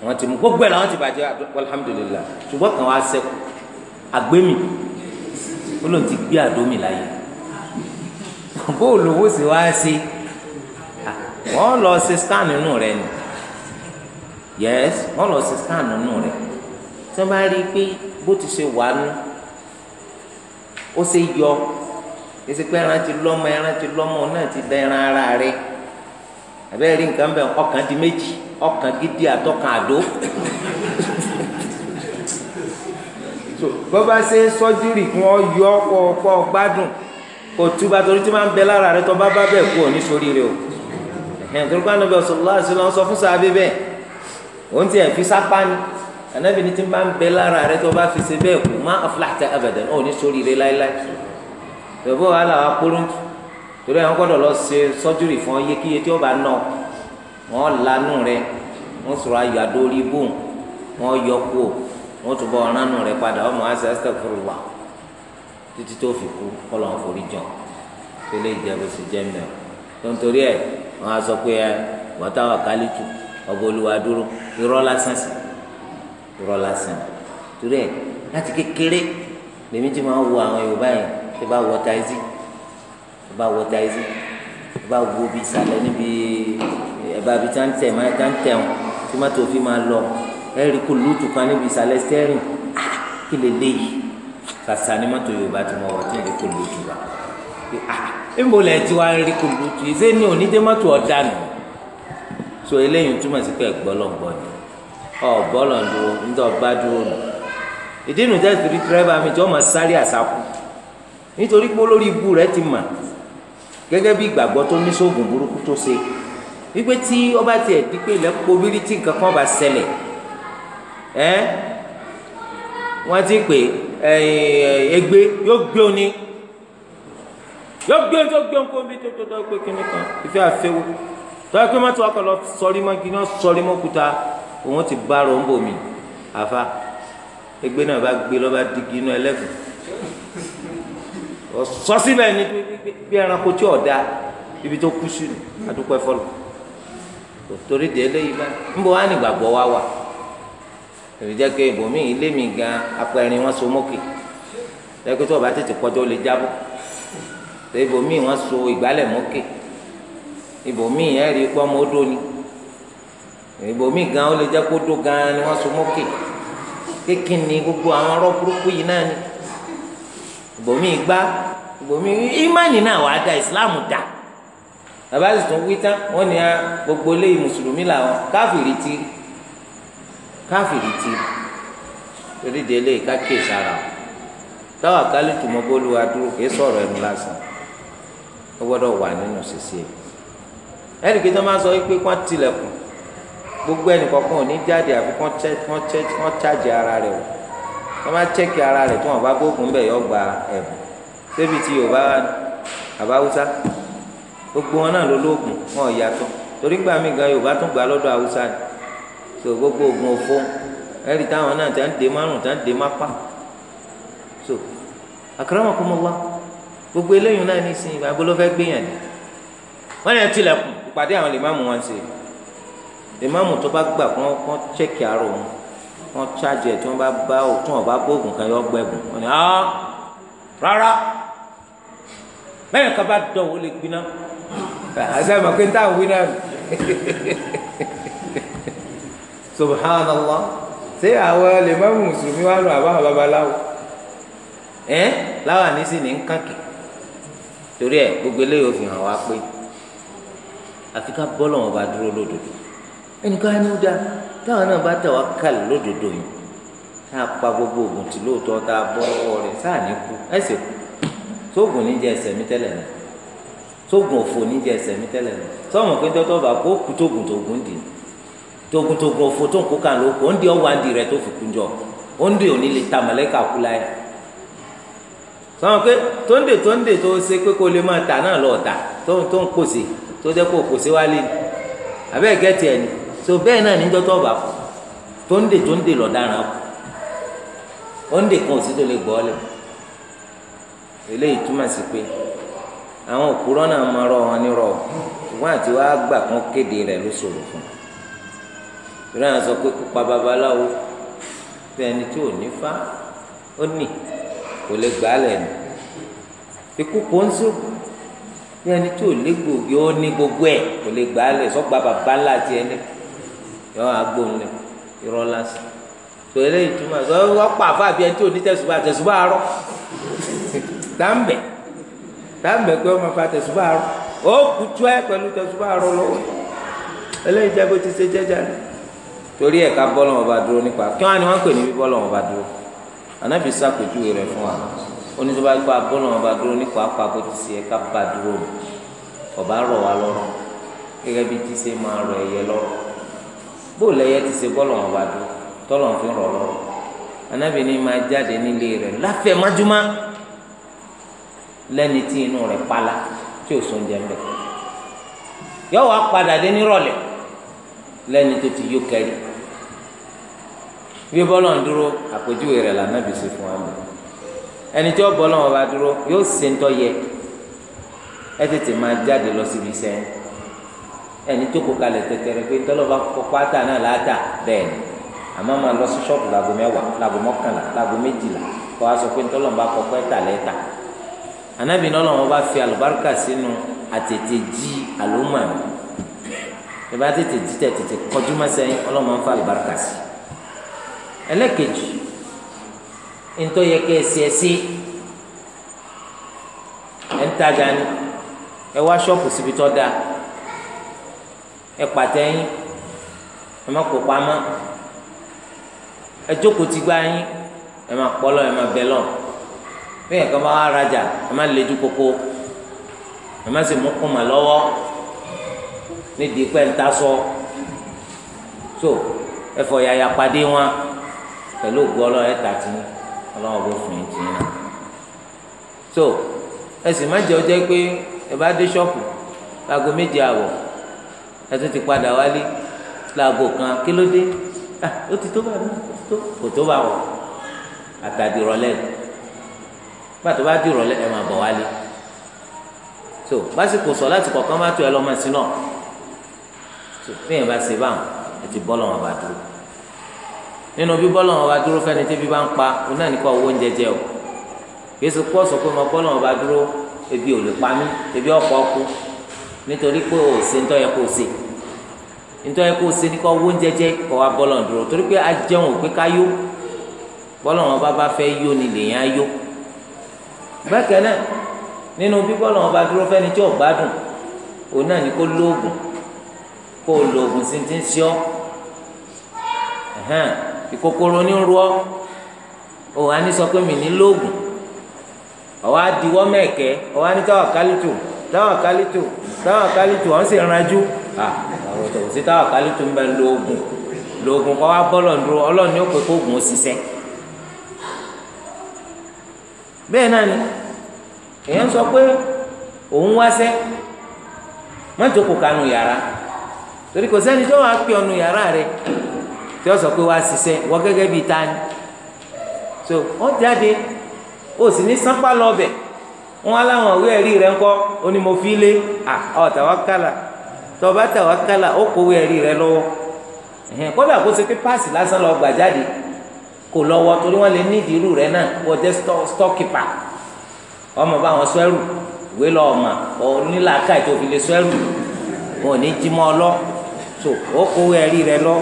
àwọn ti mú gbogbo ẹ̀ làwọn ti bàjẹ́ alhamdulilayi ṣùgbọ́n kan wá sẹ́kù àgbémi ó lóun ti gbé àdómi láyé bóòlù owó sì wá sí wọ́n lọ ṣe scan nínú rẹ ni yes wọ́n lọ ṣe scan nínú rẹ tí wọ́n bá rí i pé bó ti ṣe wà nù ó ṣe yọ èsì pé ẹran ti lọ́mọ ẹran ti lọ́mọ náà ti da ẹran ara rẹ àbẹ́rẹ́ rí nǹkan bẹ́ẹ̀ ọkàn di méjì ọkàn gidi àtọkàn àdó bọ́bá ṣe sọ́júrì kí wọ́n yọ ọ́ pọ̀ gbádùn kò túba torí tí máa ń bẹ lára rẹ tó bá bá bẹ̀ kú òní sórí rẹ o ẹ̀hìn torí pé anabi ọ̀sọ̀lá àṣìlọ ń sọ fún sàbí bẹ́ẹ̀ òun ti ẹ̀ fi sápá ni anabi ni tí máa ń bẹ lára rẹ tó bá fi ṣe bẹ́ẹ̀ kú má aflahta abadan òní sórí rẹ láéláé bẹ̀bú wàhálà wa kúrú torí àwọn gbọ́dọ̀ lọ ṣe sọ́júrì fún yékéyé tí ó bá nà wọ́n lanú rẹ wọ́n sọ̀rọ̀ ayọ̀ àdórí bùn wọ́n yọ kú wọ́n túbọ̀ ránú rẹ padà ọmọ àṣẹ àṣẹ fúru wà títí tó fi kú kọlọ̀ ń forí jàn tẹ́lẹ̀ ìjẹ́bù sí jẹ́mìnà tó ń torí ẹ̀ wọ́n á sọ pé ẹ wọ́tá wà kálítù ọba olúwa dúró irọ́ lásán sí irọ́ lásán torí ẹ̀ láti kékeré lèmi ti máa ń wo àwọn yorùbá yẹn tó bá wọ táìsì tó bá wọ táìsì tó bá wo bí ìsàlẹ̀ níbi ẹ̀bá bí tá máa tá wọn tí mọ́tò fi máa lọ ẹ̀rí kò lùtù kan níbi ìsàlẹ̀ stẹ́rìn ah, kí lè léyìí. sàṣà ni mọ́tò ti mọ ọ̀rọ̀ tí kolu kò lójú wa ah, níbo lẹ ti wá rí kò lójú ṣé ní onídé so eléyìí túmọ̀ sí pé gbọ́lọ̀gbọ́ ni ọ bọ́lọ̀ dúró níta ọba dúró nù ìdí nu tẹ́ ti rí mi tí wọ́n sáré àsákù nítorí pé olórí ibu rẹ ti mà gẹ́gẹ́ bí ìgbàgbọ́ tó ní sóògùn burúkú tó ṣe wípé tí tiẹ̀ di pé nǹkan kan bá ṣẹlẹ̀ ẹ́ wọ́n ti pè Eh, egbe yóò gbé òní yóò gbé òní tó gbé òní kó omi tó tó tó gbé kínní kan ìfẹ́ àfẹ́wò tó yẹ kó mọ́tò ọkọ̀ lọ sọrí mọ́ kí ni wọ́n sọrí mọ́ kúta òun ti bá rò ń bò mí àfa egbe náà bá gbé lọ́ba digi inú ẹlẹ́gùn sọ síbẹ̀ ni bí ẹranko tí ọ̀dà ibi tó kú sí ni adúpẹ́ fọlọ́ torí de eléyìí bá ń bọ̀ wá nígbàgbọ́ wá wà. ìrìjẹ́ pé ibòmí ilé gan apẹ̀rin wọn so mókè lẹ́gbẹ́ tó bá tètè kọjọ́ lè jábọ̀ tó wọn so ìgbálẹ̀ mókè ibòmí yẹn rí pọ́ mọ́ ni ibòmí gan ó lè jẹ́ kó dó gan ni wọ́n so mókè kékin ni gbogbo àwọn yìí náà ni ibòmí gbá ibòmí da dà bàbá sì tún wí tán ah, gbogbo ti káfìrí ti torí délé ká kéè sára o táwọn àkálí tùmọ̀ bóluwa dúró kìí sọ̀rọ̀ ẹnu lásán ó gbọ́dọ̀ wà nínú ṣẹṣẹ ẹnì tó máa sọ wípé kán tilẹ̀kùn gbogbo ẹnì ò ní jáde àfi ara o wọ́n máa chẹ́kì ara rẹ̀ tí wọ́n bá gbógun bẹ̀ yọ gba ẹ̀bùn débi tí Yorùbá àbáwúsá gbogbo wọn náà ló lóògùn wọn ò yàtọ̀ torí gbàmí so gbogbo oògùn òfo ẹ̀rí táwọn náà tá ń dè márùn tá ń dè mápá so akramakumullah gbogbo eléyìí náà ní sin ìgbà gbọ́dọ̀ fẹ́ gbìyànjú wọ́n yẹn tilẹ̀kùn ìpàdé àwọn lèmáàmù wọn ṣe lèmáàmù tó bá gbà kán kán chẹ́kì àrò wọn kán chájẹ tí wọ́n bá bá òtún ọ̀bá gbóògùn kan yọ gbẹ̀bùn wọn ni ah rárá bẹ́ẹ̀ ká bá dọ̀wọ́ lè gbiná àṣẹ àmọ́ pé táwọn wí subhanallah ṣé àwọn lèmọ́mù mùsùlùmí wà nù àbá babaláwo ẹ láwa ní sí ní ń kàkì torí ẹ gbogbo eléyìí òfin hàn wá pé àfi ká bọ́lọ̀ wọn bá dúró lódodo ẹnìkan ẹni ó dá táwọn náà bá tẹ̀ wá kàlẹ̀ lódodo yìí tá a pa gbogbo oògùn tí lóòótọ́ tá a bọ́ lọ́wọ́ rẹ̀ sáà kú ẹ̀sẹ̀ kú sóògùn níjẹ ẹsẹ̀ mi tẹ́lẹ̀ náà sóògùn òfò níjẹ ẹsẹ̀ mi tẹ́lẹ̀ náà sọ́mọ̀ pé dọ́tọ́ bá kó kú tóògùn tóògùn dì ní. togotogo òfò tó ń kan ló kó ń di ọwọ́ àǹdí rẹ tó fi kúnjọ ó ń di òní lè ta mọ̀lẹ́kà kú láyà sọ́wọ́n pé tóńdè tóńdè tó ṣe pé kó lè máa tà náà lọ tà tó ń pòsè tó jẹ́ kó pòsè wálé ni àbẹ́ẹ̀ gẹ́tì ẹ̀ ni so bẹ́ẹ̀ náà níjọ́ tó bá kù kan ò sí torí àwọn sọ pé kópa babaláwo pé ẹni tí ò ní fa ó nì kò lè gbà á lẹ́nu ikú kò ń sọ bí ẹni tí ò lé gbòógì ó ní gbogbo ẹ̀ kò lè gbà á lẹ̀ sọ́gbà bàbá ńlá ti ẹni yọ agbóhùn lẹ̀ irọ́ lásán tó eléyìí túmọ̀ sọ wọ́n pa àfa àbí ẹni tí ò ní tẹ̀sùbà tẹ̀sùbà arọ́ dáńbẹ̀ dáńbẹ̀ pé wọ́n máa fa tẹ̀sùbà arọ́ ó kú tú ẹ pẹ̀lú tẹ̀sùbà arọ́ lọ́wọ́ eléyìí jẹ́ bó ti ṣe jẹ́jà rẹ̀. torí ẹ̀ka bọ́lọ̀ wọn bá dúró nípa kí wọ́n á ní wọ́n pè ní bí wọn bá dúró ànábì sàpèjúwe rẹ̀ fún wa oníṣòwò àgbà bọ́lọ̀ bá dúró nípa apákó ti ṣe ẹ̀ka bá dúró ọ̀bá rọ̀ wá lọ́rọ̀ gẹ́gẹ́ bí ti ṣe máa rọ̀ ẹ̀yẹ lọ́rọ̀ bó lẹ́yẹ ti ṣe bọ́lọ̀ bá dúró tọ́lọ̀ fi rọ̀ ní máa jáde nílé lẹ́ni tó ti yó kẹ́rì bí bọ́lọ̀ ń dúró àpèjúwe rẹ̀ lànà bìsí fún wa mi ẹni tí ó bọ́lọ̀ wọn bá dúró yóò ṣe ń tọ́ yẹ ẹ tètè máa jáde lọ síbi iṣẹ́ ẹni tó kó kalẹ̀ tẹ̀tẹ̀rẹ̀ pé tọ́lọ́ba kọ pátá náà láàtà bẹ́ẹ̀ ni àmọ́ máa lọ sí ṣọ́ọ̀bù láago mẹ́wàá láago mọ́kànlá láago méjìlá kọ́ wa sọ pé tọ́lọ́ba kọ pẹ́ẹ́tà lẹ́ẹ̀ta anábìínà ọlọ́run bá fi àlùbáríkà sínú àtètè jí àlùmọ́ọ̀nù ìbá tètè dìtẹ̀ tètè kọjú mẹsẹ yín ọlọmọ ń fa àlùbáríkà sí ẹlẹ́kejì ntọ́ yẹ kẹ́ ẹ sí ẹ sí ẹ ń tajà ni ẹ wá ṣọ́ọ̀pù síbi tọ́ da ẹ pàtẹ yín ẹ má kó pamọ́ ẹ jókòó ti gbá yín ẹ má kpọ́lọ́ ẹ má bẹ́lọ́ bẹ́ẹ̀ kọ́ bá wà rajà ẹ má lẹ́jú koko ẹ má sì mú kùmà lọ́wọ́ nídìí pẹ́ ń tasọ so ẹfọ yàyà pàdé wọn pẹ̀lú ògbó ọlọ́run ẹ̀ta tí ọlọ́run bó fún yín tì í náà so ẹsìn má jẹ ọjọ́ pé ẹ bá dé ṣọ́ọ̀pù láago méje àwọ̀ ẹ tún ti padà wálé láago kan kí ló dé ah, ó ti tó bá mi kò tó bá wọ̀ àtàdìrọ̀lẹ́ pàtó bá dìrọ̀lẹ́ ẹ máa bọ̀ wálé so básìkò sọ láti kọ̀ọ̀kan bá tó ẹ lọ́mọ sí náà bí èèyàn bá ṣe báwọn ètò bọ́ọ̀lù wọn bá dúró nínú bí bọ́ọ̀lù wọn bá dúró fẹ́ni tí bí bá ń pa òun náà ní kó owó oúnjẹ jẹ o kìí ṣe pọ́ sọ pé mo bọ́ọ̀lù wọn bá dúró ebi ò lè pa mí ebi ọ̀pọ̀ ọkú nítorí pé o ṣe ńtọ́ yẹ kó o ṣe ńtọ́ yẹ kó o ṣe ní kó owó oúnjẹ jẹ kó wa bọ́ọ̀lù wọn dúró torí pé a jẹun òpé ká yó bọ́ọ̀lù wọn bá bá fẹ́ yó ni lèèyàn á yó bákan náà nínú bí bọ́ọ̀lù wọn bá dúró fẹ́ni tí ò gbádùn òun náà ní kó lóògùn kó o lo oògùn sí ti ń ṣe ni ìkòkòrò ní ru ní sọ pé mi ní lóògùn ọ̀wá diwọ́ mẹkẹ ọ̀wá ní táwọn kálítù táwọn kálítù táwọn kálítù ọ̀hún sì ranjú àwọn sí táwọn kálítù ń bẹ lóògùn lóògùn ní torí kò sẹ́ni tó wàá pè ọnu yàrá rẹ tí wọ́n sọ pé wàá ṣiṣẹ́ wọ́n gẹ́gẹ́ bíi ta ni so wọ́n jáde ó sì ní sánpá lọ́bẹ̀ wọ́n á láwọn òwe ẹ̀rí rẹ ńkọ́ ó ní mo fi lé ọ̀ tàwákàlà tọba tàwákàlà ó kó òwe ẹ̀rí rẹ lọ́wọ́ kódà kó ṣe pé páàsì lásán lọ gbà jáde kò lọ́wọ́ torí wọ́n lè ní ìdírù rẹ náà wọ́n jẹ́ stọ́kìpà ọmọ bá wọn sọ ẹrù ìwé lọ́ọ̀mà onílàákàyè tó fi lè sọ ẹrù wọn ò ní jí mọ́ ọ lọ́ọ́ so ó kówó ẹ̀rí rẹ lọ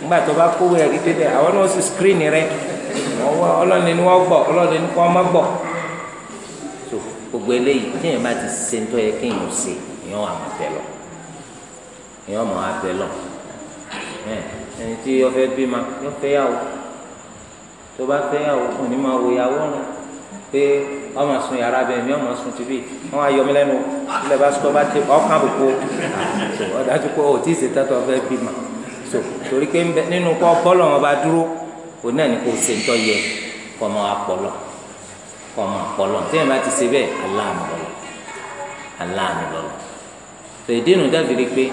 nígbà tó bá kówó ẹ̀rí débẹ̀ àwọn náà sì skírínì rẹ ọlọ́ni ni wọ́n gbọ́ ọlọ́ni ni wọ́n má gbọ́ so gbogbo eléyìí tí èèyàn bá ti ṣe ń tọ́ yẹ kí èèyàn ṣe èèyàn wà má fẹ́ lọ èèyàn mọ̀ á fẹ́ lọ ẹni tí yọ fẹ́ bímọ yọ fẹ́ tó pé ọmọ sun yàrá bẹ́ẹ̀ mi ọmọ sun tìbí wọn wá yọmí lẹ́nu ilẹ̀ bá sọ bá ti ọkàn àbùkù ọ̀dájú ah, pé ò tí ì ṣètò tó fẹ́ bímọ so torí pé nínú kọ́ bọ́lọ̀ wọn bá dúró òun náà ní kò ṣe ń tọ́ yẹ kọ́ ọmọ àpọ̀lọ̀ kọ́ ọmọ bá ti ṣe bẹ́ẹ̀ aláàmú lọ́lọ́ aláàmú lọ́lọ́ so ìdí nu dábìrì pé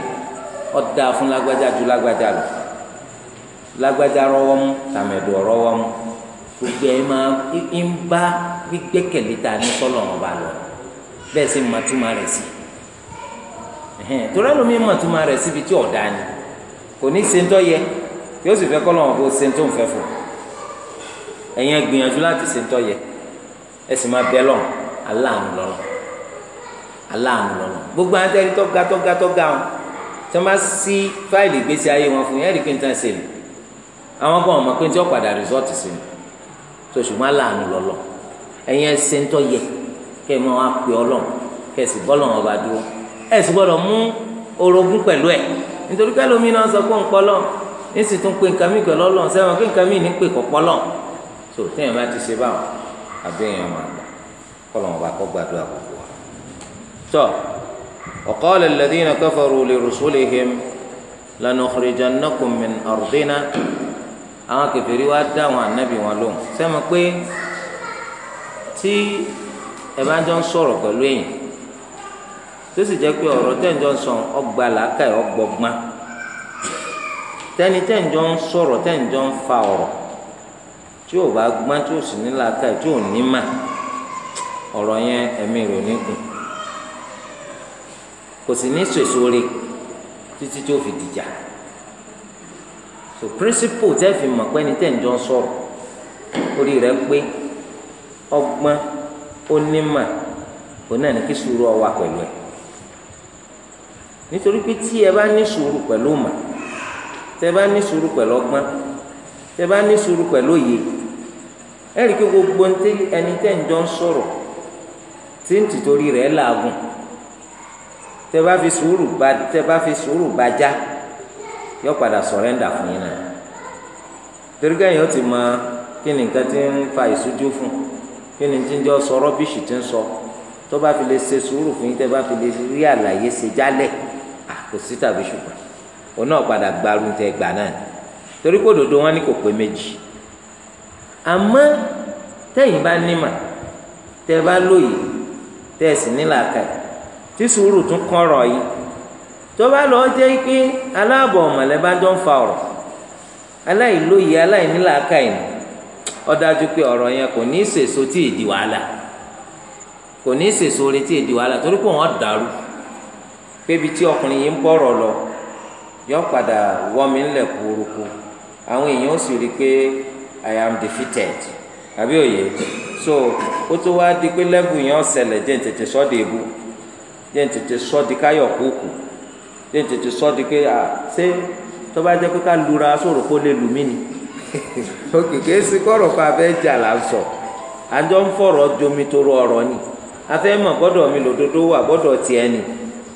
ọ dáa fún lágbájá ju lágbájá lọ lágbájá rọwọ́ mú tàmẹ̀dù ọ̀rọ̀wọ́ mú gbogbo ẹ máa ń bá gbígbẹ́kẹ̀lé ta ní sọ́lọ̀ wọn lọ bẹ́ẹ̀ sì máa túmọ̀ rẹ̀ sí torí ẹlòmíì máa síbi tí ni kò ní ṣe yẹ yóò sì fẹ́ kọ́ lọ́wọ́ kó ṣe fún gbìyànjú láti yẹ gbogbo àwọn tẹ́lẹ̀ tọ́ga tọ́ga tọ́ga wọn tí wọ́n bá sí fáìlì ìgbésí ayé wọn fún yẹn rí pé ṣe tó ṣùgbọ́n aláàánú lọ́lọ́ ẹ̀yin ẹsẹ̀ ń tọ́ yẹ kẹ́ ẹ máa wá pè kẹ́ ẹ sì bọ́ lọ́wọ́ bá dúró ẹ sì gbọ́dọ̀ mú orogún pẹ̀lú ẹ̀ nítorí pé ẹlòmíín náà sọ pé òun pọ́lọ́ ní sì tún pe nǹkan mí pẹ̀lú ọlọ́run sẹ́wọ̀n pé nǹkan mí ní pè kọ́ pọ́lọ́ tó téèyàn bá ti ṣe báwọn àbí èèyàn máa gbà kọ́lọ́wọ́n bá kọ́ gbàdúrà gbogbo wa. tọ́ وقال الذين كفروا لرسلهم لنخرجنكم من أرضنا àwọn kèfèrí wa dá àwọn ànábì wọn lóhùn sẹ́mi pé tí ẹ bá jọ ń sọ̀rọ̀ pẹ̀lú èyí tó sì jẹ́ pé ọ̀rọ̀ tẹ́ǹjọ́ ń sọ ọgbà làákà ẹ̀ ọgbọ̀gbọ́n tẹ́ni tẹ́ǹjọ́ ń sọ̀rọ̀ tẹ́ǹjọ́ ń fa ọ̀rọ̀ tí ò bá gbọ́n tí ò sì ní làákà tí ò ní mà ọ̀rọ̀ yẹn ẹ̀mí rẹ̀ nígùn kò sì ní sòsòrè títí tí ó fi dìjà so principle tẹ́ fi mọ̀ pé ní tẹ̀njọ́ sọ̀rọ̀ orí rẹ̀ pé ọgbọ́n onímọ̀ òun náà ní kí sùúrù ọwà pẹ̀lú ẹ̀ nítorí pé tí ẹ bá ní sùúrù pẹ̀lú mọ̀ tẹ́ bá ní sùúrù pẹ̀lú ọgbọ́n tẹ́ bá ní sùúrù pẹ̀lú òye ẹ rí i pé gbogbo ẹni tẹ̀njọ́ sọ̀rọ̀ tí ń tìtorí rẹ̀ làágùn tẹ́ bá fi sùúrù bá já yọ padà sọ̀rẹ́ndà fún yín náà torí kẹ́yìn ó ti mọ kí ni nǹkan ti ń fa ìṣújú fún kí ni ti ń jọ sọ rọ́bìṣì ti ń sọ tó bá fi lè ṣe sùúrù fún yín tẹ́ bá fi lè rí àlàyé ṣe jálẹ̀ kò sí tàbí ṣùgbọ́n òun náà padà gbaru tẹ gbà náà torí kó dodo wọn ní kò pé méjì àmọ́ tẹ́yìn bá nímọ̀ tẹ́ bá lóye tẹ́ sì nílàákàyè tí sùúrù tún kọ́rọ̀ yìí tó bá lọ jẹ́ pé aláàbọ̀ ọ̀mọ̀lẹ́ bá jọ ń fa ọ̀rọ̀ aláìlóye aláìnílàákà ìní ó dájú pé ọ̀rọ̀ yẹn kò ní í sèso tí èdè wàhálà kò ní í sèso tí èdè wàhálà torí pé wọ́n dàrú pébi tí ọkùnrin yìí ń bọ̀rọ̀ lọ yọ padà wọ́mi ńlẹ̀ àwọn i am defeated àbí òye so ó tó di pé lẹ́bù yẹn ọ̀sẹ̀lẹ̀ jẹ́ ń tètè ṣé n tètè sọ di pé à ṣé tó bá jẹ́ pé ká lura sọ̀rọ̀ kó lè lù mí ni. òkè kìí sí kọ̀rọ̀ pa abẹ́ jà là ń sọ àjọ ń fọ̀rọ̀ jomi toro ọ̀rọ̀ ni afẹ́ mọ̀ gbọ́dọ̀ mi lòdodo wà gbọ́dọ̀ tiẹ̀ ni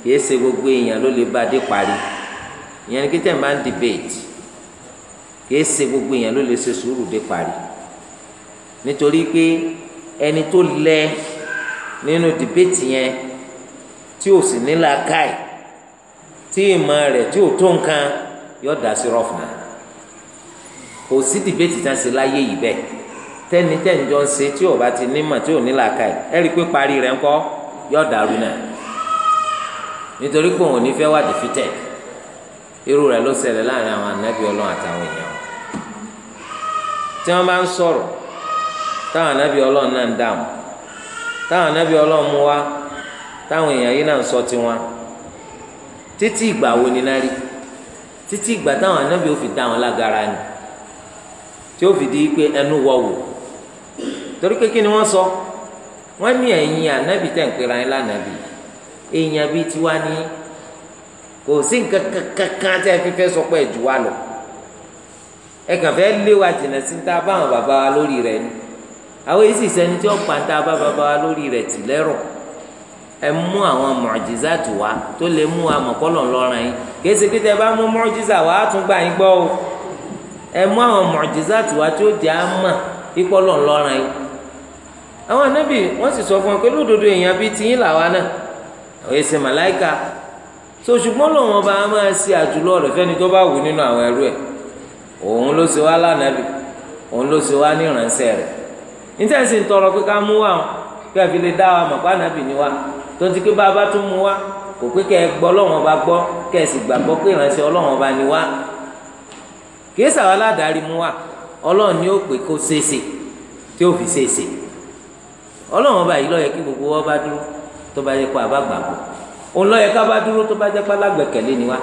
kìí ṣe gbogbo èèyàn ló lè bá dé parí ìyẹn ni kíntẹ̀ máa ń debate kìí ṣe gbogbo èèyàn ló lè ṣe sùúrù dé parí nítorí pé ẹni tó lẹ nínú debate yẹn tí ò sì ní làákàyè tí ìmọ̀ rẹ̀ tí ò tó nǹkan yóò dá sí rọ́fùnà kò sí dìbẹ́tì tá a ṣe láyé yìí bẹ́ẹ̀ tẹ́ni tẹ́njọ́ ń ṣe tí ò bá ti nímọ̀ tí ò ní làákàyè ẹ rí i pé parí rẹ̀ ńkọ́ yóò dàrú náà nítorí pé òun ò ní fẹ́ wá defeated irú rẹ̀ ló ṣẹlẹ̀ láàrin àwọn anábì ọlọ́run àtàwọn èèyàn tí wọ́n bá ń sọ̀rọ̀ táwọn anábì ọlọ́run náà títí ìgbà wo ni náà rí títí ìgbà táwọn anábì ó fi dá wọn lágara ni tí ó fi di pé ẹnu wọ torí pé kí ni wọ́n sọ wọ́n ní ẹ̀yin anábì tẹ̀ ń pera yín lánàbì èèyàn bíi tiwa ní kò sí nǹkan kankan sọ pé jù wá lọ ẹ kàn fẹ́ jìnnà sí ta rẹ ni àwọn sẹni tí pa ta bá bàbá wa lórí rẹ tì ẹ mú àwọn mọ̀jìzá tù wá tó lè mú amọ̀kọ́lọ̀ ńlọrọ̀ yín kìí ṣe pé tẹ bá mú mọ̀jìzá wá tún gbà yín gbọ́ o ẹ mú àwọn mọ̀jìzá tù wá tó jẹ́ àmà ìkọlọ̀ ńlọrọ̀ yín. àwọn anábì wọ́n sì sọ fún wọn pé lódodo èèyàn bíi tiyín làwa náà àwọn èsì màláìka tó ṣùgbọ́n lọ́wọ́n bá a máa ṣe àjùlọ rẹ̀ fẹ́ni tó bá wù nínú àwọn ẹrú ẹ̀ òun ló ṣe wá lánàbì òun ló ṣe wá ní ìrànṣẹ́ rẹ̀ nítẹ̀sí ń tọrọ pé ká mú wa kí àfi lè dá wa mọ̀ pé ànábì ni wa tó ti pé bàbá tún mú wa kò pé kẹ́ ẹ gbọ́ ọlọ́wọ́n bá gbọ́ kẹ́ ẹ sì gbàgbọ́ pé ìránṣẹ́ ọlọ́wọ́n bá ní wa kìí sàwọn aládàárí mú wa ọlọ́run ni ó pè kó ṣeéṣe tí ó fi ṣeéṣe ọlọ́run bá yìí lọ́yẹ kí gbogbo wa bá dúró tó bá yẹ kó a bá gbàgbọ́ òun lọ́yẹ ká bá dúró tó bá jẹ́ pé alágbẹ̀kẹ̀lé ni wa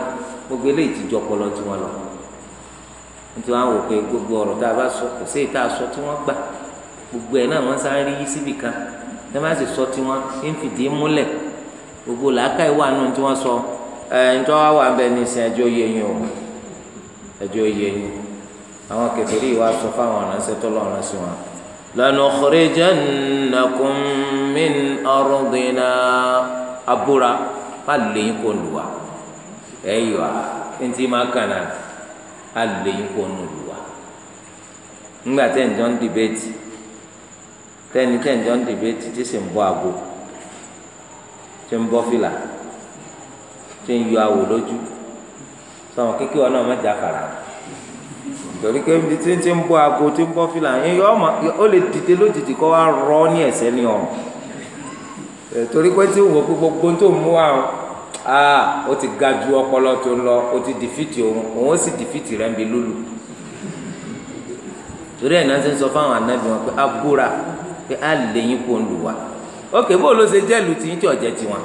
gbogbo eléyìí ti jọ ọpọlọ tí wọ́n lọ nítorí àwọn òpè gbogbo ọ̀rọ̀ tá a bá sọ kò sí èyí tá a sọ tí wọ́n gbà gbogbo ní wọ́n sì sọ tiwọn ń fìdí múlẹ̀ gbogbo làákà ìwà nù tí wọ́n sọ ẹ ǹjọ́ wà wà bẹ́ẹ̀ ní ìsìn ẹjọ́ yẹ yín o ẹjọ́ yẹ yín àwọn kẹfìrí wa sọ fáwọn ọ̀ránṣẹ́ tó lọ́ọ́ ránṣẹ́ wọn. lanukhrijannakum min ardina abúra má lèyìn kò lù wá ẹ̀yọ́ ntí má kànáà á lèyìn kò lù wá. ńgbà tẹ́ ǹjọ́ ń dìbẹ́tì tẹ́ni tẹ́njọ́ ń dìbè títí sì ń bọ́ àgbo tí ń bọ́ fìlà tí ń yọ awò lójú sọ̀rọ̀ kékeré ọ̀nà mẹ́ta fara torí pé ibi tí tí ń bọ́ àgbo tí ń bọ́ fìlà yẹn yọ ọmọ ó lè dìde lójijì kó wá rọ ní ẹ̀sẹ̀ ní ọ̀rùn torí pé tí wò pé gbogbo tó mú wa o aa ó ti ga ju ọpọlọ tó lọ ó ti dìfìtì òun òun ó sì dìfìtì rẹ̀ ń bi lulu torí ẹ̀ náà ti ń sọ fáwọn anábì wọn pé abúra pé a lè yín kó ń lù wá ok bó ló ṣe jẹ́ ìlú tiyín tí ọ̀jẹ̀ tiwọn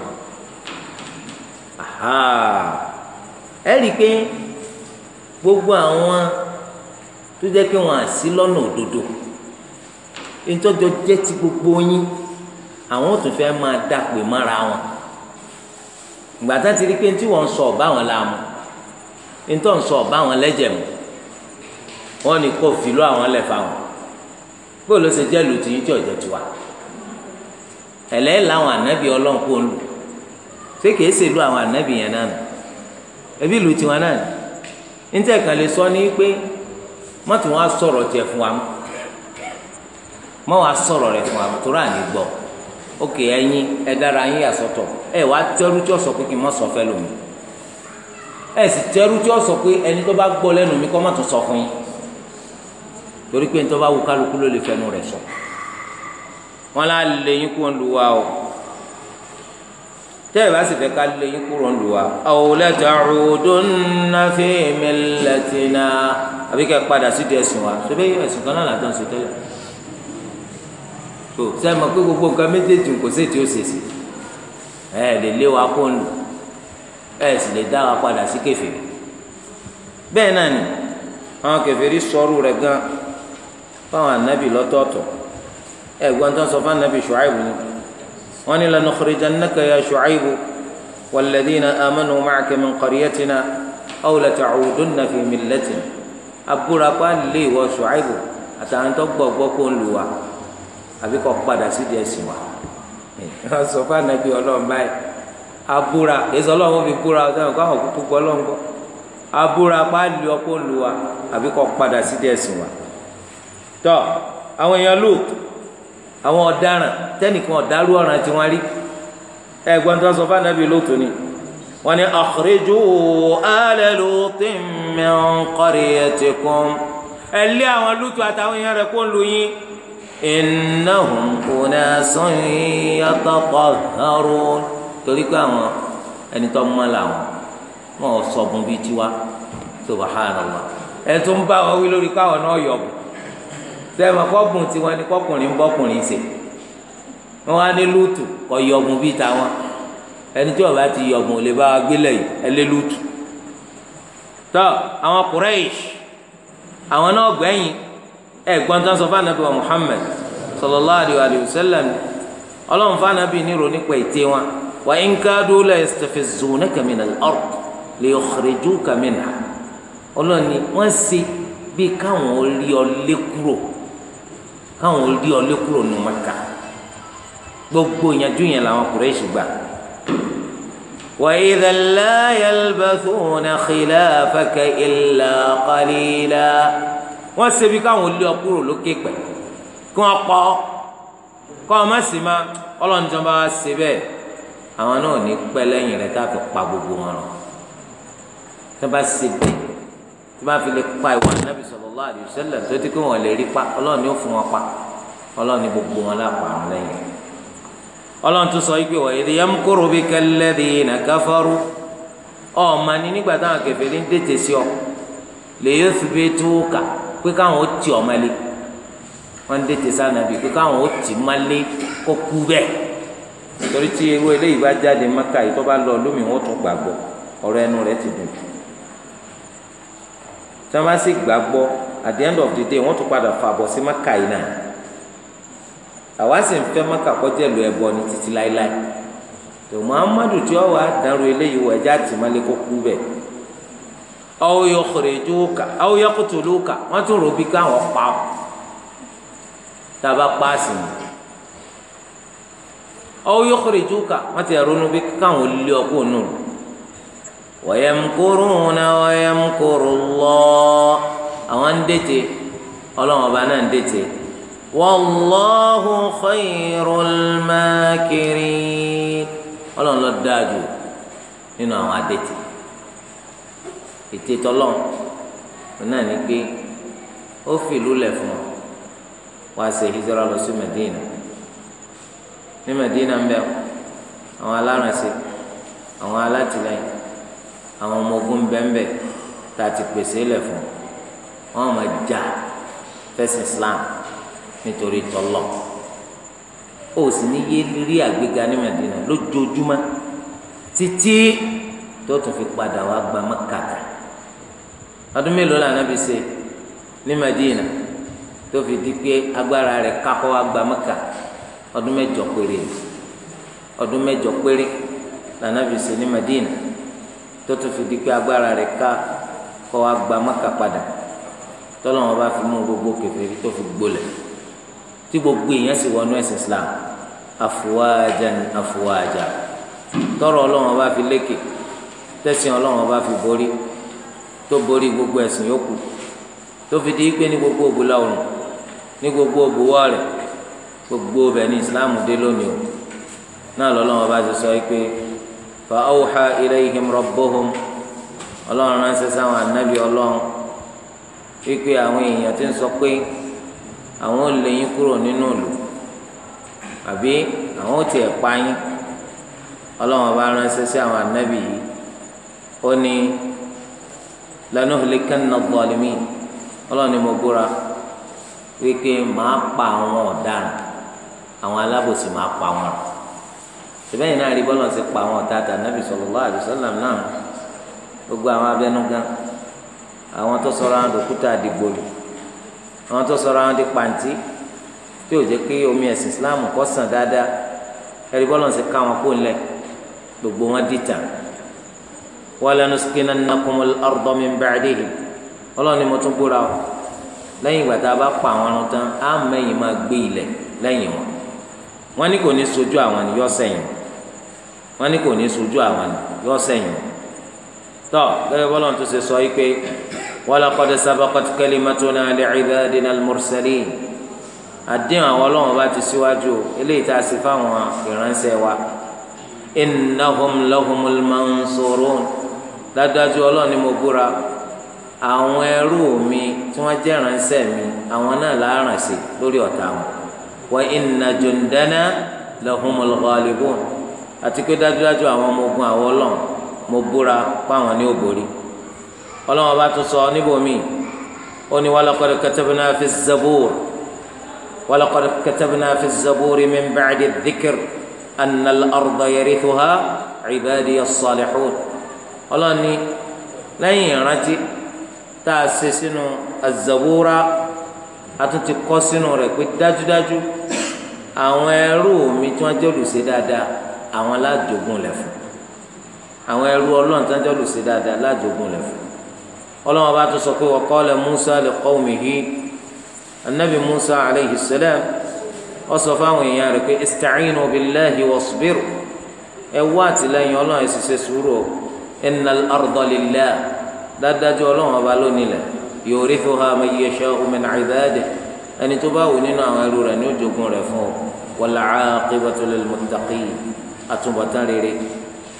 ẹ rí i pé gbogbo àwọn tó jẹ́ pé wọ́n á sí lọ́nà òdodo ìtọ́jọ jẹ́ ti gbogbo yín àwọn ò tún fẹ́ máa dàpè mọ́ra wọn gbàtà ti rí pé tí wọ́n ń sọ ọ̀bá wọn la mu ntọ́ ń sọ ọ̀bá wọn lẹ́jẹ̀ mu wọ́n ní kó fìlú àwọn lẹ̀ fáwọn bóyá ló ṣe jẹ́ lù tìyín tí ọ̀jẹ̀ tiwa ẹ̀lẹ́ làwọn ànábì ọlọ́run kò ń lù ṣé kìí ṣe lu àwọn ànábì yẹn náà ẹbí lù tiwọn náà ní tẹ́ lè sọ ní pé mọ́tò wọn sọ̀rọ̀ tiẹ̀ fún wa mọ́ wọn sọ̀rọ̀ rẹ̀ fún wa tó rà ní gbọ́ ókè ẹ̀yin ẹ dára yín yà ẹ tí pé kí n torí pé nítorí bá wù kálukú ló lè fẹnu rẹ̀ sọ wọn lá lè yín kó ń lu wa o tẹ́ ẹ bá sì fẹ́ ká lè yín kúrò ń lu wa. àwòlẹ́ ta'udunna fi millatina àbí kẹ́ ẹ padà sí díẹ̀ sùn wa ṣẹbẹ́ ẹ̀sùn kan náà làtọ̀ ń ṣe tẹ́lẹ̀. tó sẹ́ mọ̀ pé gbogbo nǹkan méjèèjì kò sí ètí ó ṣe sí ẹ lè lé wa kó ń lu sì lè dá wa padà sí kèfèrí. bẹ́ẹ̀ náà ni àwọn kèfèrí sọ̀rọ̀ rẹ̀ gan-an fáwọn anabi lọ́tọ̀ọ̀tọ̀ ẹ gbọ́n tó ń sọ fún anabi ṣùáìbù ni wọ́n ní lanukhrijannaka ya ṣùáìbù walladhina amanu ma'aka min qaryatina aw lata'udunna fi millatina abúrakpá lè wọ ṣùáìbù àtàwọn tó gbọ́ gbọ́ kó ń lù wá àbí kò padà sí díẹ̀ sí wa wọ́n sọ fún anabi ọlọ́run báyìí abúra èso ọlọ́run fi búra ọ̀sán kó àwọn kúkú lè ọkó lù wá àbí kò padà sí díẹ̀ sí wa tọ́ àwọn èèyàn lò àwọn ọ̀daràn tẹ́nìkan ọ̀dàrú ọ̀ràn tí wọ́n rí ẹ̀gbọ́n tó sọ fún anabi lóòtọ́ ni wọ́n ní akhrijū āla Lūṭin min qaryatikum ẹ lé àwọn lùtù àtàwọn èèyàn rẹ̀ kó ń lu yín innahum unāsun yataṭahharūn torí pé àwọn ẹni tó mọ́ làwọn wọn ò sọ̀gùn bíi tiwa subhanallah ẹ̀ tó ń bá wọn wí lórí káwọn náà yọ̀bù sẹ́wọ̀n kọ́bùn tiwọn ni kọ́kùnrin ń bọ́kùnrin ṣe wọn á ní lútù kọ́ yọ̀gùn bíi tàwọn ẹni tí ọba ti yọ̀gùn ò lè bá wa gbélé yìí ẹ lé lútù tọ́ àwọn Quraysh àwọn náà gbẹ̀yìn ẹ̀gbọ́n tó ń sọ fún anabi wa Muhammad sallallahu alayhi wa sallam ọlọ́run fún anabi ní ronú wọn wa in kadu la yastafizzunaka min al-ard li yukhrijuka minha ọlọ́run ni wọ́n ṣe bí káwọn ó rí ọ lé kúrò káwọn rí ọ lé kúrò ní maka gbogbo ìyànjú yẹn làwọn Quraysh gbà. وإذا لا يلبثون خلافك إلا قليلا wọ́n ṣe bí káwọn olè ọkúrò lókè pẹ̀ kí wọ́n pọ̀ kọ́ ọ má sì má ọlọ́njọba ṣe bẹ́ẹ̀ àwọn náà ní pẹ́ lẹ́yìn rẹ̀ tá pa gbogbo wọn rọ̀ tó ṣe bẹ́ẹ̀ tí wọ́n fi lè pa ìwà nàbì sallallahu alaihi wasallam tó ti kó wọn lè rí pa ọlọ́run ni ó fún wọn pa ọlọ́run ni gbogbo wọn lápá lẹ́yìn ọlọ́run tún sọ wípé wa idh yamkuru bika alladhina kafaru ọ̀ọ́mà ni nígbà táwọn kèfèrí ń tètè sí ọ lè yóò fi bẹ́ẹ̀ tó kà pé káwọn ó tì ọ́ mọ́lé wọ́n ń tètè sí pé káwọn ó tì mọ́lé kó kú bẹ́ẹ̀ nítorí tí irú eléyìí bá jáde Mákà yìí bá lọ lómi wọn tún gbàgbọ́ ọ̀rọ̀ ẹnu rẹ̀ ti dùn jù tí wọ́n bá sì gbàgbọ́ at the end of the day wọ́n tún padà fà bọ̀ sí maka yìí náà àwa sì ń fẹ́ maka kọjá ìlú ẹ̀bọ ní títí láéláé tó muhammadu tí wọ́n wá dàrú eléyìí wọ ẹja àti malẹ kó kú bẹ́ẹ̀ aw yukhrijuka aw yaqtuluka wọ́n tún rò bí káwọn pa ọ́ tá a bá pa á sí ni aw yukhrijuka wọ́n ti ronú bí káwọn lé ọkọ̀ nù wayamkuruna wayamkurullah àwọn ń dètè ọlọ́run ọba náà ń dètè wallahu khayrul makirin ọlọ́run ló dáa jù nínú àwọn adètè ètè tọ́lọ́ náà ní pé ó fìlú lẹ̀ fún ọ wá ṣe hijira lọ sí Medina ní Medina ń bẹ àwọn alárànṣe àwọn alátìlẹyìn àwọn ọmọ ogun bẹ́ẹ̀nbẹ́ tá a ti pèsè lẹ̀ fún wọn jà fẹ́sìn Islam nítorí tọ́lọ̀ ó sì ní yé rí àgbéga ní Madina fi padà wá gba mọ́kàtà ọdún mélòó la Ànábì ṣe ní Madina tó fi di pé agbára wá gba mọ́kà ọdún mẹ́jọ péré ọdún tó tún fi di pé agbára rẹ̀ ká kọ́ wa gba mọ́kà padà tọ́lọ́wọ́n bá fi mú gbogbo kèfèrí tó fi gbolẹ̀ tí gbogbo èèyàn sì wọnú ẹ̀sìn Islam afuwaja ni afuwaja tọrọ Ọlọ́run bá fi lékè tẹ̀sìn Ọlọ́run bá fi borí tó borí gbogbo ẹ̀sìn yòókù tó fi di pé ní gbogbo òbúlá òrùn ní gbogbo òbúwọ́ rẹ̀ gbogbo ọbẹ̀ ní Islam dé lónìí o náà lọ́lọ́run bá ti sọ pé. fa awha ilayhim rabbuhum ọlọ́run ránṣẹ́ sáwọn ànábì ọlọ́run wípé àwọn èèyàn ti ń sọ pé àwọn ò lè yín kúrò nínú ìlú àbí àwọn ò tiẹ̀ pa yín ọlọ́run ọba ni pa àwọn ọ̀daràn àwọn alábòsí màá sùgbọ́n náà rí bọ́lá ti pa àwọn ọ̀tá àtànábì sallallahu alaihi wasallam náà gbogbo àwọn abẹnugan àwọn tó sọ̀rọ̀ àwọn dòkúta àdìgbòlù àwọn tó sọ̀rọ̀ àwọn di pàǹtí tí ò jẹ́ kí omi ẹ̀sìn Islam kó sàn dáadáa ẹ̀rí bọ́lá ti ká wọn kó ńlẹ̀ gbogbo wọn dìtà walanuskinnannakumul arda min ba'dihim ọlọ́ọ̀ni mo tún búra o lẹ́yìn ìgbà tá a bá pa àwọn ọ̀run tán á mẹ́yìn máa gbé ilẹ̀ lẹ́yìn wọn wọn ní kò ní sojú àwọn ni yọ́ sẹ́yìn wọn wọn ní kò ní sojú àwọn yọ sẹ́yìn tọ gẹ́gẹ́ bọlọ tó ṣe sọ yìí pé walaqad sabaqat kalimatuna li'ibadina al-mursalin àdéhùn àwọn Ọlọ́run bá ti síwájú eléyìí tá a sì fáwọn ìránṣẹ́ wa innahum lahumul mansurun dájúdájú Ọlọ́run ni mo búra àwọn ẹrú mi tí wọ́n jẹ́ ìránṣẹ́ mi àwọn náà láàrán lórí ọ̀tá wọn wa inna jundana lahumul ghalibun àti pé dájúdájú àwọn ọmọ ogun àwọn ọlọ́run mo búra páwọn ní òbórí ọlọ́run ọba tó sọ níbòmí ó ní walaqad katabna fi zabur walaqad katabna fi zabur min ba'di dhikr anna al-arda yarithuha ibadiya as-salihun ọlọ́run ní lẹ́yìn ìrántí tá a ṣe sínú azabura àtúntì kọ́ sínú rẹ̀ pé dájúdájú àwọn ẹrú mi tí wọ́n jẹ́ olùṣe dáadáa àwọn alájogún lẹ̀ fún àwọn ẹrú ọlọ́run tí wọ́n jọ lù sí dáadáa alájogún lẹ̀ fún ọlọ́run ọba tó sọ pé wa qala Musa li qawmihi anabi Musa alayhi salam ó sọ fáwọn èèyàn rẹ̀ pé ista'inu billahi wasbiru ẹ wá àtìlẹ́yìn ọlọ́run ẹ sì ṣe sùúrù o innal arda lillah dáadájú ọlọ́run ọba ló nílẹ̀ yurithuha man yasha'u min ibadihi ẹni tó bá wù nínú àwọn ẹrú rẹ̀ ní ó jogún rẹ̀ fún ọ wal aqibatu lil muttaqin àtúbọ̀tán rere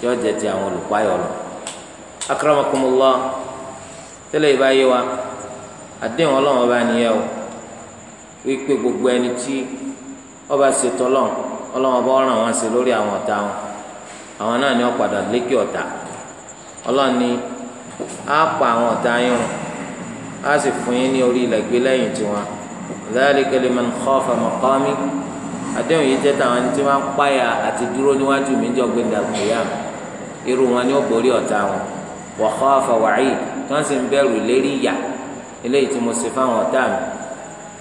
yóò jẹ́ ti àwọn olùpáyọ̀ lọ. akramakumullah tẹ́lẹ̀ ìbáyé wa àdéhùn ọlọ́run ọba nìyẹn o wípé gbogbo ẹni tí ọba ṣètò ọlọ́run ọlọ́run ọba ọ̀ràn wọn ṣe lórí àwọn ọ̀tá wọn àwọn náà ni wọ́n padà lékè ọ̀tá ọlọ́run ni á pa àwọn ọ̀tá yín á sì fún yín ní orí ilẹ̀ gbé lẹ́yìn tiwọn dhalika liman khafa maqami àdéhùn yìí jẹ́ táwọn ẹni tí wọ́n ń páyà àti dúró níwájú mi jọ gbé dàgbéyà irú wọn ni ó borí ọ̀tá wọn wa khafa wa'id tí wọ́n sì ń bẹ̀rù lérí ìyà eléyìí tí mo ṣe fáwọn ọ̀tá mi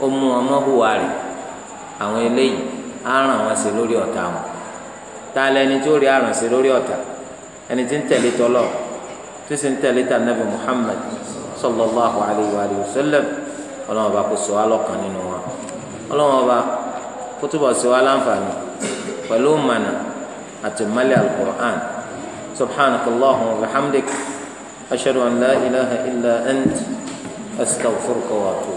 ó mú wọn mọ́ hùwà rẹ̀ àwọn eléyìí á ràn wọn sí lórí ọ̀tá wọn tá a lẹni tí ó rí àrùn sí lórí ọ̀tá ẹni tí ń tẹ̀lé tọ́lọ̀ tó sì ń tẹ̀lé tà nàbì Muhammad sallallahu alayhi wa sallam ọlọ́wọ́n ọba kò sọ wá nínú wọn ọlọ́wọ́n ọba kótóbọ̀ sí wa láǹfààní pẹ̀lú mànà àti mọ́lẹ̀ alukur'an subhanaka allahumma wa bihamdik ashhadu an la ilaha illa ant astaghfiruka wa atubu.